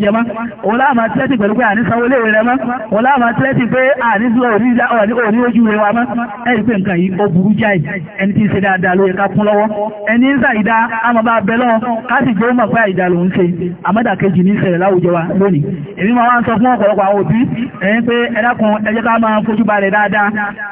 wa mọ́ ẹ̀rí pé nǹkan bẹ́lọ́ káàsì jẹ́ mọ̀ pé àìdá ló ń ṣe àmọ́dàkejì ní ìṣẹ̀lẹ̀ láwùjọ wa lónìí èmi máa ń sọ fún ọ̀pọ̀lọpọ̀ àwọn òbí ẹ̀yìn pé ẹ dákun ẹ jẹ́ ká máa fojú balẹ̀ dáadáa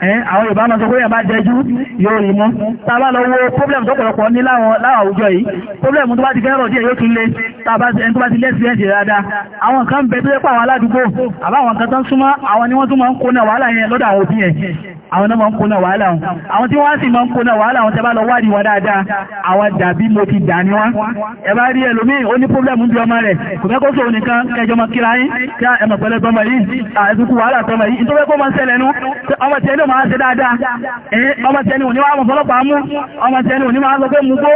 ẹ̀yìn àwọn Yorùbá máa sọ pé yàrá jẹjú yóò rí mú tá a bá lọ wo problem tọ́pọ̀lọpọ̀ ní láwọn àwùjọ yìí problem tó bá ti fẹ́rọ̀ díẹ̀ yóò tún lé ẹni tó bá ti lẹ́sìlẹ́sì dáadáa àwọn nǹkan bẹ tó yẹ pé àwọn aládùúgbò àbáwọn nǹkan tán súnmọ́ àwọn ni wọ́n tún máa ń kó náà wàhálà yẹn lọ́dọ̀ àwọn àwọn náà máa ń kóná wàhálà wọn àwọn tí wọ́n sì máa ń kóná wàhálà wọn tẹ́ bá lọ wádìí wọn dáadáa àwọn dàbí mo ti dà ní wọn ẹ bá rí ẹlòmíì ó ní pọ́blẹ́mù bí ọmọ rẹ̀ kò fẹ́ kó sóò nìkan kẹjọ mọ kíra yín kí ẹ mọ̀ pẹ̀lẹ́ tọmọ yìí àìsùkú wàhálà tọmọ yìí nítorí kó máa ṣẹlẹ̀ nu ọmọ tiẹ̀ ní ò máa ṣe dáadáa ọmọ tiẹ̀ ní ò ní wàá mọ̀ fọlọ́pàá mú ọmọ tiẹ̀ ní ò ní máa sọ pé mú gbó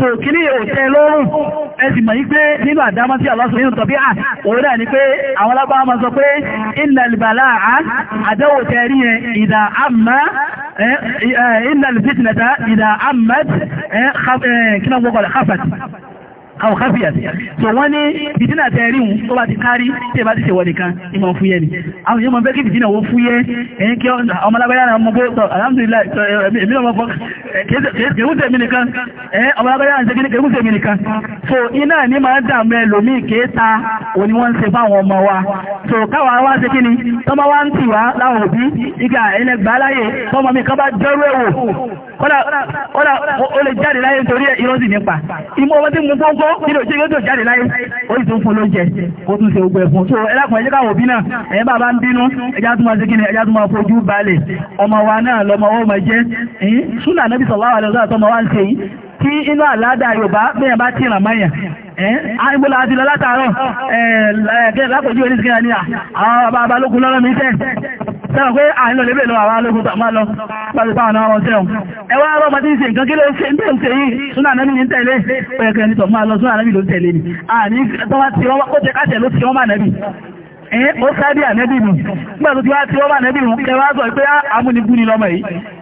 tò kí ní òtẹ́ lọ́rùn ẹ sì mọ̀ yí pé nínú àdámọ́ sí àlọ́sùn nínú tọ̀bí à òun náà ni pé àwọn alábàá máa sọ pé ìnàlìbàlà àdáwò tẹ̀rí yẹn ìdá àmì عما إيه، إيه، إن الفتنة إذا عمت إيه، خفت àwọn káfíà tí wọ́n ní ìdínà tẹ rí wọn tó bá ti kárí tí ẹ bá ti ṣèwọ̀ nìkan ìmọ̀ fúyẹ́ ni àwọn èèyàn mọ̀ pé kí ìdínà wó fúyẹ́ ẹ̀yìn kí ọmọ alágbáyà náà mọ̀ pé alhamdulillah èmi náà mọ̀ fọ́ kèéhùsẹ̀ mi nìkan ọmọ alágbáyà náà ṣe kí ní kèéhùsẹ̀ mi nìkan so iná ní máa dà mẹ́ lòmí kéta òní wọ́n ń ṣe fáwọn ọmọ wa so káwa wá ṣe kí ni tọ́mọ wá ń tì wá láwọn òbí ìgbà ẹlẹgbàá láyè tọ́mọ mi kan bá jẹ́rú ẹ̀wò kọ́lá ó lè jáde láyé nítorí ìrọ́sì nípa ìmọ̀ ọmọdé mú pọ́ńk gbó kí ló ṣe kí ó tó jáde láyé ó sì tún fún lóúnjẹ ó tún ṣe gbogbo ẹ̀fún tó ẹlẹ́kùn ẹjẹ́ káwọ̀ bí náà ẹ̀yẹ́ bàbá ń bínú ẹjá tún máa ṣe kí ni ẹjá tún máa fojú balẹ̀ ọmọ wa náà lọmọ ọmọ jẹ́ ṣúnà náà bí sọ̀lá wà lọ́sọ̀tọ́ ọmọ wa ń ṣe yìí tí inú àládà Yorùbá bẹ́yàn bá tí ìrànmọ́ yẹn àìgbòlà àti lọ látàárọ̀ ẹ̀ẹ́gẹ́ lápòjú oníṣẹ́ ní àwọn bàbá lọ́rọ̀ mi tẹ́ sẹ́wọ̀n pé àìyàn lọ lébè àwọn alógun tàbí lọ pàtàkì àwọn sẹ́wọ̀n ẹwà ń nǹkan kí ló ṣe ń súnà nẹ́bí ní pẹ̀kẹ́ ní lọ súnà nẹ́bí ló àní tọ́wọ́ tí wọ́n kó tẹ́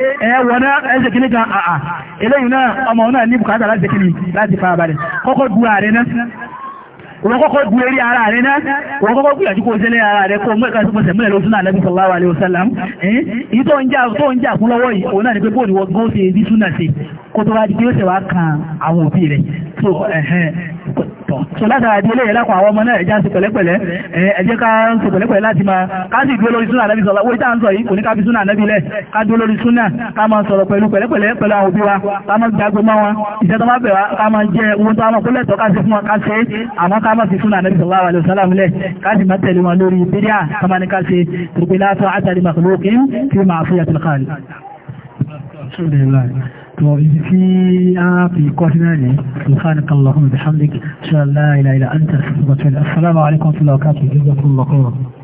ẹ̀wọ̀n náà ẹ̀ṣẹ̀ kìíní kan àà eléyìí náà ọmọ náà ní bùkátà láti kìíní láti fara balẹ̀ kọ́kọ́ du ààrẹ náà wọ́n kọ́kọ́ du eré ara rẹ̀ náà wọ́n kọ́kọ́ gbìyànjú kó délé ara rẹ̀ kó mẹ́ka tọ̀ so látara di eléyìí lápò àwọn ọmọ náà ẹ̀já ń ṣe pẹ̀lẹ́pẹ̀lẹ́ ẹ̀jẹ̀ ká ń ṣe pẹ̀lẹ́pẹ̀lẹ́ láti máa ká sì dúró lórí súnà ànábì sọ̀rọ̀ wọ́n ìta ń sọ yìí kò ní ká fi súnà ànábì lẹ̀ ká dúró lórí súnà ká máa sọ̀rọ̀ pẹ̀lú pẹ̀lẹ́pẹ̀lẹ́ pẹ̀lú àwọn òbí wa ká máa gbàgbé mọ́ wọn ìṣẹ́ tó máa bẹ̀ wá ká máa jẹ ohun tó máa kólẹ̀tọ̀ ká sí fún wọn ká ṣe àmọ́ ká máa fi سبحانك اللهم بحمدك إن لا إله إلا أنت السلام عليكم ورحمة الله وبركاته جزاكم الله خيرا